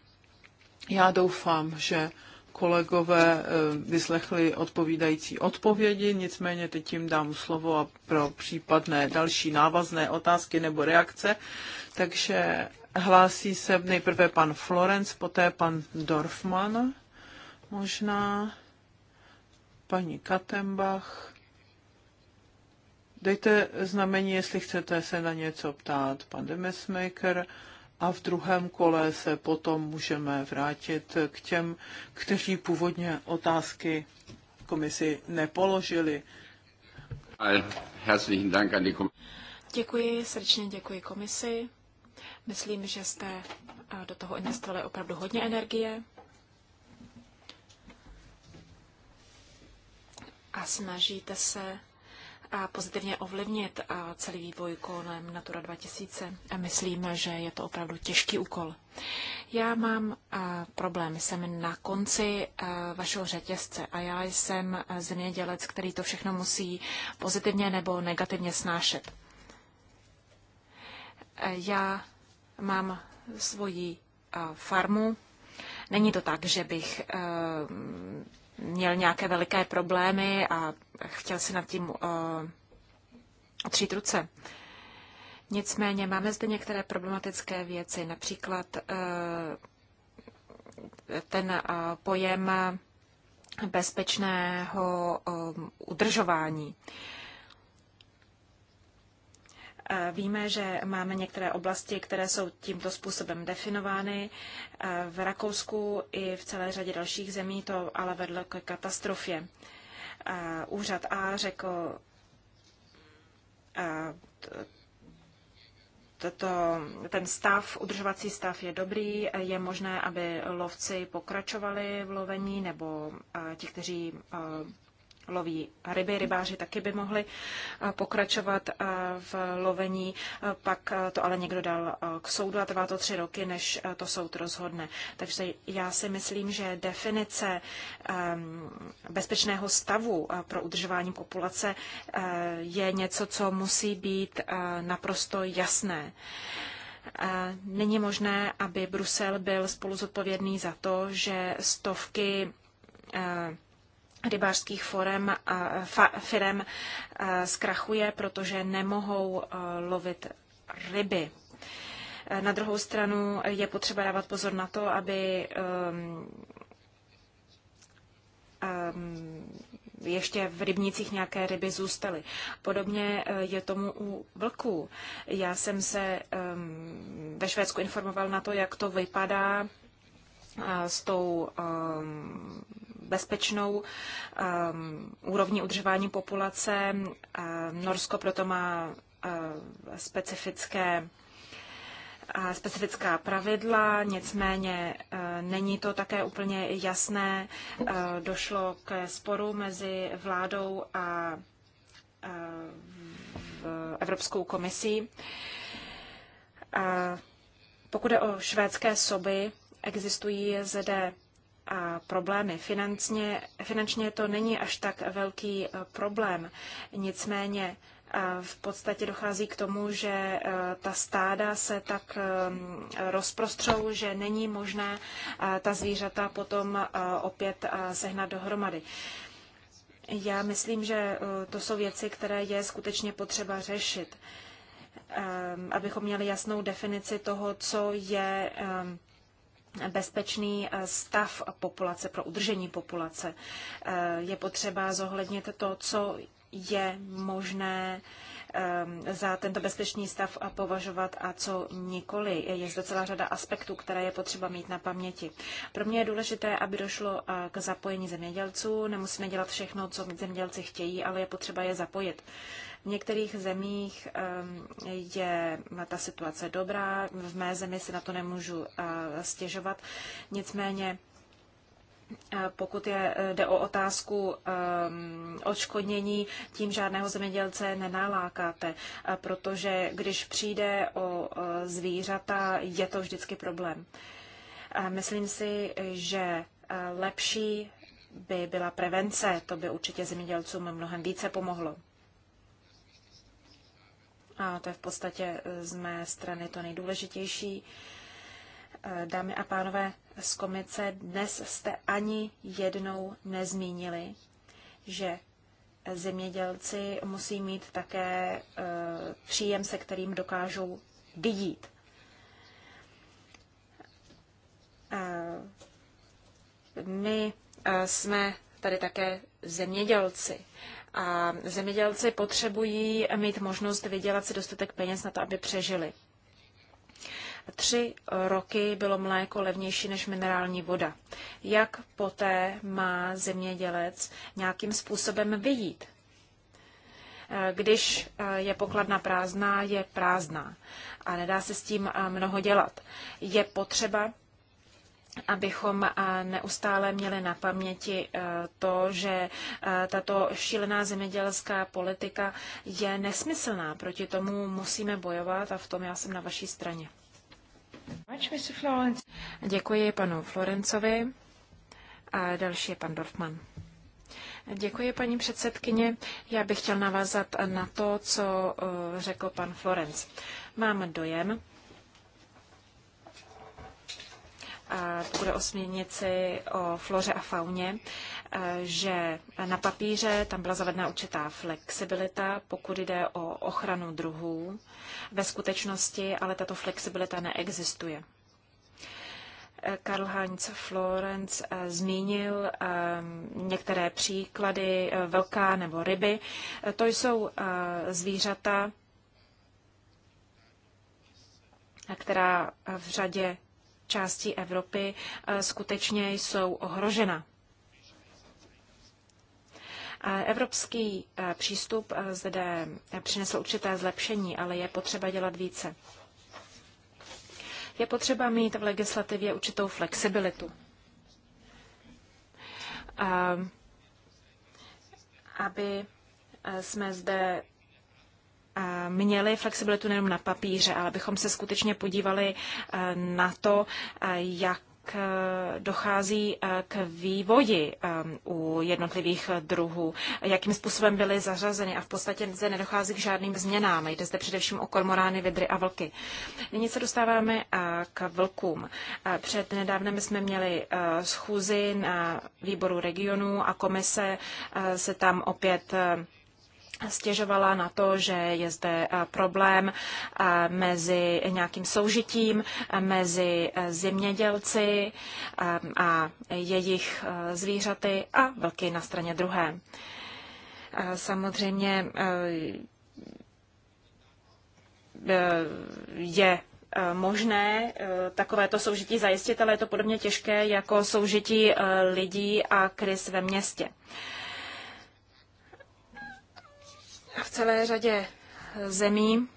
C: Já doufám, že kolegové eh, vyslechli odpovídající odpovědi, nicméně teď jim dám slovo a pro případné další návazné otázky nebo reakce. Takže hlásí se nejprve pan Florenc, poté pan Dorfman, možná paní Katembach. Dejte znamení, jestli chcete se na něco ptát. Pan Demesmaker, a v druhém kole se potom můžeme vrátit k těm, kteří původně otázky komisi nepoložili.
A: Děkuji, srdečně děkuji komisi. Myslím, že jste eh, do toho investovali opravdu hodně energie. A snažíte se a pozitivně ovlivnit celý vývoj kolem Natura 2000. Myslím, že je to opravdu těžký úkol. Já mám problém, jsem na konci vašeho řetězce a já jsem zemědělec, který to všechno musí pozitivně nebo negativně snášet. Já mám svoji farmu. Není to tak, že bych měl nějaké veliké problémy a chtěl si nad tím uh, otřít ruce. Nicméně máme zde některé problematické věci, například uh, ten uh, pojem bezpečného uh, udržování. Uh, Víme, že máme některé oblasti, které jsou tímto způsobem definovány. V Rakousku i v celé řadě dalších zemí to ale vedlo k katastrofě. Úřad A řekl, toto, ten stav, udržovací stav je dobrý, je možné, aby lovci pokračovali v lovení nebo ti, kteří loví ryby. Rybáři taky by mohli eh, pokračovat eh, v lovení, eh, pak to ale někdo dal k soudu a trvá to tři roky, než to soud rozhodne. Takže já si myslím, že definice ehm, bezpečného stavu pro udržování populace je něco, co musí být naprosto jasné. Není možné, aby Brusel byl spoluzodpovědný za to, že stovky rybářských forem, fa, firem zkrachuje, protože nemohou lovit ryby. Na druhou stranu je potřeba dávat pozor na to, aby um, um, ještě v rybnicích nějaké ryby zůstaly. Podobně e, je tomu u vlků. Já jsem se um, ve Švédsku informoval na to, jak to vypadá s tou um, bezpečnou um, úrovní udržování populace. Norsko proto má uh, specifické uh, specifická pravidla, nicméně uh, není to také úplně jasné. Došlo k sporu mezi vládou a Evropskou komisí. Pokud je o švédské soby, existují zde a problémy. Finančně, finančně to není až tak velký eh, problém. Nicméně eh, v podstatě dochází k tomu, že eh, ta stáda se tak rozprostřou, že není možné ta zvířata potom opět sehnat dohromady. Já myslím, že to jsou věci, které je skutečně potřeba řešit, abychom měli jasnou definici toho, co je bezpečný eh, stav populace, pro udržení populace. Eh, je potřeba zohlednit to, co je možné eh, za tento bezpečný stav považovat a co nikoli. Je zde celá řada aspektů, které je potřeba mít na paměti. Pro mě je důležité, aby došlo k zapojení zemědělců. Nemusíme dělat všechno, co zemědělci chtějí, ale je potřeba je zapojit. V některých zemích ehm, je ta situace dobrá, v mé zemi si na to nemůžu eh, stěžovat. Nicméně eh, pokud je, eh, jde o otázku um, odškodnění, tím žádného zemědělce nenalákáte, protože když přijde o zvířata, je to vždycky problém. Myslím si, že lepší by byla prevence, to by určitě zemědělcům mnohem více pomohlo. A to je v podstatě eh, z mé strany to nejdůležitější. Eh, Dámy a pánové z komice, dnes jste ani jednou nezmínili, že zemědělci musí mít také eh, příjem, se kterým dokážou vidít. My jsme tady také zemědělci a zemědělci potřebují mít možnost vydělat si dostatek peněz na to, aby přežili. Tři roky bylo mléko levnější než minerální voda. Jak poté má zemědělec nějakým způsobem vyjít? Když je pokladna prázdná, je prázdná a nedá se s tím mnoho dělat. Je potřeba abychom neustále měli na paměti e, to, že e, tato šílená zemědělská politika je nesmyslná. Proti tomu musíme bojovat a v tom já jsem na vaší straně. Děkuji panu Florencovi a další je pan Dorfman. Děkuji, paní předsedkyně. Já bych chtěl navázat na to, co e, řekl pan Florenc. Mám dojem, bude o směrnici o floře a fauně, eh, že na papíře tam byla zavedena určitá flexibilita, pokud jde o ochranu druhů. Ve skutečnosti ale tato flexibilita neexistuje. Eh, Karl Heinz Florenz eh, zmínil některé příklady velká nebo ryby. To jsou zvířata, která v řadě částí Evropy eh, skutečně jsou ohrožena. Eh, evropský eh, přístup zde přinesl určité zlepšení, ale je potřeba dělat více. Je potřeba mít v legislativě určitou flexibilitu. Aby jsme zde měli flexibilitu nejenom na papíře, ale bychom se skutečně podívali eh, na to, eh, jak eh, dochází k vývoji u jednotlivých druhů, jakým způsobem byly zařazeny a v podstatě zde nedochází k žádným změnám. Jde zde především o kormorány, vidry a vlky. Nyní se dostáváme k vlkům. Před nedávnem jsme měli schůzi na výboru regionů a komise se tam opět stěžovala na to, že je zde eh, problém eh, mezi nějakým soužitím, eh, mezi zemědělci a jejich zvířaty a vlky na straně druhé. Samozřejmě je možné takovéto soužití zajistit, ale je to podobně těžké jako soužití lidí a krys ve městě v celé řadě zemí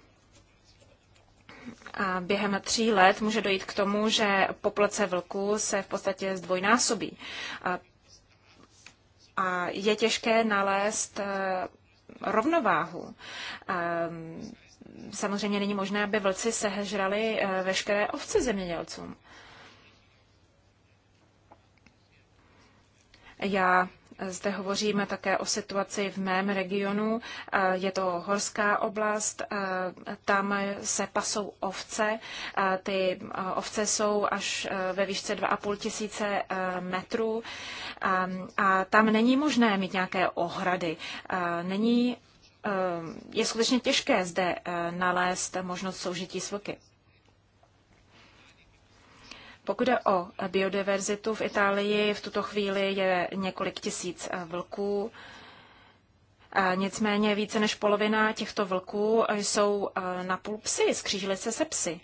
A: a během tří let může dojít k tomu, že populace vlků se v podstatě zdvojnásobí. A, a je těžké nalézt eh, rovnováhu. A, samozřejmě není možné, aby vlci sežrali eh, veškeré ovce zemědělcům. Já zde hovoříme také o situaci v mém regionu. Eh, je to horská oblast, eh, tam se pasou ovce. Eh, ty ovce jsou až ve výšce 2,5 tisíce metrů a tam není možné mít nějaké ohrady. Není, je skutečně těžké zde nalézt možnost soužití s vlky. Pokud je o biodiverzitu v Itálii, v tuto chvíli je několik tisíc eh, vlků. Nicméně více než polovina těchto vlků eh, jsou eh, napůl psy, skřížily se se psy.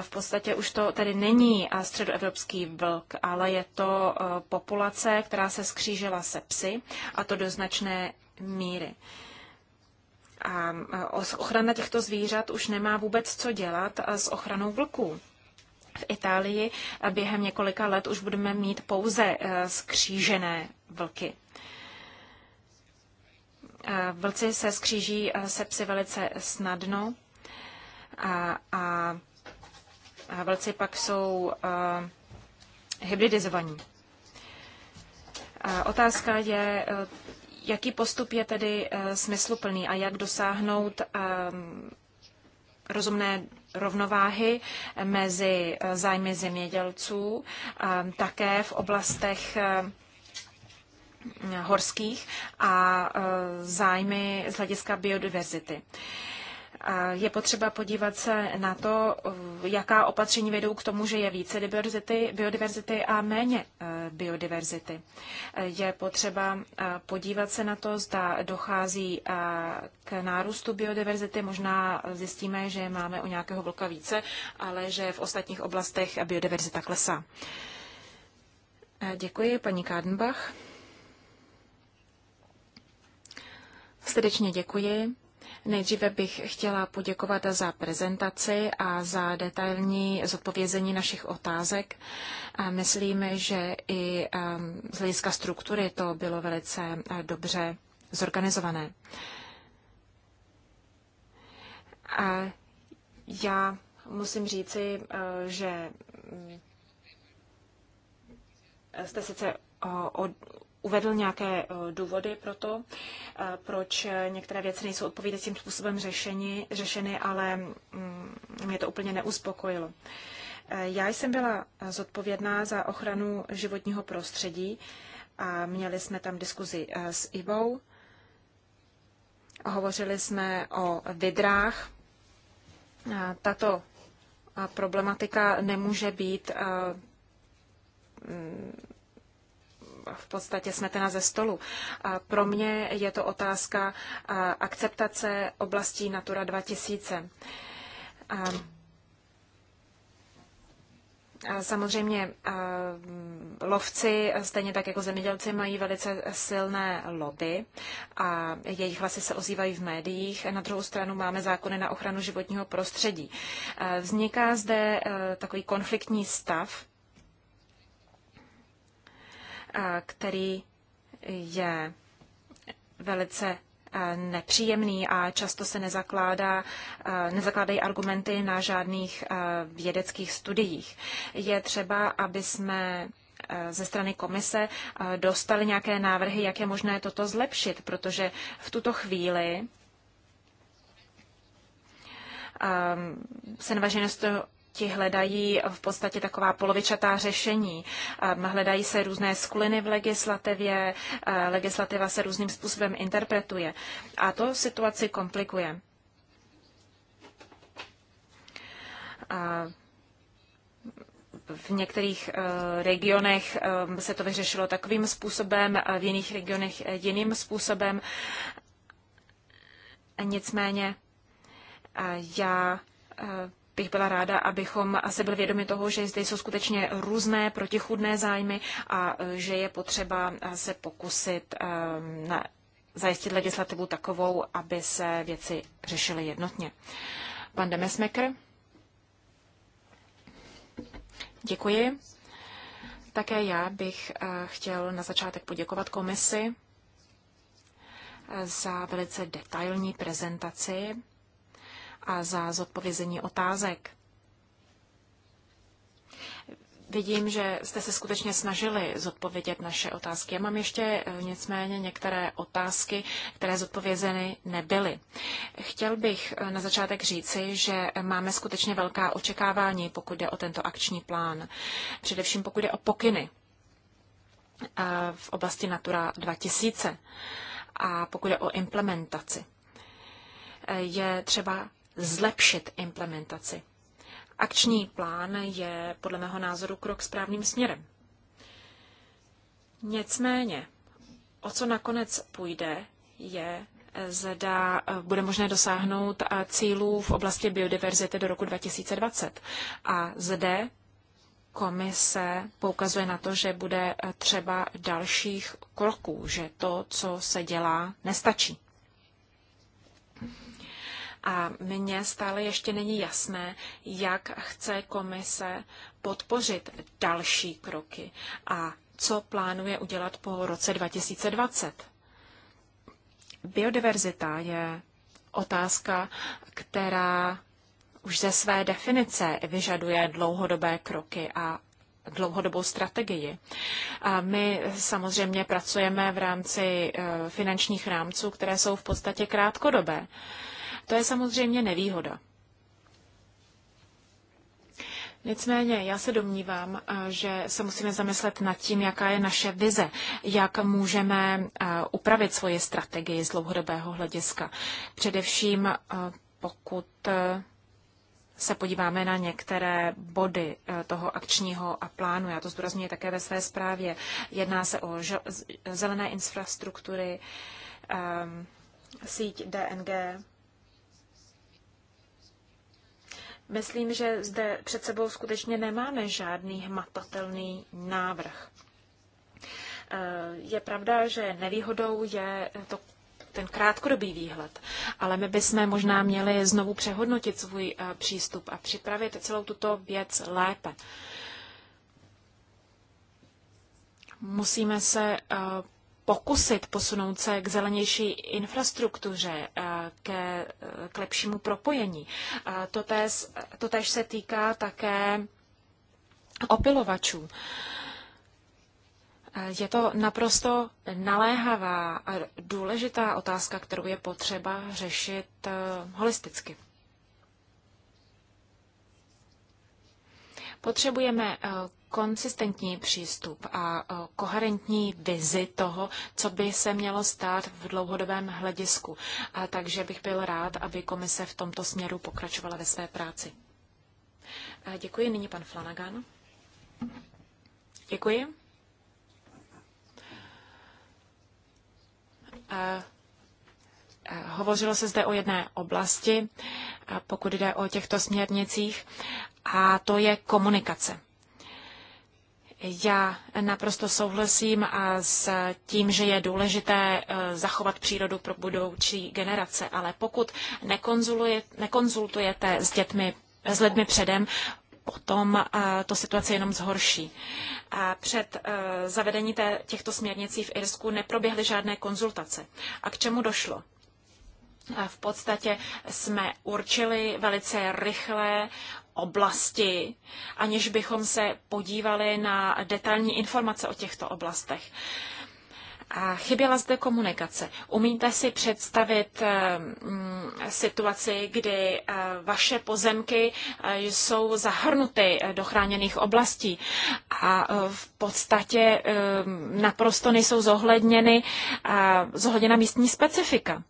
A: V podstatě už to tedy není středoevropský vlk, ale je to populace, která se skřížila se psy a to do značné míry. A ochrana těchto zvířat už nemá vůbec co dělat s ochranou vlků v Itálii během několika let už budeme mít pouze eh, skřížené vlky. Eh, vlci se skříží eh, se psy velice snadno a, a, a vlci pak jsou hybridizovaní. Otázka je, jaký postup je tedy smysluplný a jak dosáhnout rozumné rovnováhy mezi eh, zájmy zemědělců, eh, také v oblastech eh, horských a zájmy z hlediska biodiverzity je potřeba podívat se na to, jaká opatření vedou k tomu, že je více biodiverzity, biodiverzity a méně eh, biodiverzity. Eh, je potřeba eh, podívat se na to, zda dochází k nárůstu biodiverzity. Možná zjistíme, že máme u nějakého vlka více, ale že v ostatních oblastech biodiverzita klesá. Děkuji, paní Kádenbach. Srdečně děkuji. Nejdříve bych chtěla poděkovat za prezentaci a za detailní zodpovězení našich otázek. Myslím, že i ehm, z hlediska struktury to bylo velice eh, dobře zorganizované. A já musím říci, eh, že mm, jste sice uvedl nějaké eh, důvody pro to, eh, proč eh, některé věci nejsou odpovídajícím způsobem řešení, řešeny, ale mm, mě to úplně neuspokojilo. Já jsem byla zodpovědná za ochranu životního prostředí a měli jsme tam diskuzi s Ivou. Hovořili jsme o vidrách. Tato problematika nemůže být v podstatě smetena ze stolu. Pro mě je to otázka akceptace oblastí Natura 2000. Samozřejmě lovci, stejně tak jako zemědělci, mají velice silné lobby a jejich hlasy se ozývají v médiích. Na druhou stranu máme zákony na ochranu životního prostředí. Vzniká zde e, takový konfliktní stav, který je velice nepříjemný a často se nezakládá, nezakládají argumenty na žádných vědeckých studiích. Je třeba, aby jsme ze strany komise dostali nějaké návrhy, jak je možné toto zlepšit, protože v tuto chvíli se na veřejnost ti hledají v podstatě taková polovičatá řešení. Ehm, hledají se různé skuliny v legislativě, eh, legislativa se různým způsobem interpretuje. A to situaci komplikuje. A v některých eh, regionech ehm, se to vyřešilo takovým způsobem, v jiných regionech eh, jiným způsobem. Nicméně já bych byla ráda, abychom se byli vědomi toho, že zde jsou skutečně různé protichudné zájmy a e, že je potřeba e, se pokusit e, na, zajistit legislativu takovou, aby se věci řešily jednotně. Pan Demesmeker. Děkuji. Také já bych chtěl na začátek poděkovat komisi za velice detailní prezentaci a za zodpovězení otázek. Vidím, že jste se skutečně snažili zodpovědět naše otázky. Já mám ještě eh, nicméně některé otázky, které zodpovězeny nebyly. Chtěl bych eh, na začátek říci, že máme skutečně velká očekávání, pokud jde o tento akční plán. Především pokud jde o pokyny eh, v oblasti Natura 2000 a pokud jde o implementaci. Je třeba zlepšit implementaci. Akční plán je podle mého názoru krok správným směrem. Nicméně, o co nakonec půjde, je, zda eh, bude možné dosáhnout eh, cílů v oblasti biodiverzity do roku 2020. A zde komise poukazuje na to, že bude eh, třeba dalších kroků, že to, co se dělá, nestačí. A mně stále ještě není jasné, jak chce komise podpořit další kroky a co plánuje udělat po roce 2020. Biodiverzita je otázka, která už ze své definice vyžaduje dlouhodobé kroky a dlouhodobou strategii. A my samozřejmě pracujeme v rámci eh, finančních rámců, které jsou v podstatě krátkodobé. To je samozřejmě nevýhoda. Nicméně já se domnívám, eh, že se musíme zamyslet nad tím, jaká je naše vize, jak můžeme eh, upravit svoje strategii z dlouhodobého hlediska. Především eh, pokud se podíváme na některé body toho akčního a plánu. Já to zdůrazňuji také ve své zprávě. Jedná se o zelené infrastruktury, ehm, síť DNG, Myslím, že zde před sebou skutečně nemáme žádný hmatatelný návrh. Eh, je pravda, že nevýhodou je to ten krátkodobý výhled, ale my bychom možná měli znovu přehodnotit svůj eh, přístup a připravit celou tuto věc lépe. Musíme se eh, pokusit posunout se k zelenější infrastruktuře, eh, ke, eh, k lepšímu propojení. Eh, to tež se týká také opilovačů. Je to naprosto naléhavá a důležitá otázka, kterou je potřeba řešit holisticky. Potřebujeme eh, konsistentní přístup a eh, koherentní vizi toho, co by se mělo stát v dlouhodobém hledisku. A takže bych byl rád, aby komise v tomto směru pokračovala ve své práci. A děkuji. Nyní pan Flanagan. Děkuji. A Hovořilo se zde o jedné oblasti, pokud jde o těchto směrnicích a to je komunikace. Já naprosto souhlasím a s tím, že je důležité eh, zachovat přírodu pro budoucí generace, ale pokud nekonzultujete s dětmi, s lidmi předem, potom eh, to situace jenom zhorší. A před eh, zavedení těchto směrnicí v Irsku neproběhly žádné konzultace. A k čemu došlo? V podstatě jsme určili velice rychlé oblasti, aniž bychom se podívali na detailní informace o těchto oblastech. A chyběla zde komunikace. Umíte si představit eh, mm, situaci, kdy eh, vaše pozemky eh, jsou zahrnuty do chráněných oblastí a v podstatě naprosto nejsou zohledněny, zohledněna místní specifika.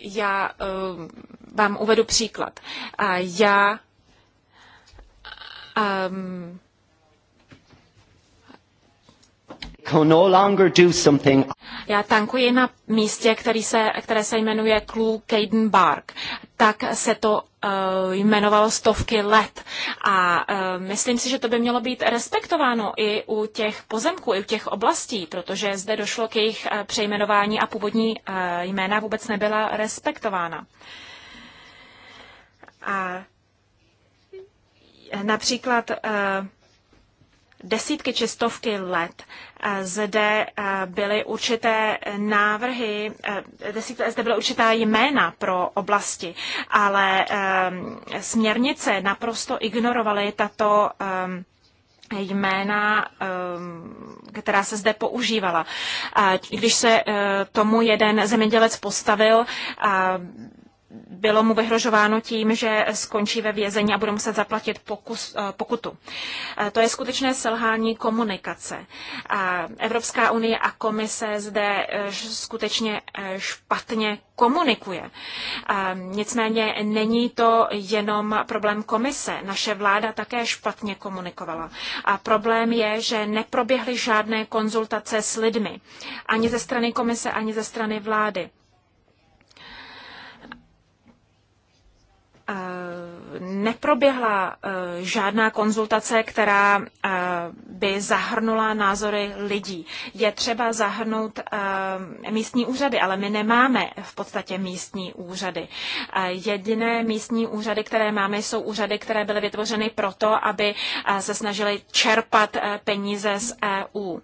A: Já eh, vám uvedu příklad. Já um, já tankuji na místě, který se, které se jmenuje Clue Caden Bark tak se to eh, jmenovalo stovky let. A eh, myslím si, že to by mělo být respektováno i u těch pozemků, i u těch oblastí, protože zde došlo k jejich eh, přejmenování a původní jména vůbec nebyla respektována. A například desítky či stovky let eh, zde eh, byly určité návrhy, eh, desítky, zde byla určitá jména pro oblasti, ale směrnice naprosto ignorovaly tato jména, která se zde používala. Když se tomu jeden zemědělec postavil, bylo mu vyhrožováno tím, že skončí ve vězení a bude muset zaplatit pokus, eh, pokutu. Eh, to je skutečné selhání komunikace. Evropská unie a komise zde eh, skutečně špatně komunikuje. Nicméně není to jenom problém komise. Naše vláda také špatně komunikovala. A problém je, že neproběhly žádné konzultace s lidmi. Ani ze strany komise, ani ze strany vlády. Eh, neproběhla eh, žádná konzultace, která eh, by zahrnula názory lidí. Je třeba zahrnout místní úřady, ale my nemáme v podstatě místní úřady. Jediné místní úřady, které máme, jsou úřady, které byly vytvořeny proto, aby se snažili čerpat peníze z EU.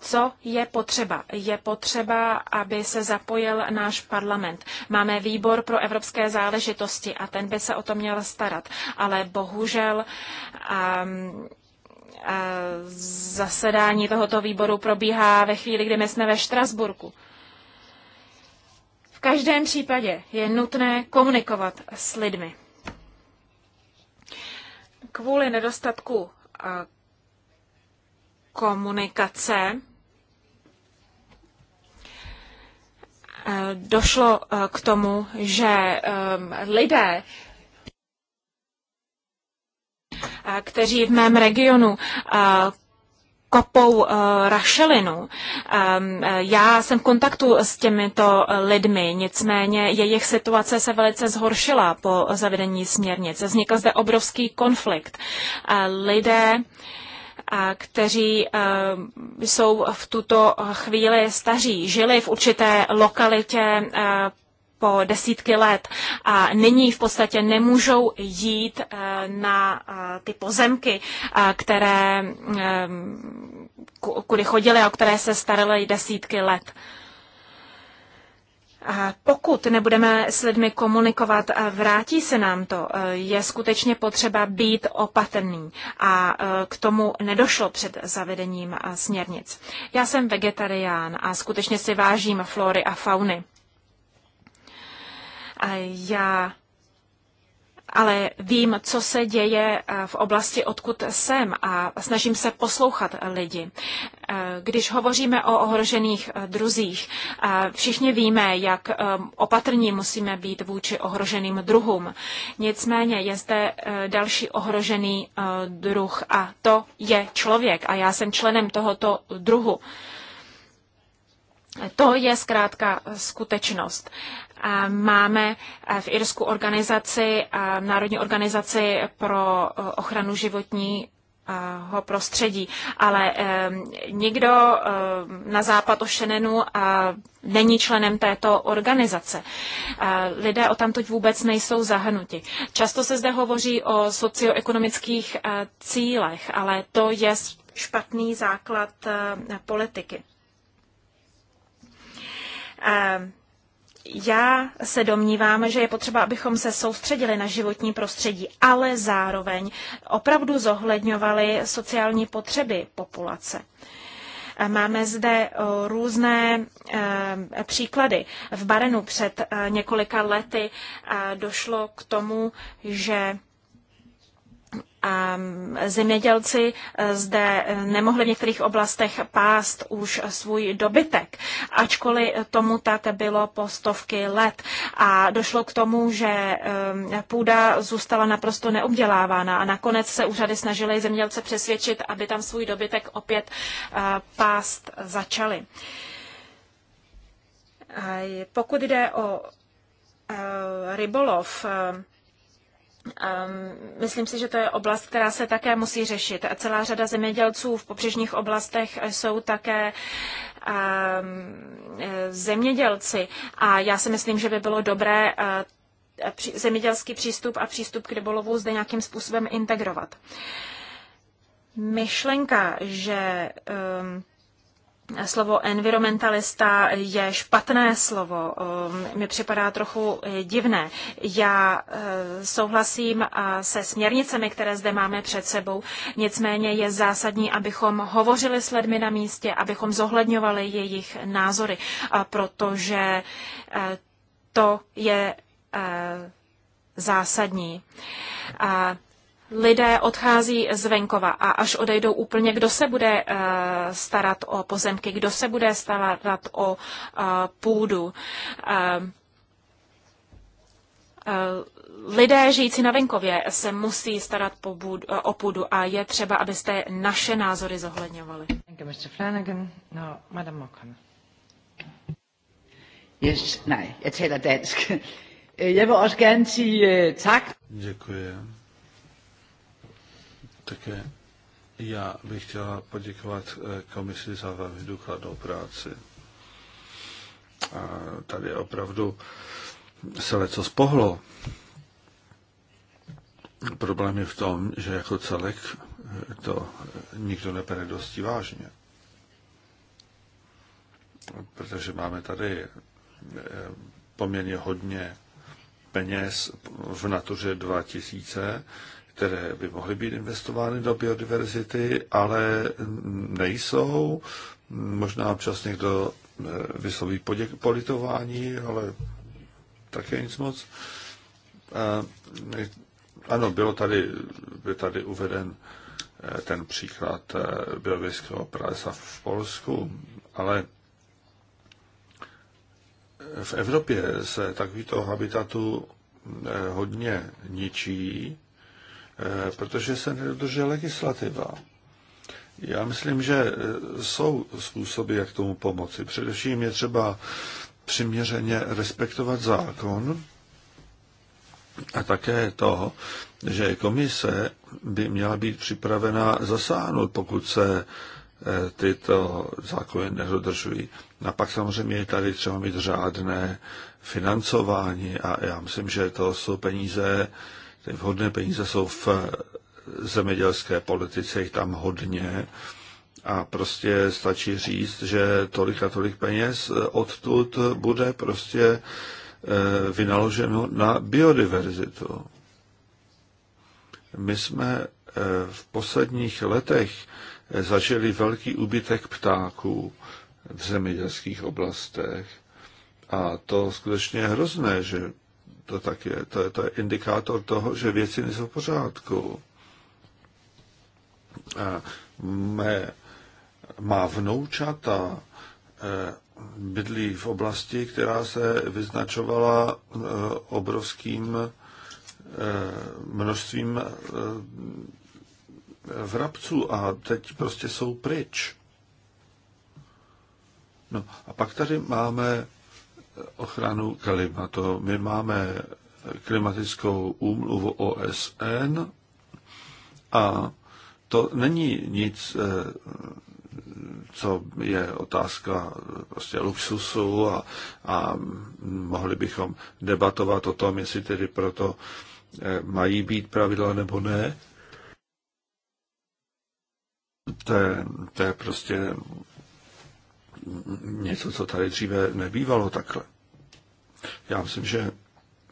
A: Co je potřeba? Je potřeba, aby se zapojil náš parlament. Máme výbor pro evropské záležitosti a ten by se o to měl starat. Ale bohužel. Um, zasedání tohoto výboru probíhá ve chvíli, kdy my jsme ve Štrasburku. V každém případě je nutné komunikovat s lidmi. Kvůli nedostatku e, komunikace eh, došlo eh, k tomu, že eh, lidé, kteří v mém regionu kopou rašelinu. Já jsem v kontaktu s těmito lidmi, nicméně jejich situace se velice zhoršila po zavedení směrnice. Vznikl zde obrovský konflikt. Lidé kteří eh, jsou v tuto chvíli staří, žili v určité lokalitě eh, po desítky let a nyní v podstatě nemůžou jít eh, na ty pozemky, které, kudy chodili a o které se starali desítky let. Pokud nebudeme s lidmi komunikovat, eh, vrátí se nám to. Eh, je skutečně potřeba být opatrný a eh, k tomu nedošlo před zavedením směrnic. Já jsem vegetarián a skutečně si vážím flory a fauny. A Já ale vím, co se děje eh, v oblasti, odkud jsem a snažím se poslouchat lidi. Eh, když hovoříme o ohrožených eh, druzích, všichni víme, jak opatrní musíme být vůči ohroženým druhům. Nicméně je zde další ohrožený druh a to je člověk a já jsem členem tohoto druhu. To je zkrátka skutečnost. Máme v Irsku organizaci, Národní organizaci pro e, ochranu životní ho prostředí. Ale eh, nikdo eh, na západ o Šenenu eh, není členem této organizace. Eh, lidé o tamtoť vůbec nejsou zahrnuti. Často se zde hovoří o socioekonomických eh, cílech, ale to je špatný základ eh, politiky. Eh, já se domnívám, že je potřeba, abychom se soustředili na životní prostředí, ale zároveň opravdu zohledňovali sociální potřeby populace. Eh, máme zde eh, různé eh, příklady. V Barenu před několika lety došlo k tomu, že zemědělci eh, zde eh, nemohli v některých oblastech pást už svůj dobytek, ačkoliv tomu tak bylo po stovky let. A došlo k tomu, že eh, půda zůstala naprosto neobdělávána a nakonec se úřady snažily zemědělce přesvědčit, aby tam svůj dobytek opět pást začali. Pokud jde o rybolov, Ehm, myslím si, že to je oblast, která se také musí řešit. A celá řada zemědělců v pobřežních oblastech jsou také ehm, zemědělci. A já si myslím, že by bylo dobré eh, zemědělský přístup a přístup k rybolovu zde nějakým způsobem integrovat. Myšlenka, že um, slovo environmentalista je špatné slovo, um, mi připadá trochu eh, divné. Já eh, souhlasím eh, se směrnicemi, které zde máme před sebou, nicméně je zásadní, abychom hovořili s lidmi na místě, abychom zohledňovali jejich názory, protože to je zásadní lidé odchází z venkova a až odejdou úplně, kdo se bude eh, starat o pozemky, kdo se bude starat o eh, půdu. Eh, lidé žijící na venkově se musí starat o půdu a je třeba, abyste naše názory zohledňovali. No, yes, nej, jeg taler dansk. Jeg vil også tak.
B: Děkuji. Také já bych chtěla poděkovat eh, komisi za velmi důkladnou práci. A tady opravdu se leco spohlo. Problém je v tom, že jako celek eh, to eh, nikdo nepere dosti vážně. Protože máme tady poměrně hodně peněz v natuře 2000 které by mohly být investovány do biodiverzity, ale nejsou. Možná občas někdo eh, vysloví poděk- politování, ale také nic moc. Ano, bylo tady, by tady uveden eh, ten příklad eh, biologického pralesa v Polsku, ale v Evropě se takovýto habitatu hodně ničí Eh, protože se nedodržuje legislativa. Já myslím, že eh, jsou způsoby, jak tomu pomoci. Především je třeba přiměřeně respektovat zákon a také to, že komise by měla být připravena zasáhnout, pokud se eh, tyto zákony nedodržují. A pak samozřejmě je tady třeba mít řádné financování a já myslím, že to jsou peníze, ty vhodné peníze jsou v eh, zemědělské politice, jich tam hodně a prostě stačí říct, že tolik a tolik peněz eh, odtud bude prostě eh, vynaloženo na biodiverzitu. My jsme v posledních letech zažili velký úbytek ptáků v zemědělských oblastech. A to skutečně je hrozné, že to tak je. To je, to je indikátor toho, že věci nejsou v pořádku. A mé, má vnoučata e, bydlí v oblasti, která se vyznačovala e, obrovským e, množstvím vrabců a teď prostě jsou pryč. No a pak tady máme ochranu klimatu. My máme klimatickou úmluvu OSN a to není nic, eh, co je otázka prostě luxusu a, a mohli bychom debatovat o tom, jestli tedy proto eh, mají být pravidla nebo ne. To je, to je prostě něco, co tady dříve nebývalo takhle. Já myslím, že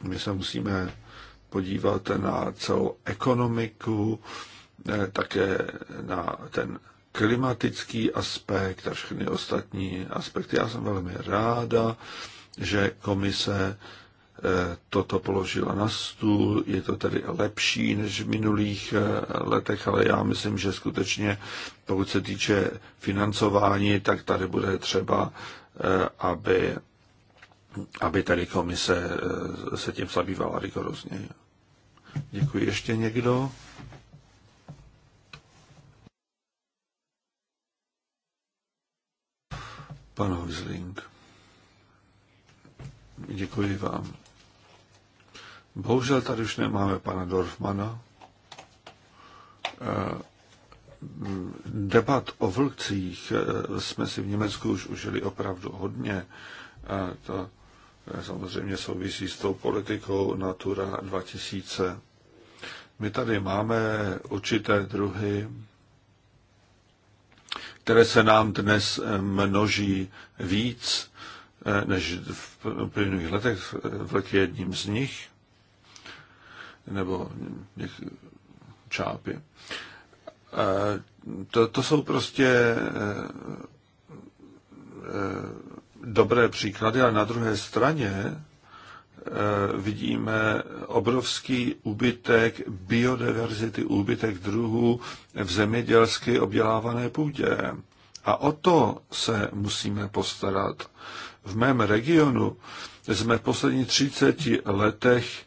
B: my se musíme podívat na celou ekonomiku, eh, také na ten klimatický aspekt a všechny ostatní aspekty. Já jsem velmi ráda, že komise toto položila na stůl. Je to tedy lepší než v minulých eh, letech, ale já myslím, že skutečně pokud se týče financování, tak tady bude třeba, eh, aby, aby tady komise eh, se tím zabývala rigorozně. Děkuji. Ještě někdo? Pan Hoisling, Děkuji vám. Bohužel tady už nemáme pana Dorfmana. Eh, debat o vlkcích eh, jsme si v Německu už užili opravdu hodně. Eh, to samozřejmě souvisí s tou politikou Natura 2000. My tady máme určité druhy, které se nám dnes množí víc než v plynulých letech. Vlk je jedním z nich nebo něk, čápy. To, to jsou prostě eh, eh, dobré příklady, ale na druhé straně eh, vidíme obrovský úbytek biodiverzity, úbytek druhů v zemědělsky obdělávané půdě. A o to se musíme postarat. V mém regionu jsme v posledních 30 letech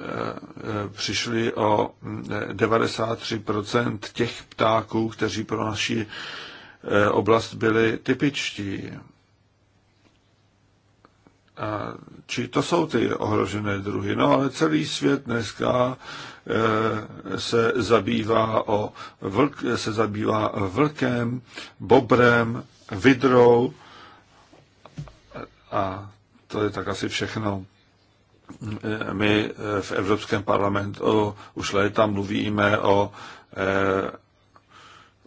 B: Eh, přišli o 93% eh, těch ptáků, kteří pro naši eh, oblast byli typičtí. A, či to jsou ty ohrožené druhy. No ale celý svět dneska se zabývá o vlk, se zabývá vlkem, bobrem, vidrou a to je tak asi všechno. My eh, v Evropském parlamentu už léta mluvíme o, eh,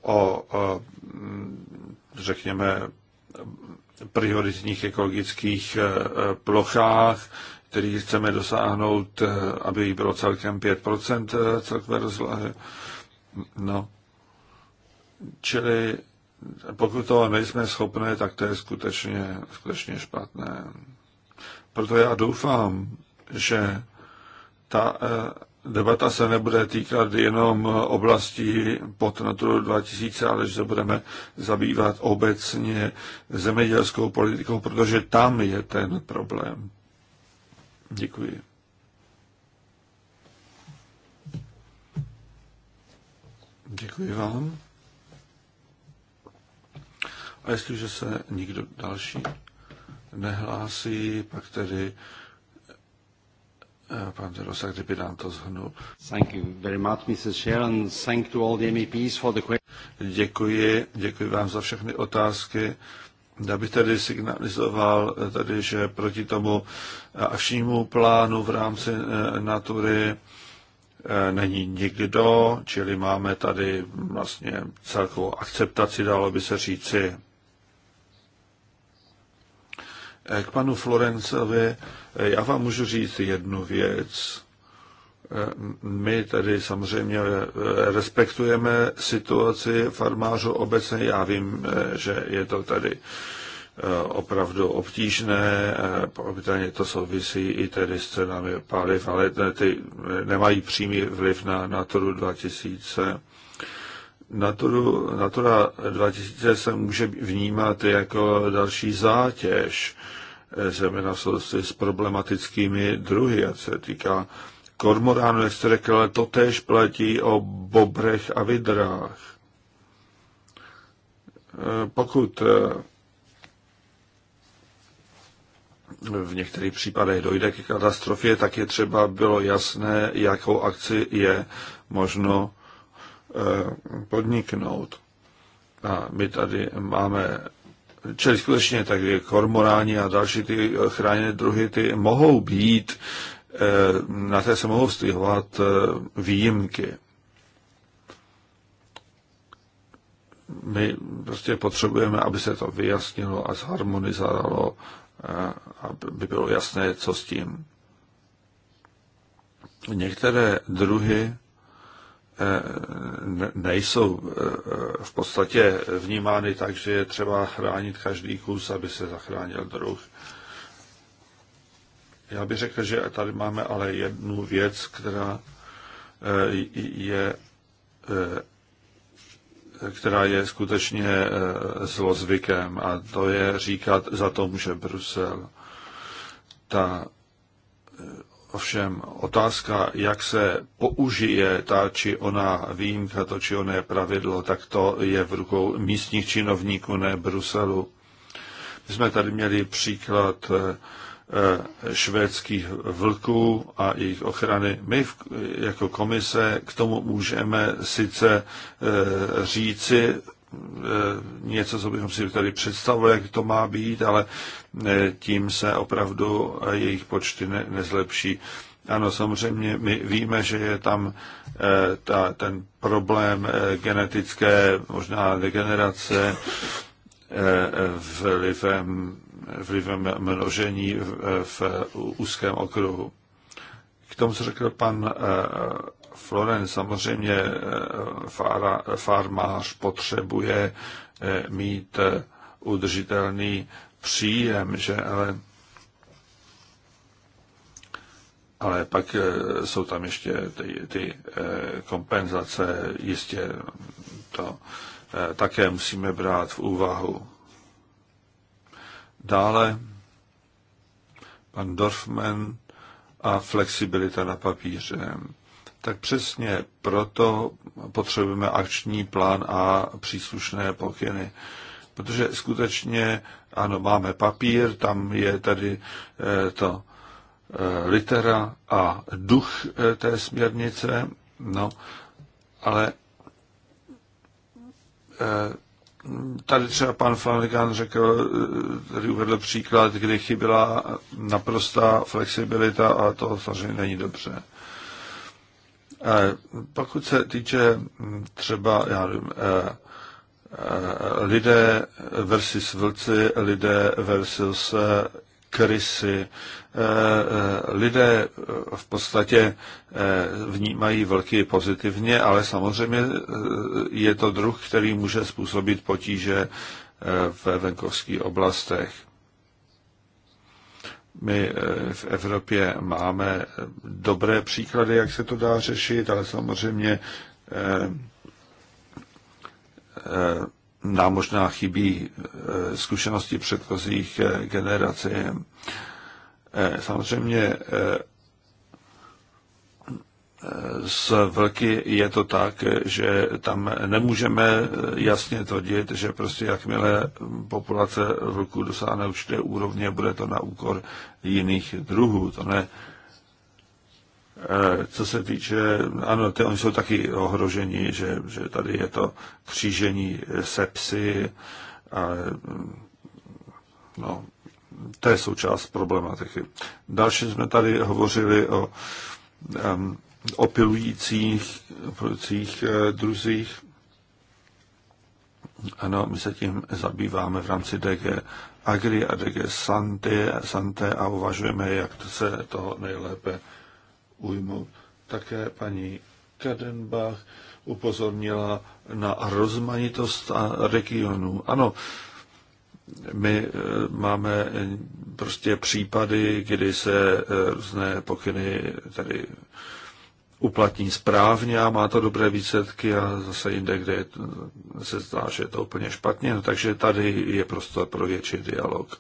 B: o, o mm, řekněme, prioritních ekologických eh, plochách, který chceme dosáhnout, aby jich bylo celkem 5% celkové rozlohy. No. Čili pokud toho nejsme schopné, tak to je skutečně, skutečně špatné. Proto já doufám, že ta eh, debata se nebude týkat jenom oblasti pod Naturu 2000, ale že se budeme zabývat obecně zemědělskou politikou, protože tam je ten problém. Děkuji. Děkuji vám. A jestliže se nikdo další nehlásí, pak tedy Eh, pan Rosa, kdyby nám to zhnul. Thank you very much, Mrs. and Thank to all the MEPs for the question. Děkuji, děkuji vám za všechny otázky. Já bych tady signalizoval, eh, tady, že proti tomu eh, akčnímu plánu v rámci natury není nikdo, čili máme tady vlastně celkovou akceptaci, dalo by se říci. K panu Florencovi, já vám můžu říct jednu věc. My tady samozřejmě respektujeme situaci farmářů obecně. Já vím, že je to tady opravdu obtížné, pochopitelně to souvisí i tedy s cenami paliv, ale ty nemají přímý vliv na Naturu 2000. Naturu, Natura 2000 se může vnímat jako další zátěž, eh, zejména v souvislosti s problematickými druhy, a se týká kormoránů, jak jste řekl, ale to též platí o bobrech a vidrách. Eh, pokud eh, v některých případech dojde k katastrofě, tak je třeba bylo jasné, jakou akci je možno Eh, podniknout. A my tady máme, čili skutečně tak kormoráni a další ty chráněné druhy, ty mohou být, eh, na té se mohou stěhovat eh, výjimky. My prostě potřebujeme, aby se to vyjasnilo a zharmonizovalo, aby bylo jasné, co s tím. Některé druhy nejsou eh, v podstatě vnímány tak, že je třeba chránit každý kus, aby se zachránil druh. Já bych řekl, že tady máme ale jednu věc, která eh, je, eh, která je skutečně zlozvykem a to je říkat za to že Brusel. Ta Ovšem otázka, jak se použije ta či ona výjimka, to či oné pravidlo, tak to je v rukou místních činovníků, ne Bruselu. My jsme tady měli příklad eh, eh, švédských vlků a jejich ochrany. My jako komise k tomu můžeme sice eh, říci, E, něco, co bychom si tady představili, jak to má být, ale e, tím se opravdu jejich počty ne, nezlepší. Ano, samozřejmě my víme, že je tam e, ta, ten problém genetické, možná degenerace vlivem, vlivem množení v úzkém okruhu. K tomu, co řekl pan Floren, samozřejmě eh, fára, farmář potřebuje eh, mít eh, udržitelný příjem, že ale ale pak jsou tam ještě ty, ty kompenzace, jistě to také musíme brát v úvahu. Dále pan Dorfman a flexibilita na papíře tak přesně proto potřebujeme akční plán a příslušné pokyny. Protože skutečně, ano, máme papír, tam je tady eh, to eh, litera a duch eh, té směrnice, no, ale tady třeba pan Flanagan řekl, tady uvedl příklad, kdy chyběla naprostá flexibilita a to samozřejmě není dobře. Pokud se týče mm, třeba já nevím, eh, eh, lidé versus vlci, lidé versus eh, krysy. Lidé v podstatě vnímají vlky pozitivně, ale samozřejmě je to druh, který může způsobit potíže ve venkovských oblastech. My eh, v Evropě máme dobré příklady, jak se to dá řešit, ale samozřejmě eh, eh, nám možná chybí zkušenosti předchozích generací. Samozřejmě s vlky je to tak, že tam nemůžeme jasně tvrdit, že prostě jakmile populace vlků dosáhne určité úrovně, bude to na úkor jiných druhů. To ne. Eh, co se týče, ano, ty oni jsou taky ohroženi, že, že tady je to křížení sepsy. a, no, to je součást problematiky. Další jsme tady hovořili o um, opilujících producích eh, druzích. Ano, my se tím zabýváme v rámci DG Agri a DG Santé, Santé a uvažujeme, jak to se toho nejlépe ujmout. Také paní Kadenbach upozornila na rozmanitost regionů. Ano, my eh, máme prostě případy, kdy se eh, různé pokyny tady uplatní správně a má to dobré výsledky a zase jinde, kde se zdá, že je to úplně špatně. No, takže tady je prostor pro větší dialog.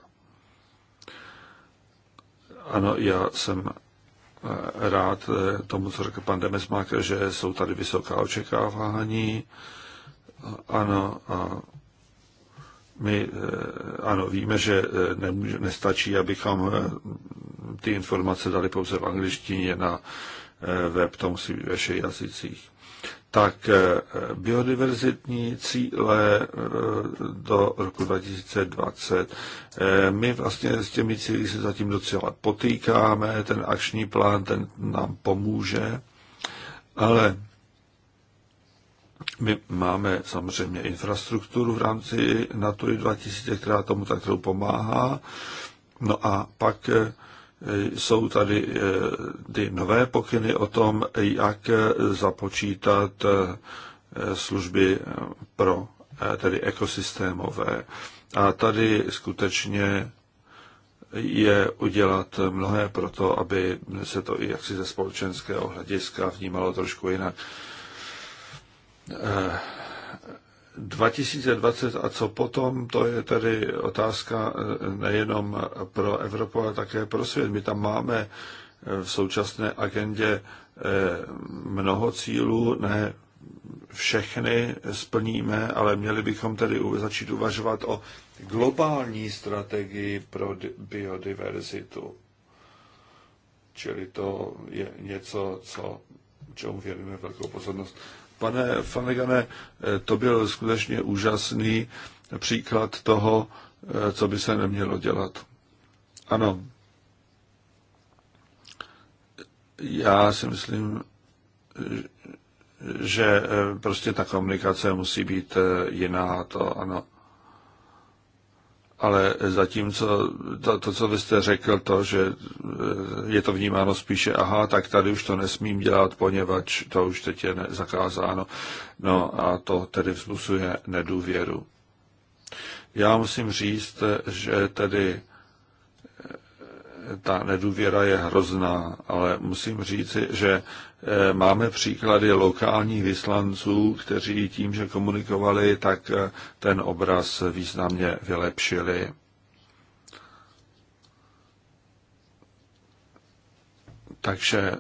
B: Ano, já jsem eh, rád eh, tomu, co řekl pan Demesmak, že jsou tady vysoká očekávání. Ano, a my eh, ano, víme, že nemůže, nestačí, abychom ty informace dali pouze v angličtině na Eh, web, tom si ve všech jazycích. Tak eh, biodiverzitní cíle eh, do roku 2020. My vlastně s těmi cíly se zatím docela potýkáme, ten akční plán ten nám pomůže, ale my máme samozřejmě infrastrukturu v rámci Natury 2000, která tomu tak pomáhá. No a pak Eh, jsou tady eh, ty nové pokyny o tom, jak eh, započítat služby pro tedy ekosystémové. A tady skutečně je udělat mnohé pro to, aby se to i jaksi ze společenského hlediska vnímalo trošku jinak. 2020 a co potom, to je tedy otázka eh, nejenom pro Evropu, ale také pro svět. My tam máme eh, v současné agendě eh, mnoho cílů, ne všechny splníme, ale měli bychom tedy začít uvažovat o globální strategii pro biodiverzitu. Čili to je něco, co, čemu věnujeme velkou pozornost. Pane Fanegane, to byl skutečně úžasný příklad toho, co by se nemělo dělat. Ano. Já si myslím, že prostě ta komunikace musí být jiná, to ano ale zatímco to, to, co vy jste řekl, to, že e, je to vnímáno spíše, aha, tak tady už to nesmím dělat, poněvadž to už teď je zakázáno. No a to tedy vzbuzuje nedůvěru. Já musím říct, že tedy e, ta nedůvěra je hrozná, ale musím říci, že Eh, máme příklady lokálních vyslanců, kteří tím, že komunikovali, tak eh, ten obraz významně vylepšili. Takže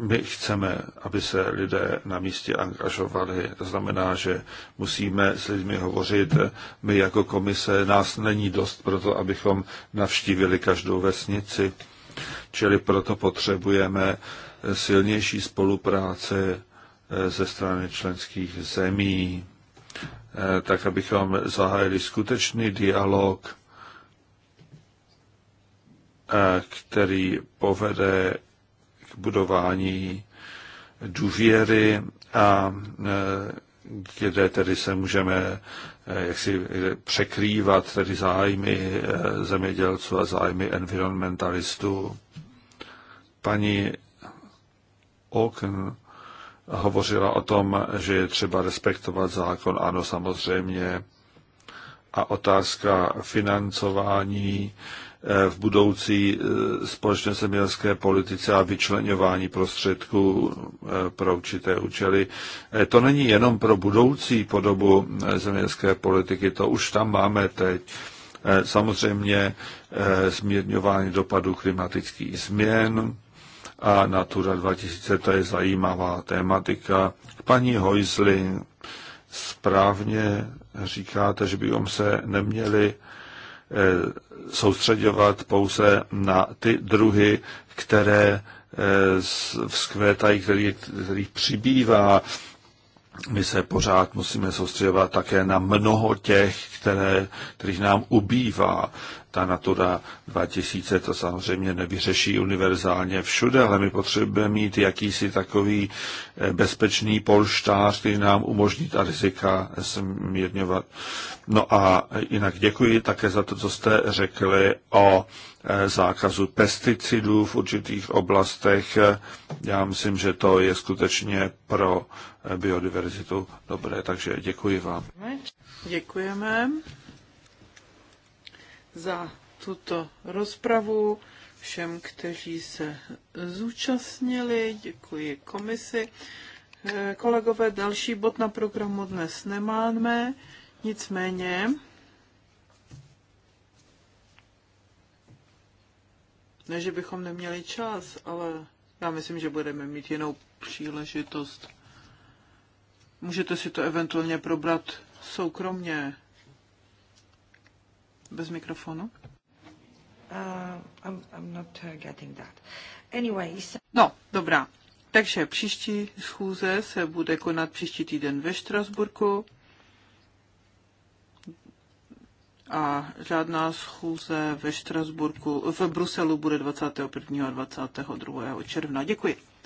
B: my chceme, aby se lidé na místě angažovali. To znamená, že musíme s lidmi hovořit. My jako komise nás není dost pro to, abychom navštívili každou vesnici. Čili proto potřebujeme silnější spolupráce eh, ze strany členských zemí, eh, tak abychom zahájili skutečný dialog, eh, který povede k budování důvěry a kde tedy se můžeme jak si překrývat tedy zájmy zemědělců a zájmy environmentalistů. Paní Okn hovořila o tom, že je třeba respektovat zákon, ano, samozřejmě. A otázka financování eh, v budoucí eh, společné zemědělské politice a vyčlenování prostředků eh, pro určité účely. To není jenom pro budoucí podobu zemědělské politiky, to už tam máme teď. Samozřejmě zmírňování dopadů klimatických změn, a Natura 2000, to je zajímavá tématika. Paní Hojzlin, správně říkáte, že bychom se neměli eh, soustředovat pouze na ty druhy, které eh, vzkvétají, který, který přibývá. My se pořád musíme soustředovat také na mnoho těch, které, kterých nám ubývá ta Natura 2000 to samozřejmě nevyřeší univerzálně všude, ale my potřebujeme mít jakýsi takový eh, bezpečný polštář, který nám umožní ta rizika zmírňovat. No a jinak děkuji také za to, co jste řekli o eh, zákazu pesticidů v určitých oblastech. Já myslím, že to je skutečně pro eh, biodiverzitu dobré, takže děkuji vám.
C: Děkujeme za tuto rozpravu, všem, kteří se zúčastnili, děkuji komisi. Eh, kolegové, další bod na programu dnes nemáme, nicméně ne, že bychom neměli čas, ale já myslím, že budeme mít jinou příležitost. Můžete si to eventuálně probrat soukromně bez mikrofonu. Uh,
B: uh,
C: no, dobrá. Takže příští schůze se bude konat příští týden ve Štrasburku a žádná schůze ve Štrasburku, v Bruselu bude 21. a 22. června. Děkuji.